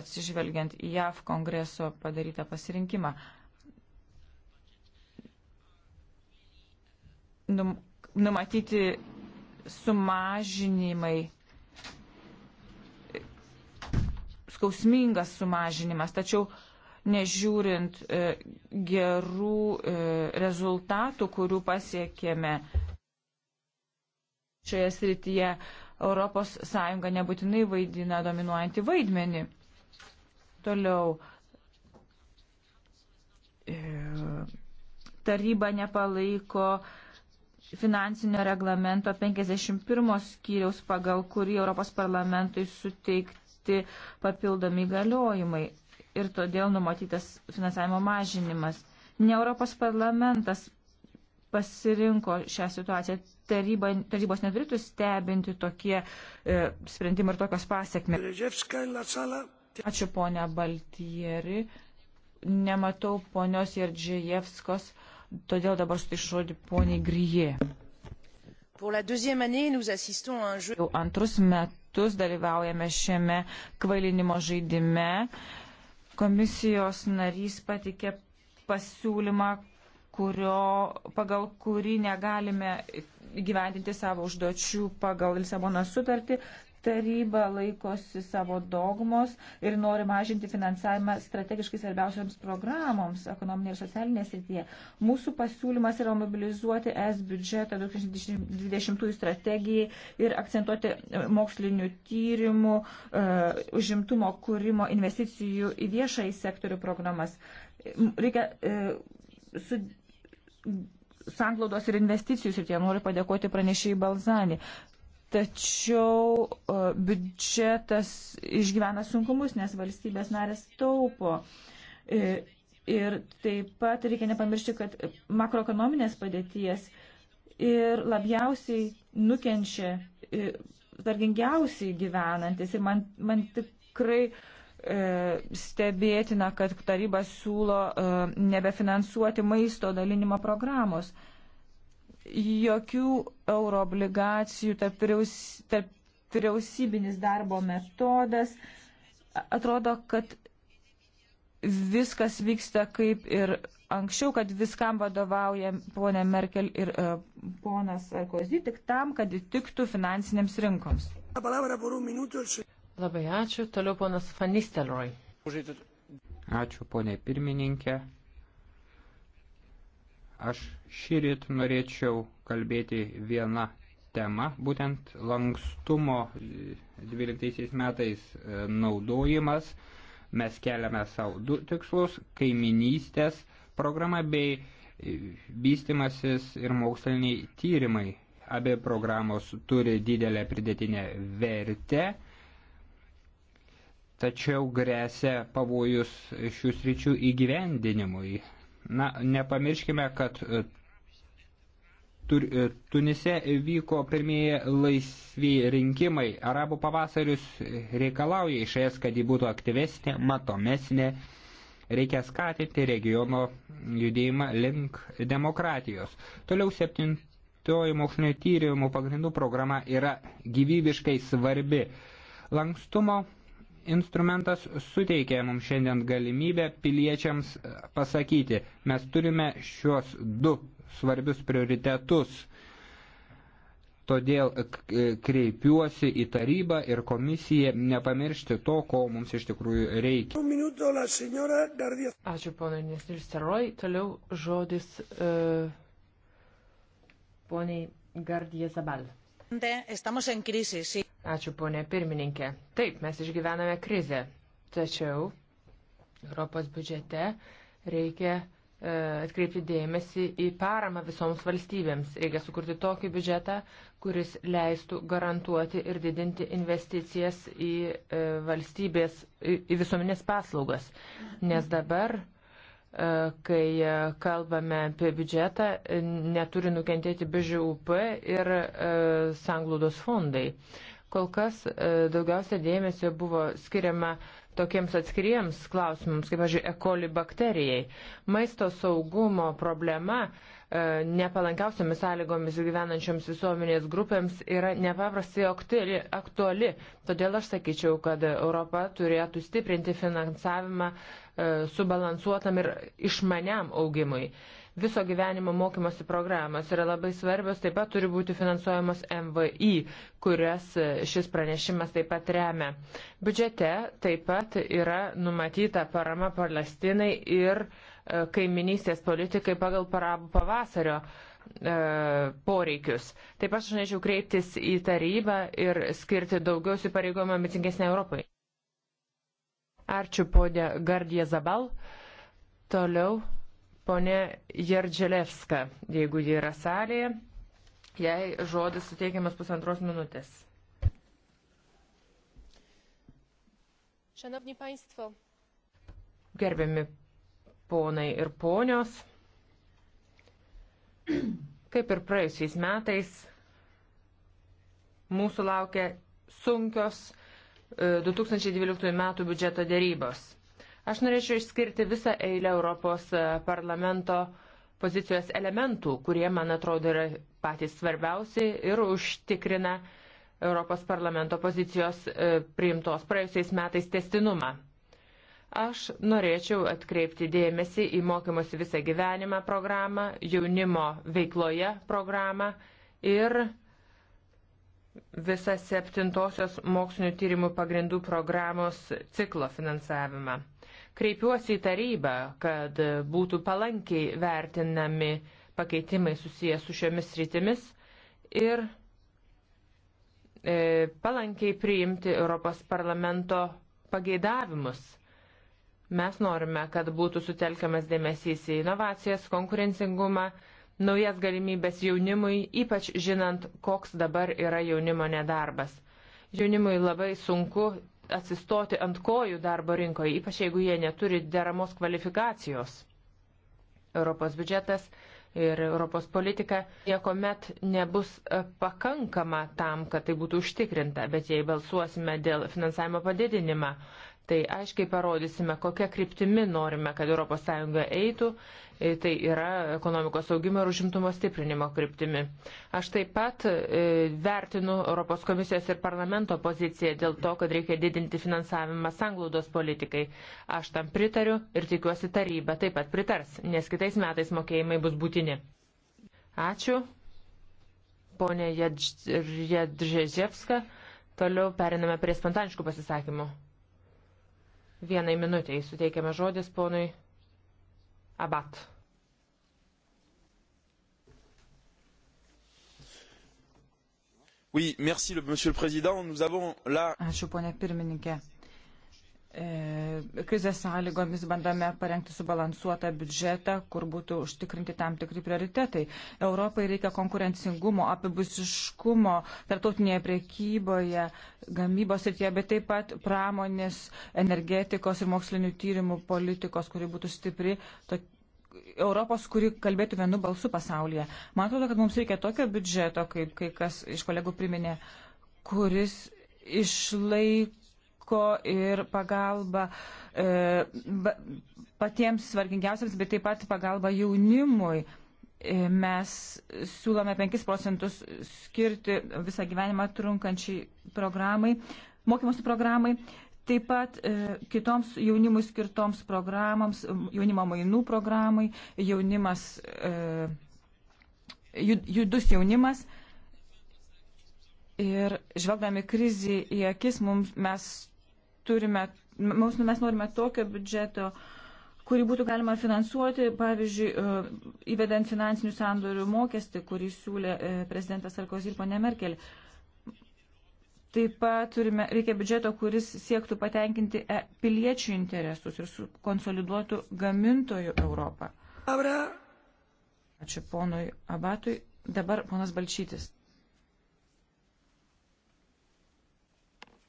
atsižvelgiant į JAV kongreso padarytą pasirinkimą. Num, numatyti sumažinimai skausmingas sumažinimas, tačiau nežiūrint e, gerų e, rezultatų, kurių pasiekėme šioje srityje, ES nebūtinai vaidina dominuojantį vaidmenį. Toliau. E, taryba nepalaiko finansinio reglamento 51 skyriaus, pagal kurį Europos parlamentui suteikti papildomi galiojimai ir todėl numatytas finansavimo mažinimas. Ne Europos parlamentas pasirinko šią situaciją. Taryba, tarybos neturėtų stebinti tokie e, sprendimai ir tokios pasiekmes. Ačiū ponia Baltieri. Nematau ponios Jerdžiejevskos, todėl dabar sutišiu žodį poniai Gryje. Jau antrus metus dalyvaujame šiame kvailinimo žaidime. E, Komisijos narys patikė pasiūlymą, kurio, pagal kurį negalime gyvendinti savo užduočių pagal Lisabono sutartį, taryba laikosi savo dogmos ir nori mažinti finansavimą strategiškai svarbiausiams programoms ekonominė ir socialinė srityje. Mūsų pasiūlymas yra mobilizuoti ES biudžetą 2020 strategijai ir akcentuoti e, mokslinių tyrimų, e, užimtumo kūrimo, investicijų į viešąjį sektorių programas. Reikia e, su sanglaudos ir investicijų srityje noriu padėkoti pranešėjai Balzani. Tačiau e, biudžetas išgyvena sunkumus, nes valstybės narės taupo. E, ir taip pat reikia nepamiršti, kad makroekonominės padėties ir labiausiai nukenčia e, vargingiausiai gyvenantis. Ir man, man tikrai e, stebėtina, kad taryba siūlo e, nebefinansuoti maisto dalinimo programos. E, jokių euroobligacijų, tarp, vyriaus, tarp vyriausybinis darbo metodas. Atrodo, kad viskas vyksta kaip ir anksčiau, kad viskam vadovauja ponė Merkel ir uh, ponas Sarkozy, tik tam, kad įtiktų finansinėms rinkoms. Labai ačiū. Toliau ponas Fanistelroj. Ačiū ponė pirmininkė. Aš šį ryt norėčiau kalbėti vieną temą, būtent lankstumo 12 metais e, naudojimas. Mes keliame savo du tikslus - kaiminystės programa bei e, vystimasis ir moksliniai tyrimai. Abi programos turi didelę pridėtinę vertę, tačiau grėsia pavojus šių sričių įgyvendinimui. Na, nepamirškime, kad e, Tur, e, Tunise vyko pirmieji laisvi rinkimai. Arabų pavasarius reikalauja iš es, kad ji būtų aktyvesnė, matomesnė. Reikia skatinti regiono judėjimą link demokratijos. Toliau septintoji mokslinio tyrimų pagrindų programa yra gyvybiškai svarbi. Lankstumo instrumentas suteikia mums šiandien galimybę piliečiams e, pasakyti, mes turime šios du svarbius prioritetus. Todėl e, kreipiuosi į tarybą ir komisiją nepamiršti to, ko mums iš tikrųjų reikia. Ačiū, ponai Nesilsteroj. Toliau žodis uh, poniai Gardija Zabal. Ačiū, ponė pirmininkė. Taip, mes išgyvename krizę. Tačiau Europos biudžete reikia e, atkreipti dėmesį į paramą visoms valstybėms. Reikia sukurti tokį biudžetą, kuris leistų garantuoti ir didinti investicijas į e, valstybės, į visuomenės paslaugas. Nes dabar kai kalbame apie biudžetą, neturi nukentėti BŽUP ir e, sanglūdos fondai. Kol kas e, daugiausia dėmesio buvo skiriama tokiems atskiriems klausimams, kaip, pažiūrėjau, ekoli bakterijai. Maisto saugumo problema uh, E, nepalankiausiamis sąlygomis gyvenančioms visuomenės grupėms yra nepaprastai aktuali. Todėl aš sakyčiau, kad Europa turėtų stiprinti finansavimą e, subalansuotam ir išmaniam augimui. Viso gyvenimo mokymosi programos yra labai svarbios, taip pat turi būti finansuojamos MVI, kurias e, šis pranešimas taip pat remia. Biudžete taip pat yra numatyta parama Palestinai ir uh, E, kaiminystės politikai pagal parabų pavasario e, poreikius. Taip aš norėčiau kreiptis į tarybą ir skirti daugiau įsipareigojimų ambicingesnė Europai. Ačiū ponė Gardija Zabal. Toliau ponė Jerdželevska, jeigu ji yra salėje, jai žodis suteikiamas pusantros minutės. Szanowni Państwo. Gerbiami ponai ir ponios. Kaip ir praėjusiais metais, mūsų laukia sunkios 2012 e, m. biudžeto dėrybos. Aš norėčiau išskirti visą eilę Europos e, parlamento pozicijos elementų, kurie, man atrodo, yra patys svarbiausi ir užtikrina Europos parlamento pozicijos e, priimtos praėjusiais metais testinumą. Aš norėčiau atkreipti dėmesį į mokymosi visą gyvenimą programą, jaunimo veikloje programą ir visą septintosios mokslinių tyrimų pagrindų programos ciklo finansavimą. Kreipiuosi į tarybą, kad būtų palankiai vertinami pakeitimai susijęs su šiomis rytimis ir e, palankiai priimti Europos parlamento pageidavimus Mes norime, kad būtų sutelkiamas dėmesys į inovacijas, konkurencingumą, naujas galimybės jaunimui, ypač žinant, koks dabar yra jaunimo nedarbas. Jaunimui labai sunku atsistoti ant kojų darbo rinkoje, ypač jeigu jie neturi deramos kvalifikacijos. Europos biudžetas ir Europos politika niekuomet nebus pakankama tam, kad tai būtų užtikrinta, bet jei balsuosime dėl finansavimo padidinimą, Tai aiškiai parodysime, kokia kryptimi norime, kad ES eitų. E, tai yra ekonomikos augimo ir užimtumo stiprinimo kryptimi. Aš taip pat e, vertinu Europos komisijos ir parlamento poziciją dėl to, kad reikia didinti finansavimą sanglaudos politikai. Aš tam pritariu ir tikiuosi taryba taip pat pritars, nes kitais metais mokėjimai bus būtini. Ačiū. Pone Jadžeževska. Toliau periname prie spontaniškų pasisakymų. Vienai minutiai suteikiame žodis ponui Abat. Oui, merci, monsieur le président. Nous avons là. Ačiū, ponė pirmininkė E, krizės sąlygomis bandome parengti subalansuotą biudžetą, kur būtų užtikrinti tam tikri prioritetai. Europai reikia konkurencingumo, apibusiškumo, tartautinėje priekyboje, gamybos ir tie, bet taip pat pramonės, energetikos ir mokslinių tyrimų politikos, kuri būtų stipri. To, Europos, kuri kalbėtų vienu balsu pasaulyje. Man atrodo, kad mums reikia tokio biudžeto, kaip kai kas iš kolegų priminė, kuris išlaik laiko ir pagalba e, patiems svargingiausiams, bet taip pat pagalba jaunimui. E, mes siūlome 5 procentus skirti visą gyvenimą trunkančiai programai, mokymosi programai. Taip pat e, kitoms jaunimui skirtoms programams, jaunimo mainų programai, jaunimas, e, judus jaunimas. Ir žvelgdami krizį į akis, mums, mes turime, nu, mes norime tokio biudžeto, kurį būtų galima finansuoti, pavyzdžiui, e, įvedant finansinių sandorių mokestį, kurį siūlė e, prezidentas Sarkozy ir ponė Merkel. Taip pat turime, reikia biudžeto, kuris siektų patenkinti e, piliečių interesus ir konsoliduotų gamintojų Europą. Ačiū ponui Abatui. Dabar ponas Balčytis.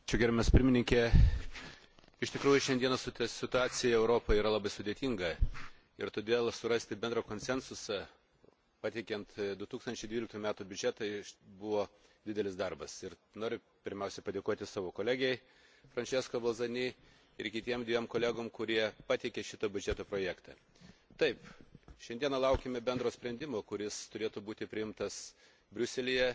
Ačiū gerbiamas pirmininkė. Iš tikrųjų, šiandieną situacija Europoje yra labai sudėtinga ir todėl surasti bendrą konsensusą, pateikiant 2012 e, metų biudžetą, buvo didelis darbas. Ir noriu pirmiausia padėkoti savo kolegijai Francesco Balzani ir kitiem dviem kolegom, kurie pateikė šito biudžeto projektą. Taip, šiandieną laukime bendro sprendimo, kuris turėtų būti priimtas Briuselėje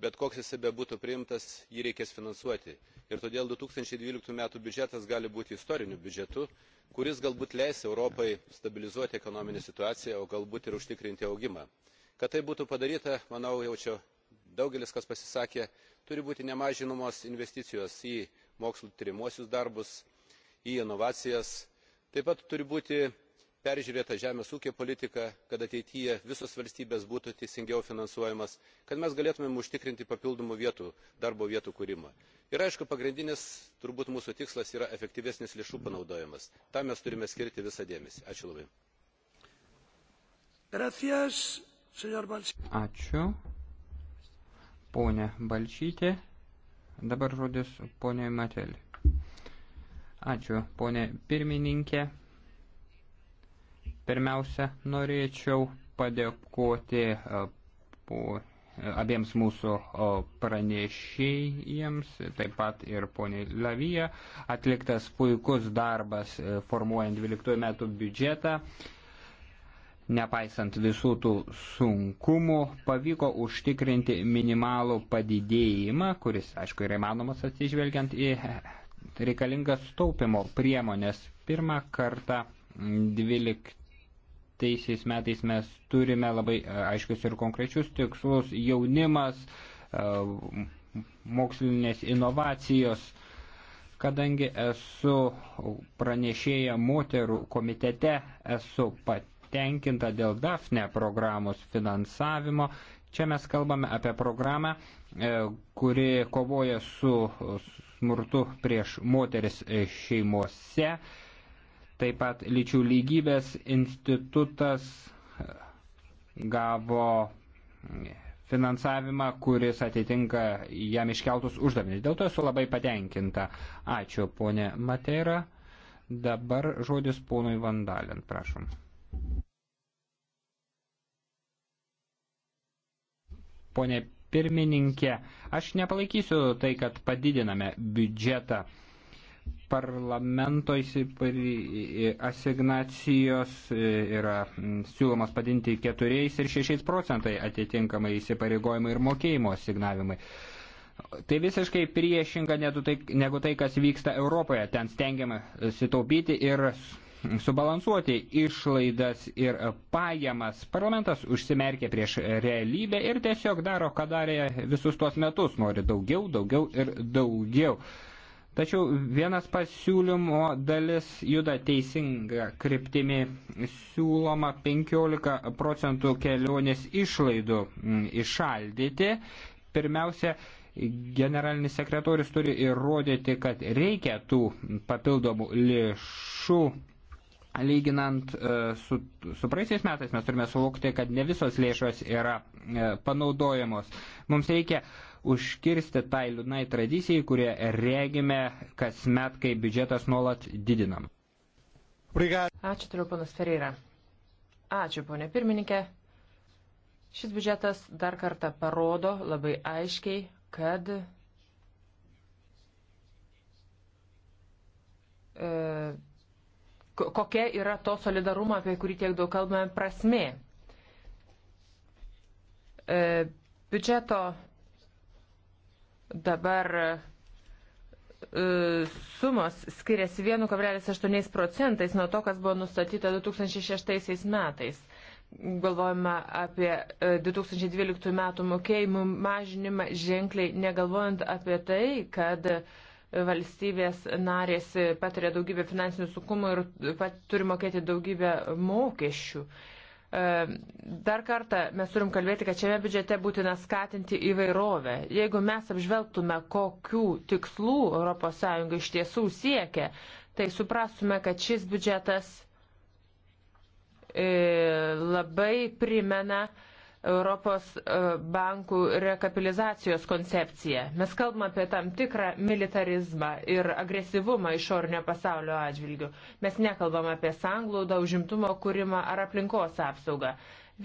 bet koks jis bebūtų priimtas jį reikės finansuoti ir todėl du tūkstančiai dvylika metų biudžetas gali būti istoriniu biudžetu kuris galbūt leis europai stabilizuoti ekonominę situaciją o galbūt ir užtikrinti augimą. kad tai būtų padaryta manau jau čia daugelis kas pasisakė turi būti nemažinamos investicijos į mokslinius tyriamuosius darbus į inovacijas taip pat turi būti peržiūrėtą žemės ūkio politiką kad ateityje visos valstybės būtų teisingiau finansuojamos kad mes galėtumėm užtikrinti papildomų darbo vietų kūrimą. ir aišku pagrindinis turbūt mūsų tikslas yra efektyvesnis lėšų panaudojimas tam mes turime skirti visą dėmesį. ačiū labai. Ačiū. Pone Balčytė. Dabar žodis ponė Matelė. Ačiū, ponė pirmininkė. Pirmiausia, norėčiau padėkoti e, e, abiems mūsų pranešėjams, taip pat ir poniai Lavija. Atliktas puikus darbas e, formuojant 12 metų biudžetą. Nepaisant visų tų sunkumų, pavyko užtikrinti minimalų padidėjimą, kuris, aišku, yra įmanomas atsižvelgiant į reikalingas taupimo priemonės. Pirmą kartą 12 2015 metais mes turime labai e, aiškius ir konkrečius tikslus - jaunimas, e, mokslinės inovacijos. Kadangi esu pranešėja moterų komitete, esu patenkinta dėl DAFNE programos finansavimo. Čia mes kalbame apie programą, e, kuri kovoja su smurtu prieš moteris šeimose. Taip pat lyčių lygybės institutas e, gavo finansavimą, kuris atitinka jam iškeltus uždavinius. Dėl to esu labai patenkinta. Ačiū, ponė Matera. Dabar žodis ponui Vandalin, prašom. Pone pirmininkė, aš nepalaikysiu tai, kad padidiname biudžetą parlamento asignacijos e, yra siūlomas padinti 4 ir 6 procentai atitinkamai įsipareigojimai ir mokėjimo asignavimai. Tai visiškai priešinga negu tai, negu tai kas vyksta Europoje. Ten stengiama sitaupyti ir subalansuoti išlaidas ir pajamas. Parlamentas užsimerkė prieš realybę ir tiesiog daro, ką darė visus tuos metus. Nori daugiau, daugiau ir daugiau. Tačiau vienas pasiūlymo dalis juda teisinga kryptimi. Siūloma 15 procentų kelionės išlaidų mm, išaldyti. Pirmiausia, generalinis sekretorius turi įrodyti, kad reikia tų papildomų lėšų. Lyginant e, su, su praeisiais metais mes turime suvokti, kad ne visos lėšos yra e, panaudojamos. Mums reikia uh, užkirsti tai liūdnai tradicijai, kurie regime kasmet, kai biudžetas nuolat didinam. Ačiū, turiu panas Ferreira. Ačiū, ponė pirmininkė. Šis biudžetas dar kartą parodo labai aiškiai, kad e, kokia yra to solidarumo, apie kurį tiek daug kalbame, prasmė. E, biudžeto Dabar e, sumos skiriasi 1,8 procentais nuo to, kas buvo nustatyta 2006 metais. Galvojama apie 2012 e, metų mokėjimų mažinimą ženkliai, negalvojant apie tai, kad valstybės narės patiria daugybę finansinių sunkumų ir pat turi mokėti daugybę mokesčių. Uh, Dar kartą mes turim kalbėti, kad šiame biudžete būtina skatinti įvairovę. Jeigu mes apžvelgtume, kokių tikslų ES iš tiesų siekia, tai suprastume, kad šis biudžetas e, labai primena uh, Europos e, bankų rekapitalizacijos koncepciją. Mes kalbam apie tam tikrą militarizmą ir agresyvumą išorinio pasaulio atžvilgių. Mes nekalbam apie sanglaudą, užimtumo kūrimą ar aplinkos apsaugą.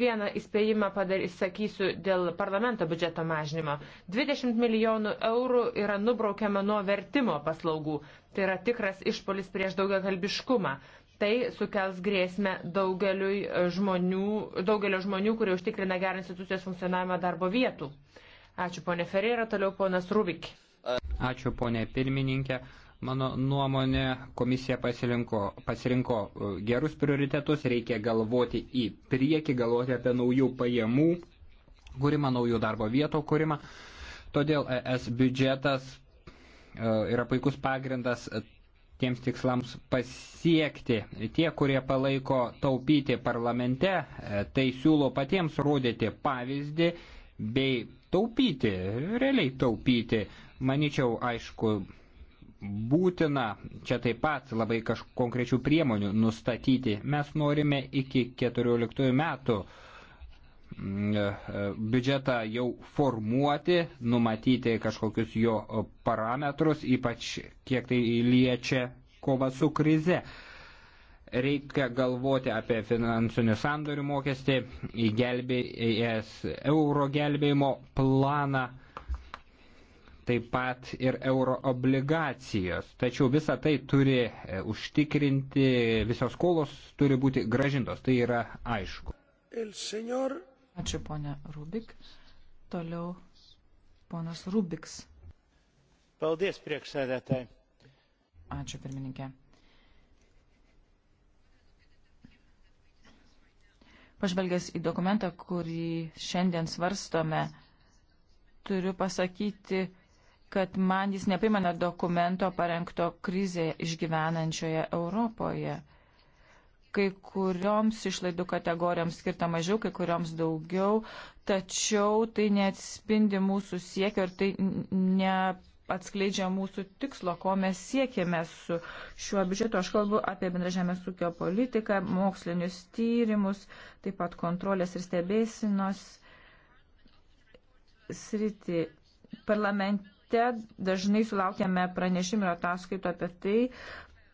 Vieną įspėjimą pasakysiu dėl parlamento biudžeto mažinimo. 20 milijonų eurų yra nubraukiama nuo vertimo paslaugų. Tai yra tikras išpolis prieš daugiakalbiškumą tai sukels grėsmę daugeliu žmonių, daugelio žmonių, kurie užtikrina gerą institucijos funkcionavimą darbo vietų. Ačiū ponė Ferreira, toliau ponas Rubik. Ačiū ponė pirmininkė. Mano nuomonė, komisija pasirinko, pasirinko e, gerus prioritetus, reikia galvoti į priekį, galvoti apie naujų pajamų kūrimą, naujų darbo vietų kūrimą. Todėl ES biudžetas e, yra puikus pagrindas tiems tikslams pasiekti. Tie, kurie palaiko taupyti parlamente, e, tai siūlo patiems rodyti pavyzdį bei taupyti, realiai taupyti. Maničiau, aišku, būtina čia taip pat labai kažkokių konkrečių priemonių nustatyti. Mes norime iki 14 metų E, biudžetą jau formuoti, numatyti kažkokius jo parametrus, ypač kiek tai liečia kova su krize. Reikia galvoti apie finansinių sandorių mokestį, įgelbėjęs euro gelbėjimo planą, taip pat ir euro obligacijos. Tačiau visa tai turi e, užtikrinti, visos kolos turi būti gražintos, tai yra aišku. El señor Ačiū, ponė Rubik. Toliau ponas Rubiks. Paldies, priekšsėdėtai. Ačiū, pirmininkė. Pažvelgęs į dokumentą, kurį šiandien svarstome, turiu pasakyti, kad man jis neprimena dokumento parengto krizėje išgyvenančioje Europoje kai kurioms išlaidų kategorijoms skirta mažiau, kai kurioms daugiau, tačiau tai neatspindi mūsų siekio ir tai neatskleidžia mūsų tikslo, ko mes siekėme su šiuo biudžetu. Aš kalbu apie bendražėmės ūkio politiką, mokslinius tyrimus, taip pat kontrolės ir stebėsinos sritį. Parlamente dažnai sulaukėme pranešimų ir ataskaitų apie tai,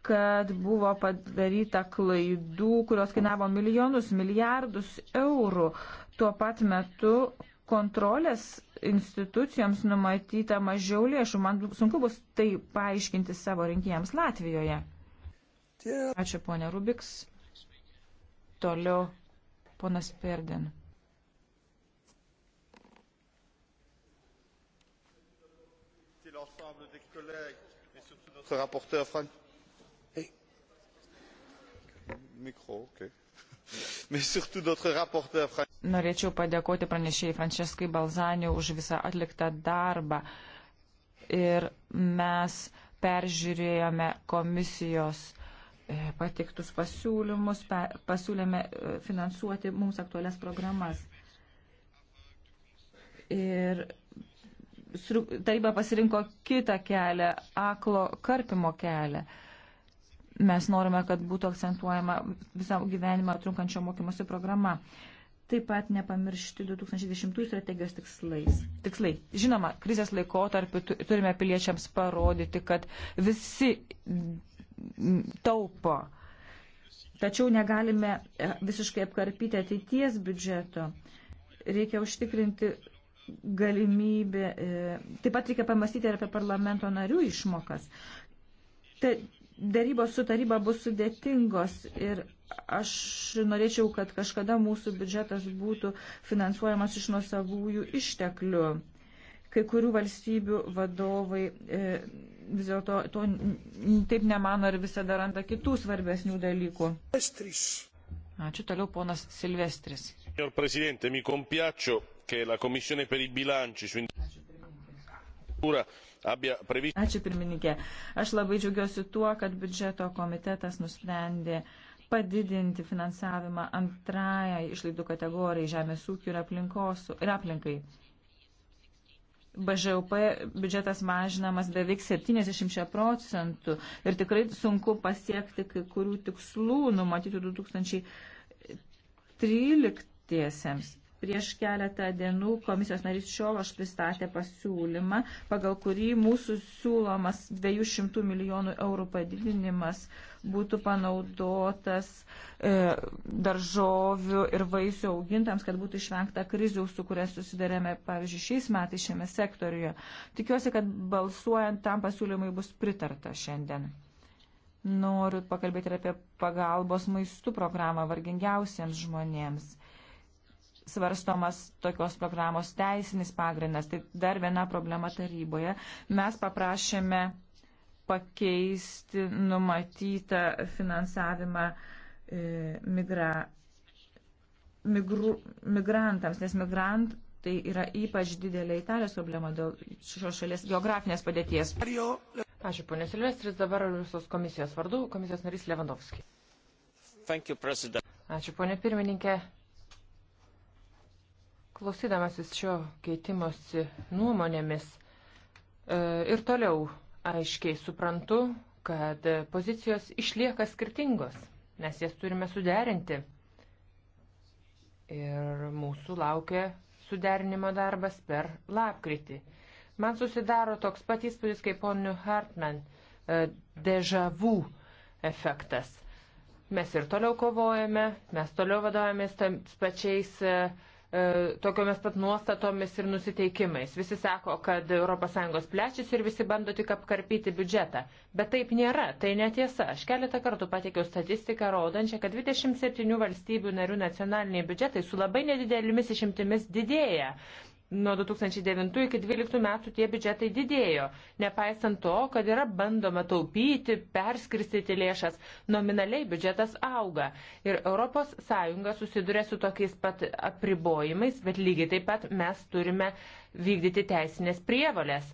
kad buvo padaryta klaidų, kurios kainavo milijonus, milijardus eurų. Tuo pat metu kontrolės institucijoms numatyta mažiau lėšų. Man sunku bus tai paaiškinti savo rinkėjams Latvijoje. Ačiū, ponė Rubiks. Toliau, ponas Perdin. l'ensemble des collègues et surtout notre rapporteur Franck Norėčiau padėkoti pranešėjai Franceskai Balzaniu už visą atliktą darbą. Ir mes peržiūrėjome komisijos e, patiktus pasiūlymus, pasiūlėme e, finansuoti mums aktualias programas. Ir taryba pasirinko kitą kelią, aklo karpimo kelią mes norime, kad būtų akcentuojama visą gyvenimą trunkančio mokymosi programa. Taip pat nepamiršti 2010 strategijos tikslais. tikslai. Žinoma, krizės laikotarpiu turime piliečiams parodyti, kad visi taupo. Tačiau negalime e, visiškai apkarpyti ateities biudžeto. Reikia užtikrinti galimybę. E, taip pat reikia pamastyti ir apie parlamento narių išmokas. Tai Darybos su taryba bus sudėtingos ir aš norėčiau, kad kažkada mūsų biudžetas būtų finansuojamas iš nuosavųjų išteklių. Kai kurių valstybių vadovai e, vis dėlto to taip nemano ir visada randa kitų svarbesnių dalykų. Ačiū toliau ponas Silvestris. Signor Presidente, mi compiaccio che la Commissione per i bilanci su... Ačiū pirmininkė. Aš labai džiaugiuosi tuo, kad biudžeto komitetas nusprendė padidinti finansavimą antrajai išlaidų kategorijai žemės ūkių ir, aplinkos, ir aplinkai. BŽUP biudžetas mažinamas beveik 70 procentų ir tikrai sunku pasiekti kai kurių tikslų numatytų 2013. -iesiems. Prieš keletą dienų komisijos narys Šiološ pristatė pasiūlymą, pagal kurį mūsų siūlomas 200 milijonų eurų padidinimas būtų panaudotas e, daržovių ir vaisių augintams, kad būtų išvengta krizių, su kuria susidarėme, pavyzdžiui, šiais metais šiame sektoriuje. Tikiuosi, kad balsuojant tam pasiūlymui bus pritarta šiandien. Noriu pakalbėti ir apie pagalbos maistų programą vargingiausiems žmonėms svarstomas tokios programos teisinis pagrindas. Tai dar viena problema taryboje. Mes paprašėme pakeisti numatytą finansavimą e, migra, migru, migrantams, nes migrant tai yra ypač didelė Italijos problema dėl šios šalies geografinės padėties. Ačiū, ponė Silvestris, dabar visos komisijos vardu, komisijos narys Levandovskis. Ačiū, ponė pirmininkė. Klausydamasis šio keitimosi nuomonėmis e, ir toliau aiškiai suprantu, kad pozicijos išlieka skirtingos. Mes jas turime suderinti. Ir mūsų laukia suderinimo darbas per lapkritį. Man susidaro toks pat įspūdis kaip ponių Hartman e, dežavų efektas. Mes ir toliau kovojame, mes toliau vadovėmės pačiais uh, E, tokiomis pat nuostatomis ir nusiteikimais. Visi sako, kad ES plečiasi ir visi bando tik apkarpyti biudžetą. Bet taip nėra, tai netiesa. Aš keletą kartų pateikiau statistiką rodančią, kad 27 valstybių narių nacionaliniai biudžetai su labai nedidelėmis išimtimis didėja nuo 2009 iki 2012 metų tie biudžetai didėjo, nepaisant to, kad yra bandoma taupyti, perskirstyti lėšas, nominaliai biudžetas auga. Ir ES susiduria su tokiais pat apribojimais, bet lygiai taip pat mes turime vykdyti teisinės prievalės.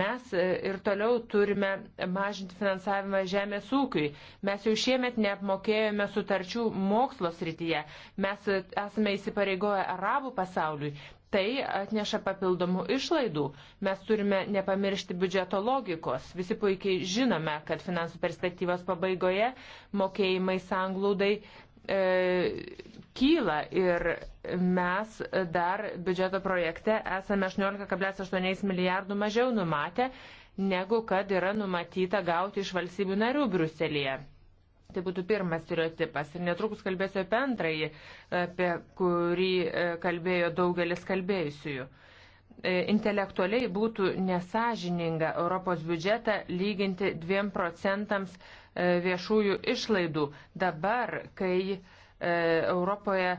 Mes e, ir toliau turime mažinti finansavimą žemės ūkiui. Mes jau šiemet neapmokėjome sutarčių mokslo srityje. Mes e, esame įsipareigoję arabų pasauliui tai atneša papildomų išlaidų. Mes turime nepamiršti biudžeto logikos. Visi puikiai žinome, kad finansų perspektyvos pabaigoje mokėjimai sanglaudai e, kyla ir mes dar biudžeto projekte esame 18,8 milijardų mažiau numatę, negu kad yra numatyta gauti iš valstybių narių Bruselėje. Tai būtų pirmas stereotipas. Ir netrukus kalbėsiu apie antrąjį, apie kurį e, kalbėjo daugelis kalbėjusiųjų e, intelektualiai būtų nesažininga Europos biudžetą lyginti 2 procentams e, viešųjų išlaidų. Dabar, kai Europoje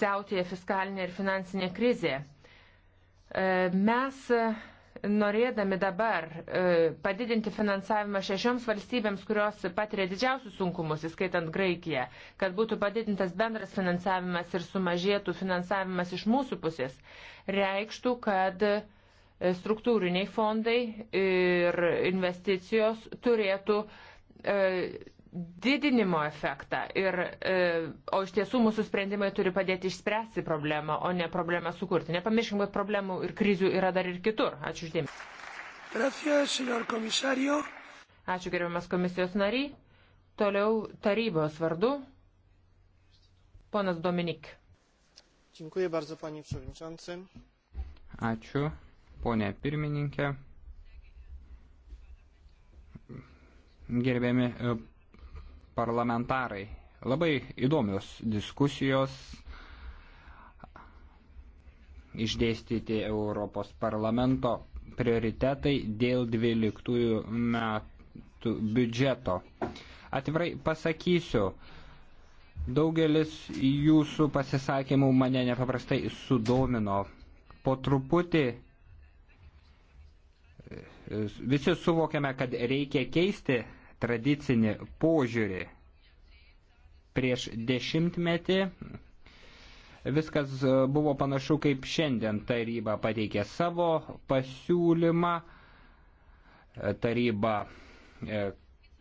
siautėja fiskalinė ir finansinė krizė, mes norėdami dabar e, padidinti finansavimą šešioms valstybėms, kurios patiria didžiausius sunkumus, įskaitant Graikiją, kad būtų padidintas bendras finansavimas ir sumažėtų finansavimas iš mūsų pusės, reikštų, kad e, struktūriniai fondai ir investicijos turėtų e, didinimo efektą. Ir, e, o iš tiesų mūsų sprendimai turi padėti išspręsti problemą, o ne problemą sukurti. Nepamirškime, kad problemų ir krizių yra dar ir kitur. Ačiū uždėmesi. Ačiū gerbiamas komisijos nariai. Toliau tarybos vardu. Ponas Dominik. Dziękuję bardzo, panie przewodniczący. Ačiū, ponė pirmininkė. Gerbiami e, parlamentarai. Labai įdomios diskusijos išdėstyti Europos parlamento prioritetai dėl 12 metų biudžeto. Atvirai pasakysiu, daugelis jūsų pasisakymų mane nepaprastai sudomino. Po truputį e, visi suvokiame, kad reikia keisti tradicinį požiūrį. Prieš dešimtmetį viskas buvo panašu kaip šiandien taryba pateikė savo pasiūlymą, taryba e,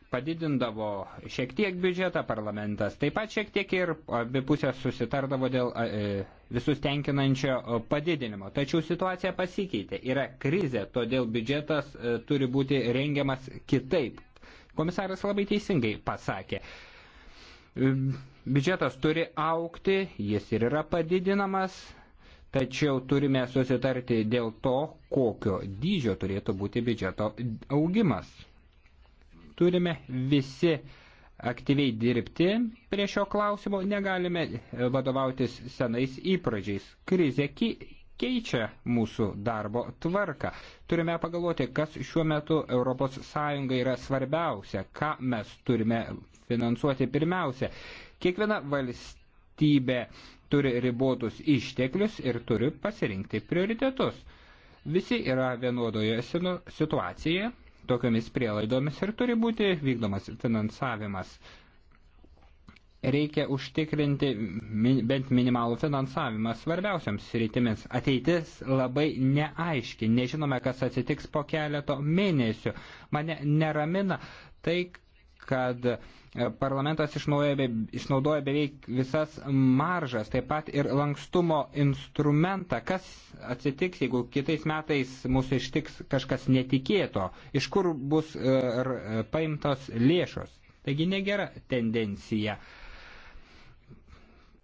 padidindavo šiek tiek biudžetą, parlamentas taip pat šiek tiek ir abi pusės susitardavo dėl e, e, visus tenkinančio padidinimo. Tačiau situacija pasikeitė, yra krizė, todėl biudžetas turi būti rengiamas kitaip. Komisaras labai teisingai pasakė. Biudžetas turi aukti, jis ir yra padidinamas, tačiau turime susitarti dėl to, kokio dydžio turėtų būti biudžeto augimas. Turime visi aktyviai dirbti prie šio klausimo, negalime vadovautis senais įpročiais. Krizė keičia mūsų darbo tvarką. Turime pagalvoti, kas šiuo metu ES yra svarbiausia, ką mes turime finansuoti pirmiausia. Kiekviena valstybė turi ribotus išteklius ir turi pasirinkti prioritetus. Visi yra vienodoje situacijoje, tokiomis prielaidomis ir turi būti vykdomas finansavimas reikia užtikrinti min, bent minimalų finansavimą svarbiausiams sritimis. Ateitis labai neaiški, nežinome, kas atsitiks po keleto mėnesių. Mane neramina tai, kad e, parlamentas išnaudoja beveik visas maržas, taip pat ir lankstumo instrumentą. Kas atsitiks, jeigu kitais metais mūsų ištiks kažkas netikėto, iš kur bus e, e, paimtos lėšos. Taigi negera tendencija. Uh,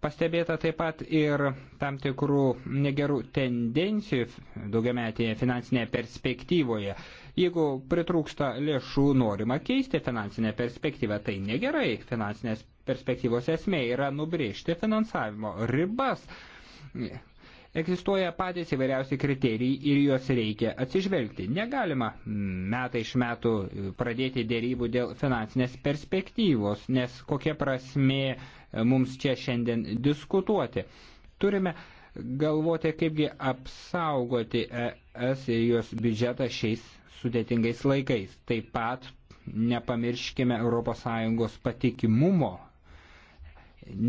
Pastebėta taip pat ir tam tikrų negerų tendencijų daugiametėje finansinėje perspektyvoje. Jeigu pritrūksta lėšų norima keisti finansinę perspektyvą, tai negerai. Finansinės perspektyvos esmė yra nubrėžti finansavimo ribas. Egzistuoja patys įvairiausi kriterijai ir juos reikia atsižvelgti. Negalima metai iš metų pradėti dėrybų dėl finansinės perspektyvos, nes kokia prasmė mums čia šiandien diskutuoti. Turime galvoti, kaipgi apsaugoti ES ir jos biudžetą šiais sudėtingais laikais. Taip pat nepamirškime ES patikimumo,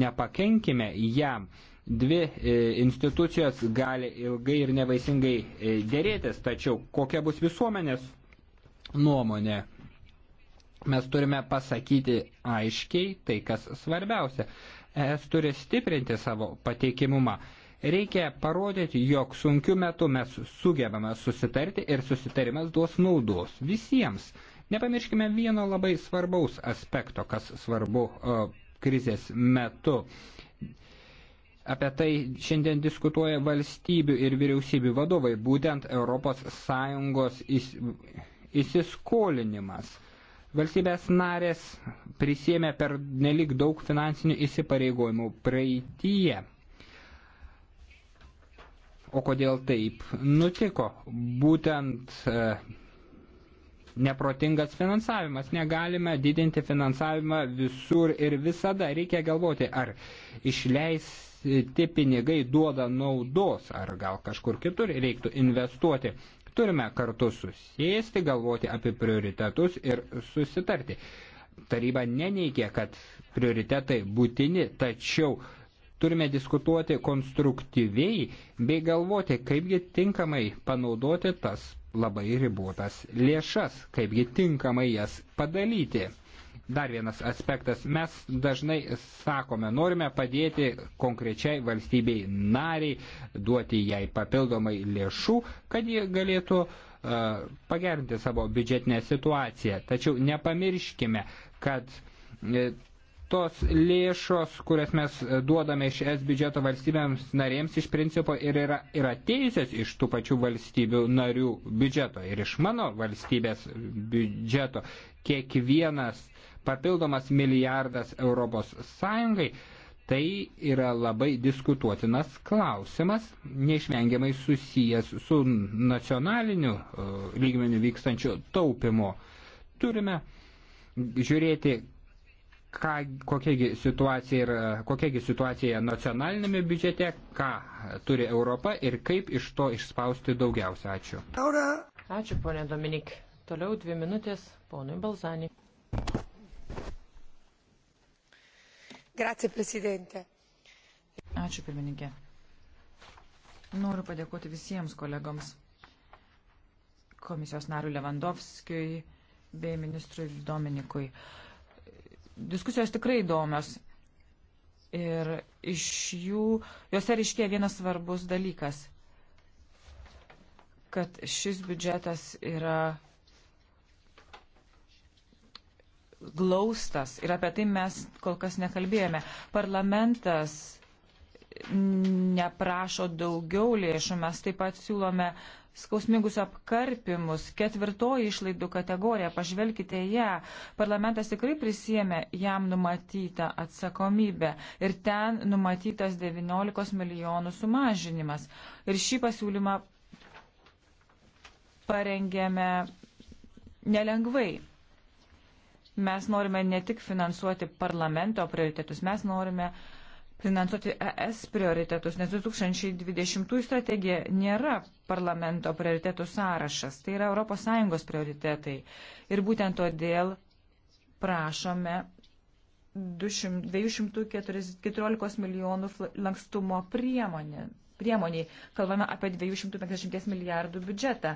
nepakenkime jam. Dvi e, institucijos gali ilgai ir nevaisingai e, dėrėtis, tačiau kokia bus visuomenės nuomonė? Mes turime pasakyti aiškiai tai, kas svarbiausia. ES turi stiprinti savo pateikimumą. Reikia parodyti, jog sunkiu metu mes sugebame susitarti ir susitarimas duos naudos visiems. Nepamirškime vieno labai svarbaus aspekto, kas svarbu o, e, krizės metu. Apie tai šiandien diskutuoja valstybių ir vyriausybių vadovai, būtent ES įs, įsiskolinimas. Valstybės narės prisėmė per nelik daug finansinių įsipareigojimų praeitie. O kodėl taip nutiko? Būtent e, neprotingas finansavimas. Negalime didinti finansavimą visur ir visada. Reikia galvoti, ar išleisti tie pinigai duoda naudos, ar gal kažkur kitur reiktų investuoti. Turime kartu susėsti, galvoti apie prioritetus ir susitarti. Taryba neneigia, kad prioritetai būtini, tačiau turime diskutuoti konstruktyviai bei galvoti, kaipgi tinkamai panaudoti tas labai ribotas lėšas, kaipgi tinkamai jas padalyti dar vienas aspektas. Mes dažnai sakome, norime padėti konkrečiai valstybei nariai, duoti jai papildomai lėšų, kad ji galėtų uh, pagerinti savo biudžetinę situaciją. Tačiau nepamirškime, kad uh, tos lėšos, kurias mes duodame iš es biudžeto valstybėms narėms iš principo ir yra, yra teisės iš tų pačių valstybių narių biudžeto ir iš mano valstybės biudžeto. Kiekvienas papildomas milijardas Europos Sąjungai, tai yra labai diskutuotinas klausimas, neišvengiamai susijęs su nacionaliniu e, lygmeniu vykstančiu taupimu. Turime žiūrėti, ką, kokiagi situacija yra, kokiagi situacija nacionalinėme biudžete, ką turi Europa ir kaip iš to išspausti daugiausia. Ačiū. Ačiū, ponė Dominik. Toliau dvi minutės ponui Balzani. Grazie, prezidente. Ačiū, pirmininkė. Noriu padėkoti visiems kolegoms, komisijos nariu Levandovskijui bei ministrui Dominikui. Diskusijos tikrai įdomios ir iš jų, juose ryškėja vienas svarbus dalykas, kad šis biudžetas yra glaustas ir apie tai mes kol kas nekalbėjome. Parlamentas neprašo daugiau lėšų, mes taip pat siūlome skausmingus apkarpimus, ketvirtoji išlaidų kategorija, pažvelkite ją. Parlamentas tikrai prisėmė jam numatytą atsakomybę ir ten numatytas 19 milijonų sumažinimas. Ir šį pasiūlymą parengėme nelengvai. Mes norime ne tik finansuoti parlamento prioritetus, mes norime finansuoti ES prioritetus, nes 2020 strategija nėra parlamento prioritetų sąrašas, tai yra ES prioritetai. Ir būtent todėl prašome 214 milijonų lankstumo priemonė, priemoniai. Kalbame apie 250 milijardų biudžetą.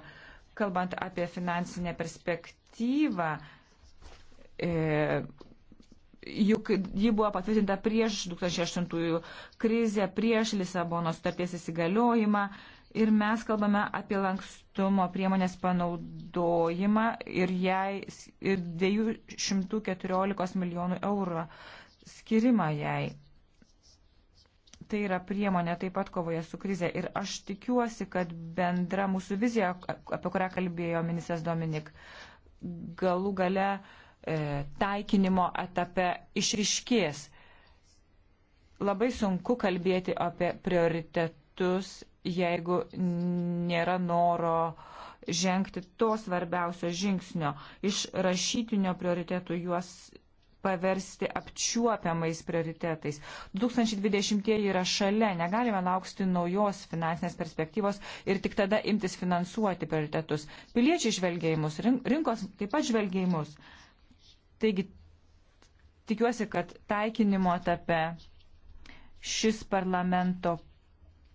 Kalbant apie finansinę perspektyvą, E, juk ji buvo patvirtinta prieš 2008 krizę, prieš Lisabono sutarties įsigaliojimą ir mes kalbame apie lankstumo priemonės panaudojimą ir jai ir 214 milijonų eurų skirimą jai. Tai yra priemonė taip pat kovoje su krize ir aš tikiuosi, kad bendra mūsų vizija, apie kurią kalbėjo ministras Dominik, galų gale uh, E, taikinimo etape išriškės. Labai sunku kalbėti apie prioritetus, jeigu nėra noro žengti to svarbiausio žingsnio, iš rašytinio prioritetų juos paversti apčiuopiamais prioritetais. 2020-ieji yra šalia, negalime laukti naujos finansinės perspektyvos ir tik tada imtis finansuoti prioritetus. Piliečiai žvelgėjimus, rinkos taip pat žvelgėjimus. mus Taigi tikiuosi, kad taikinimo etape šis parlamento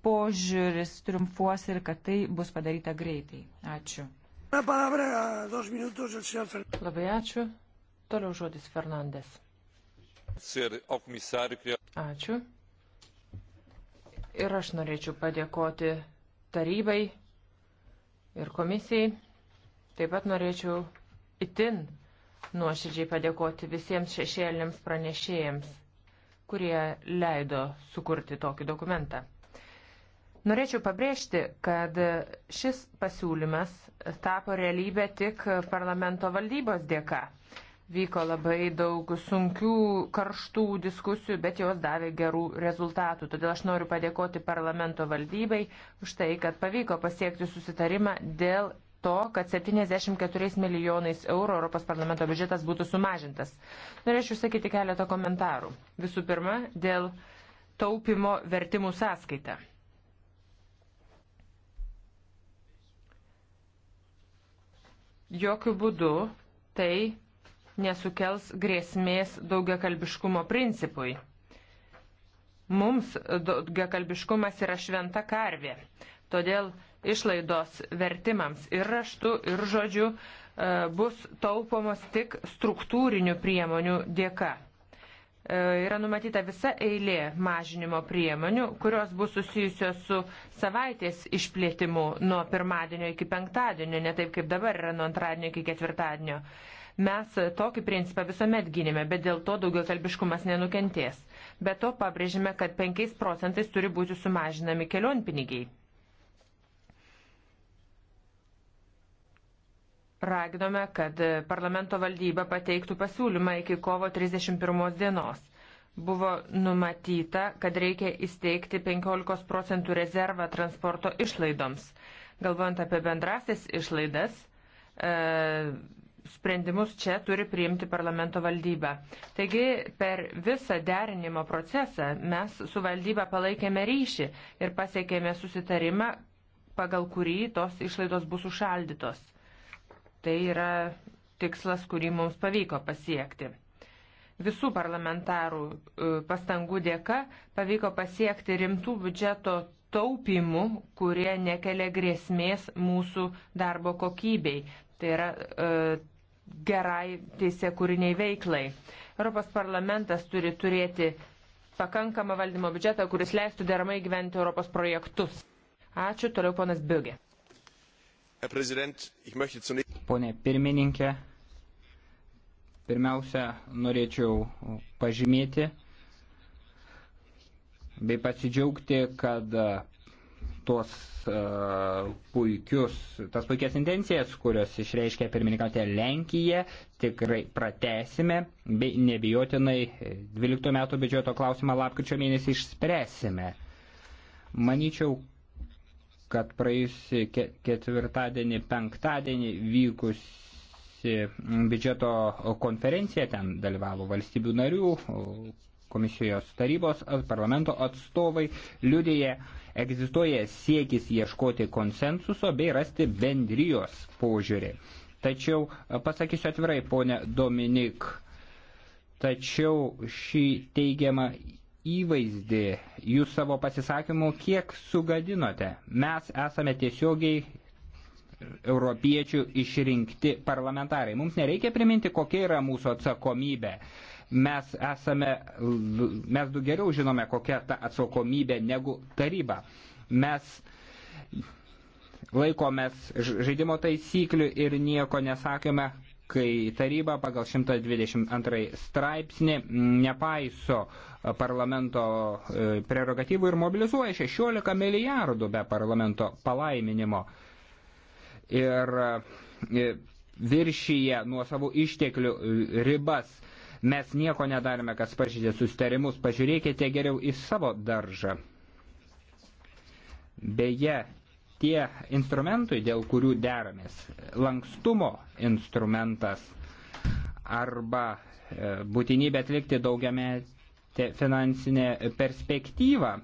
požiūris triumfuos ir kad tai bus padaryta greitai. Ačiū. Labai ačiū. Toliau žodis Fernandės. Ačiū. Ir aš norėčiau padėkoti tarybai ir komisijai. Taip pat norėčiau itin nuoširdžiai padėkoti visiems šešėliniams pranešėjams, kurie leido sukurti tokį dokumentą. Norėčiau pabrėžti, kad šis pasiūlymas tapo realybė tik parlamento valdybos dėka. Vyko labai daug sunkių, karštų diskusijų, bet jos davė gerų rezultatų. Todėl aš noriu padėkoti parlamento valdybai už tai, kad pavyko pasiekti susitarimą dėl to, kad 74 milijonais eurų Europos parlamento biudžetas būtų sumažintas. Norėčiau sakyti keletą komentarų. Visų pirma, dėl taupimo vertimų sąskaitą. Jokių būdų tai nesukels grėsmės daugiakalbiškumo principui. Mums daugiakalbiškumas yra šventa karvė. Todėl išlaidos vertimams ir raštu, ir žodžiu e, bus taupomos tik struktūrinių priemonių dėka. E, yra numatyta visa eilė mažinimo priemonių, kurios bus susijusios su savaitės išplėtimu nuo pirmadienio iki penktadienio, ne taip kaip dabar yra nuo antradienio iki ketvirtadienio. Mes tokį principą visuomet gynėme, bet dėl to daugiau kalbiškumas nenukentės. Be to pabrėžime, kad 5 procentais turi būti sumažinami kelionpinigiai. Ragnome, kad parlamento valdyba pateiktų pasiūlymą iki kovo 31 dienos. Buvo numatyta, kad reikia įsteigti 15 procentų rezervą transporto išlaidoms. Galvojant apie bendrasis išlaidas, e, sprendimus čia turi priimti parlamento valdyba. Taigi per visą derinimo procesą mes su valdyba palaikėme ryšį ir pasiekėme susitarimą, pagal kurį tos išlaidos bus užšaldytos. Tai yra tikslas, kurį mums pavyko pasiekti. Visų parlamentarų e, pastangų dėka pavyko pasiekti rimtų biudžeto taupimų, kurie nekelia grėsmės mūsų darbo kokybei. Tai yra e, gerai teisė kūriniai veiklai. Europos parlamentas turi turėti pakankamą valdymo biudžetą, kuris leistų deramai gyventi Europos projektus. Ačiū, toliau ponas Biugė. Pone pirmininkė, pirmiausia, norėčiau pažymėti bei pasidžiaugti, kad e, tuos uh, puikius, tas puikias intencijas, kurios išreiškia pirmininkatė Lenkija, tikrai pratesime, bei nebijotinai 12 metų biudžeto klausimą lapkričio mėnesį išspręsime. Manyčiau, kad praėjusį ketvirtadienį, penktadienį vykusi biudžeto konferencija, ten dalyvavo valstybių narių, komisijos tarybos, parlamento atstovai, liudėje egzistuoja siekis ieškoti konsensuso bei rasti bendrijos požiūrį. Tačiau, pasakysiu atvirai, ponė Dominik, tačiau šį teigiamą įvaizdį jūs savo pasisakymu kiek sugadinote. Mes esame tiesiogiai europiečių išrinkti parlamentarai. Mums nereikia priminti, kokia yra mūsų atsakomybė. Mes, esame, mes du geriau žinome, kokia ta atsakomybė negu taryba. Mes laikomės žaidimo taisyklių ir nieko nesakome, kai taryba pagal 122 straipsnį nepaiso parlamento e, prerogatyvų ir mobilizuoja 16 milijardų be parlamento palaiminimo. Ir e, viršyje nuo savo išteklių e, ribas. Mes nieko nedarėme, kas pažydė sustarimus. Pažiūrėkite geriau į savo daržą. Beje, tie instrumentai, dėl kurių deramės, lankstumo instrumentas arba e, būtinybė atlikti daugiametę finansinę perspektyvą,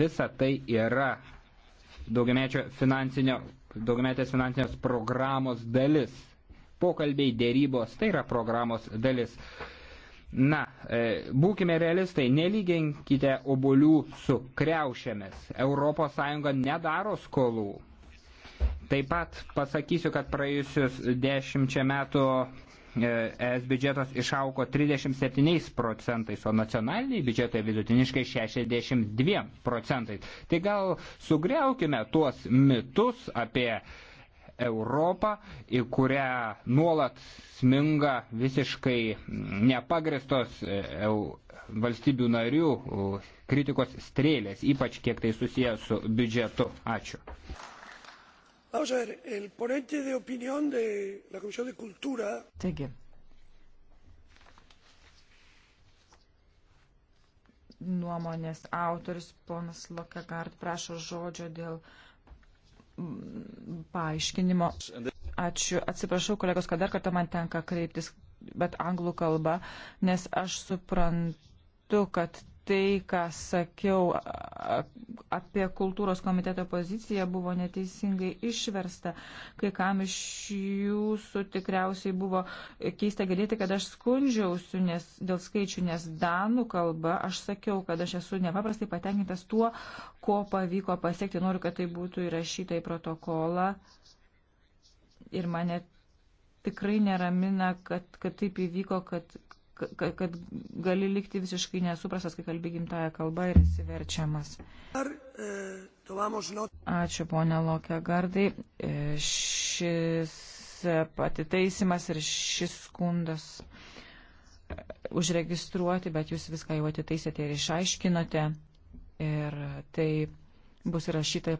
visa tai yra daugiamečio finansinio, daugiametės finansinės programos dalis. Pokalbiai, dėrybos, tai yra programos dalis. Na, e, būkime realistai, nelyginkite obolių su kreušėmis. ES nedaro skolų. Taip pat pasakysiu, kad praėjusius dešimčia metų e, ES biudžetas išaugo 37 procentais, o nacionaliniai biudžetai vidutiniškai 62 procentais. Tai gal sugriaukime tuos mitus apie uh, Europą, į kurią nuolat sminga visiškai nepagristos e, valstybių narių kritikos strėlės, ypač kiek tai susijęs su biudžetu. Ačiū. Taigi, nuomonės autoris ponas Lokegard prašo žodžio dėl paaiškinimo. Ačiū. Atsiprašau, kolegos, kad dar kartą man tenka kreiptis, bet anglų kalba, nes aš suprantu, kad tai, ką sakiau apie kultūros komiteto poziciją, buvo neteisingai išversta. Kai kam iš jūsų tikriausiai buvo keista girdėti, kad aš skundžiausiu nes, dėl skaičių, nes danų kalba aš sakiau, kad aš esu nepaprastai patenkintas tuo, ko pavyko pasiekti. Noriu, kad tai būtų įrašyta į protokolą. Ir mane tikrai neramina, kad, kad taip įvyko, kad kad, kad gali likti visiškai nesuprastas, kai kalbi gimtają kalbą ir esi verčiamas. E, Ačiū, ponė Lokė Gardai. E, šis e, patitaisimas ir šis skundas užregistruoti, bet jūs viską jau atitaisėte ir išaiškinote. Ir tai bus įrašyta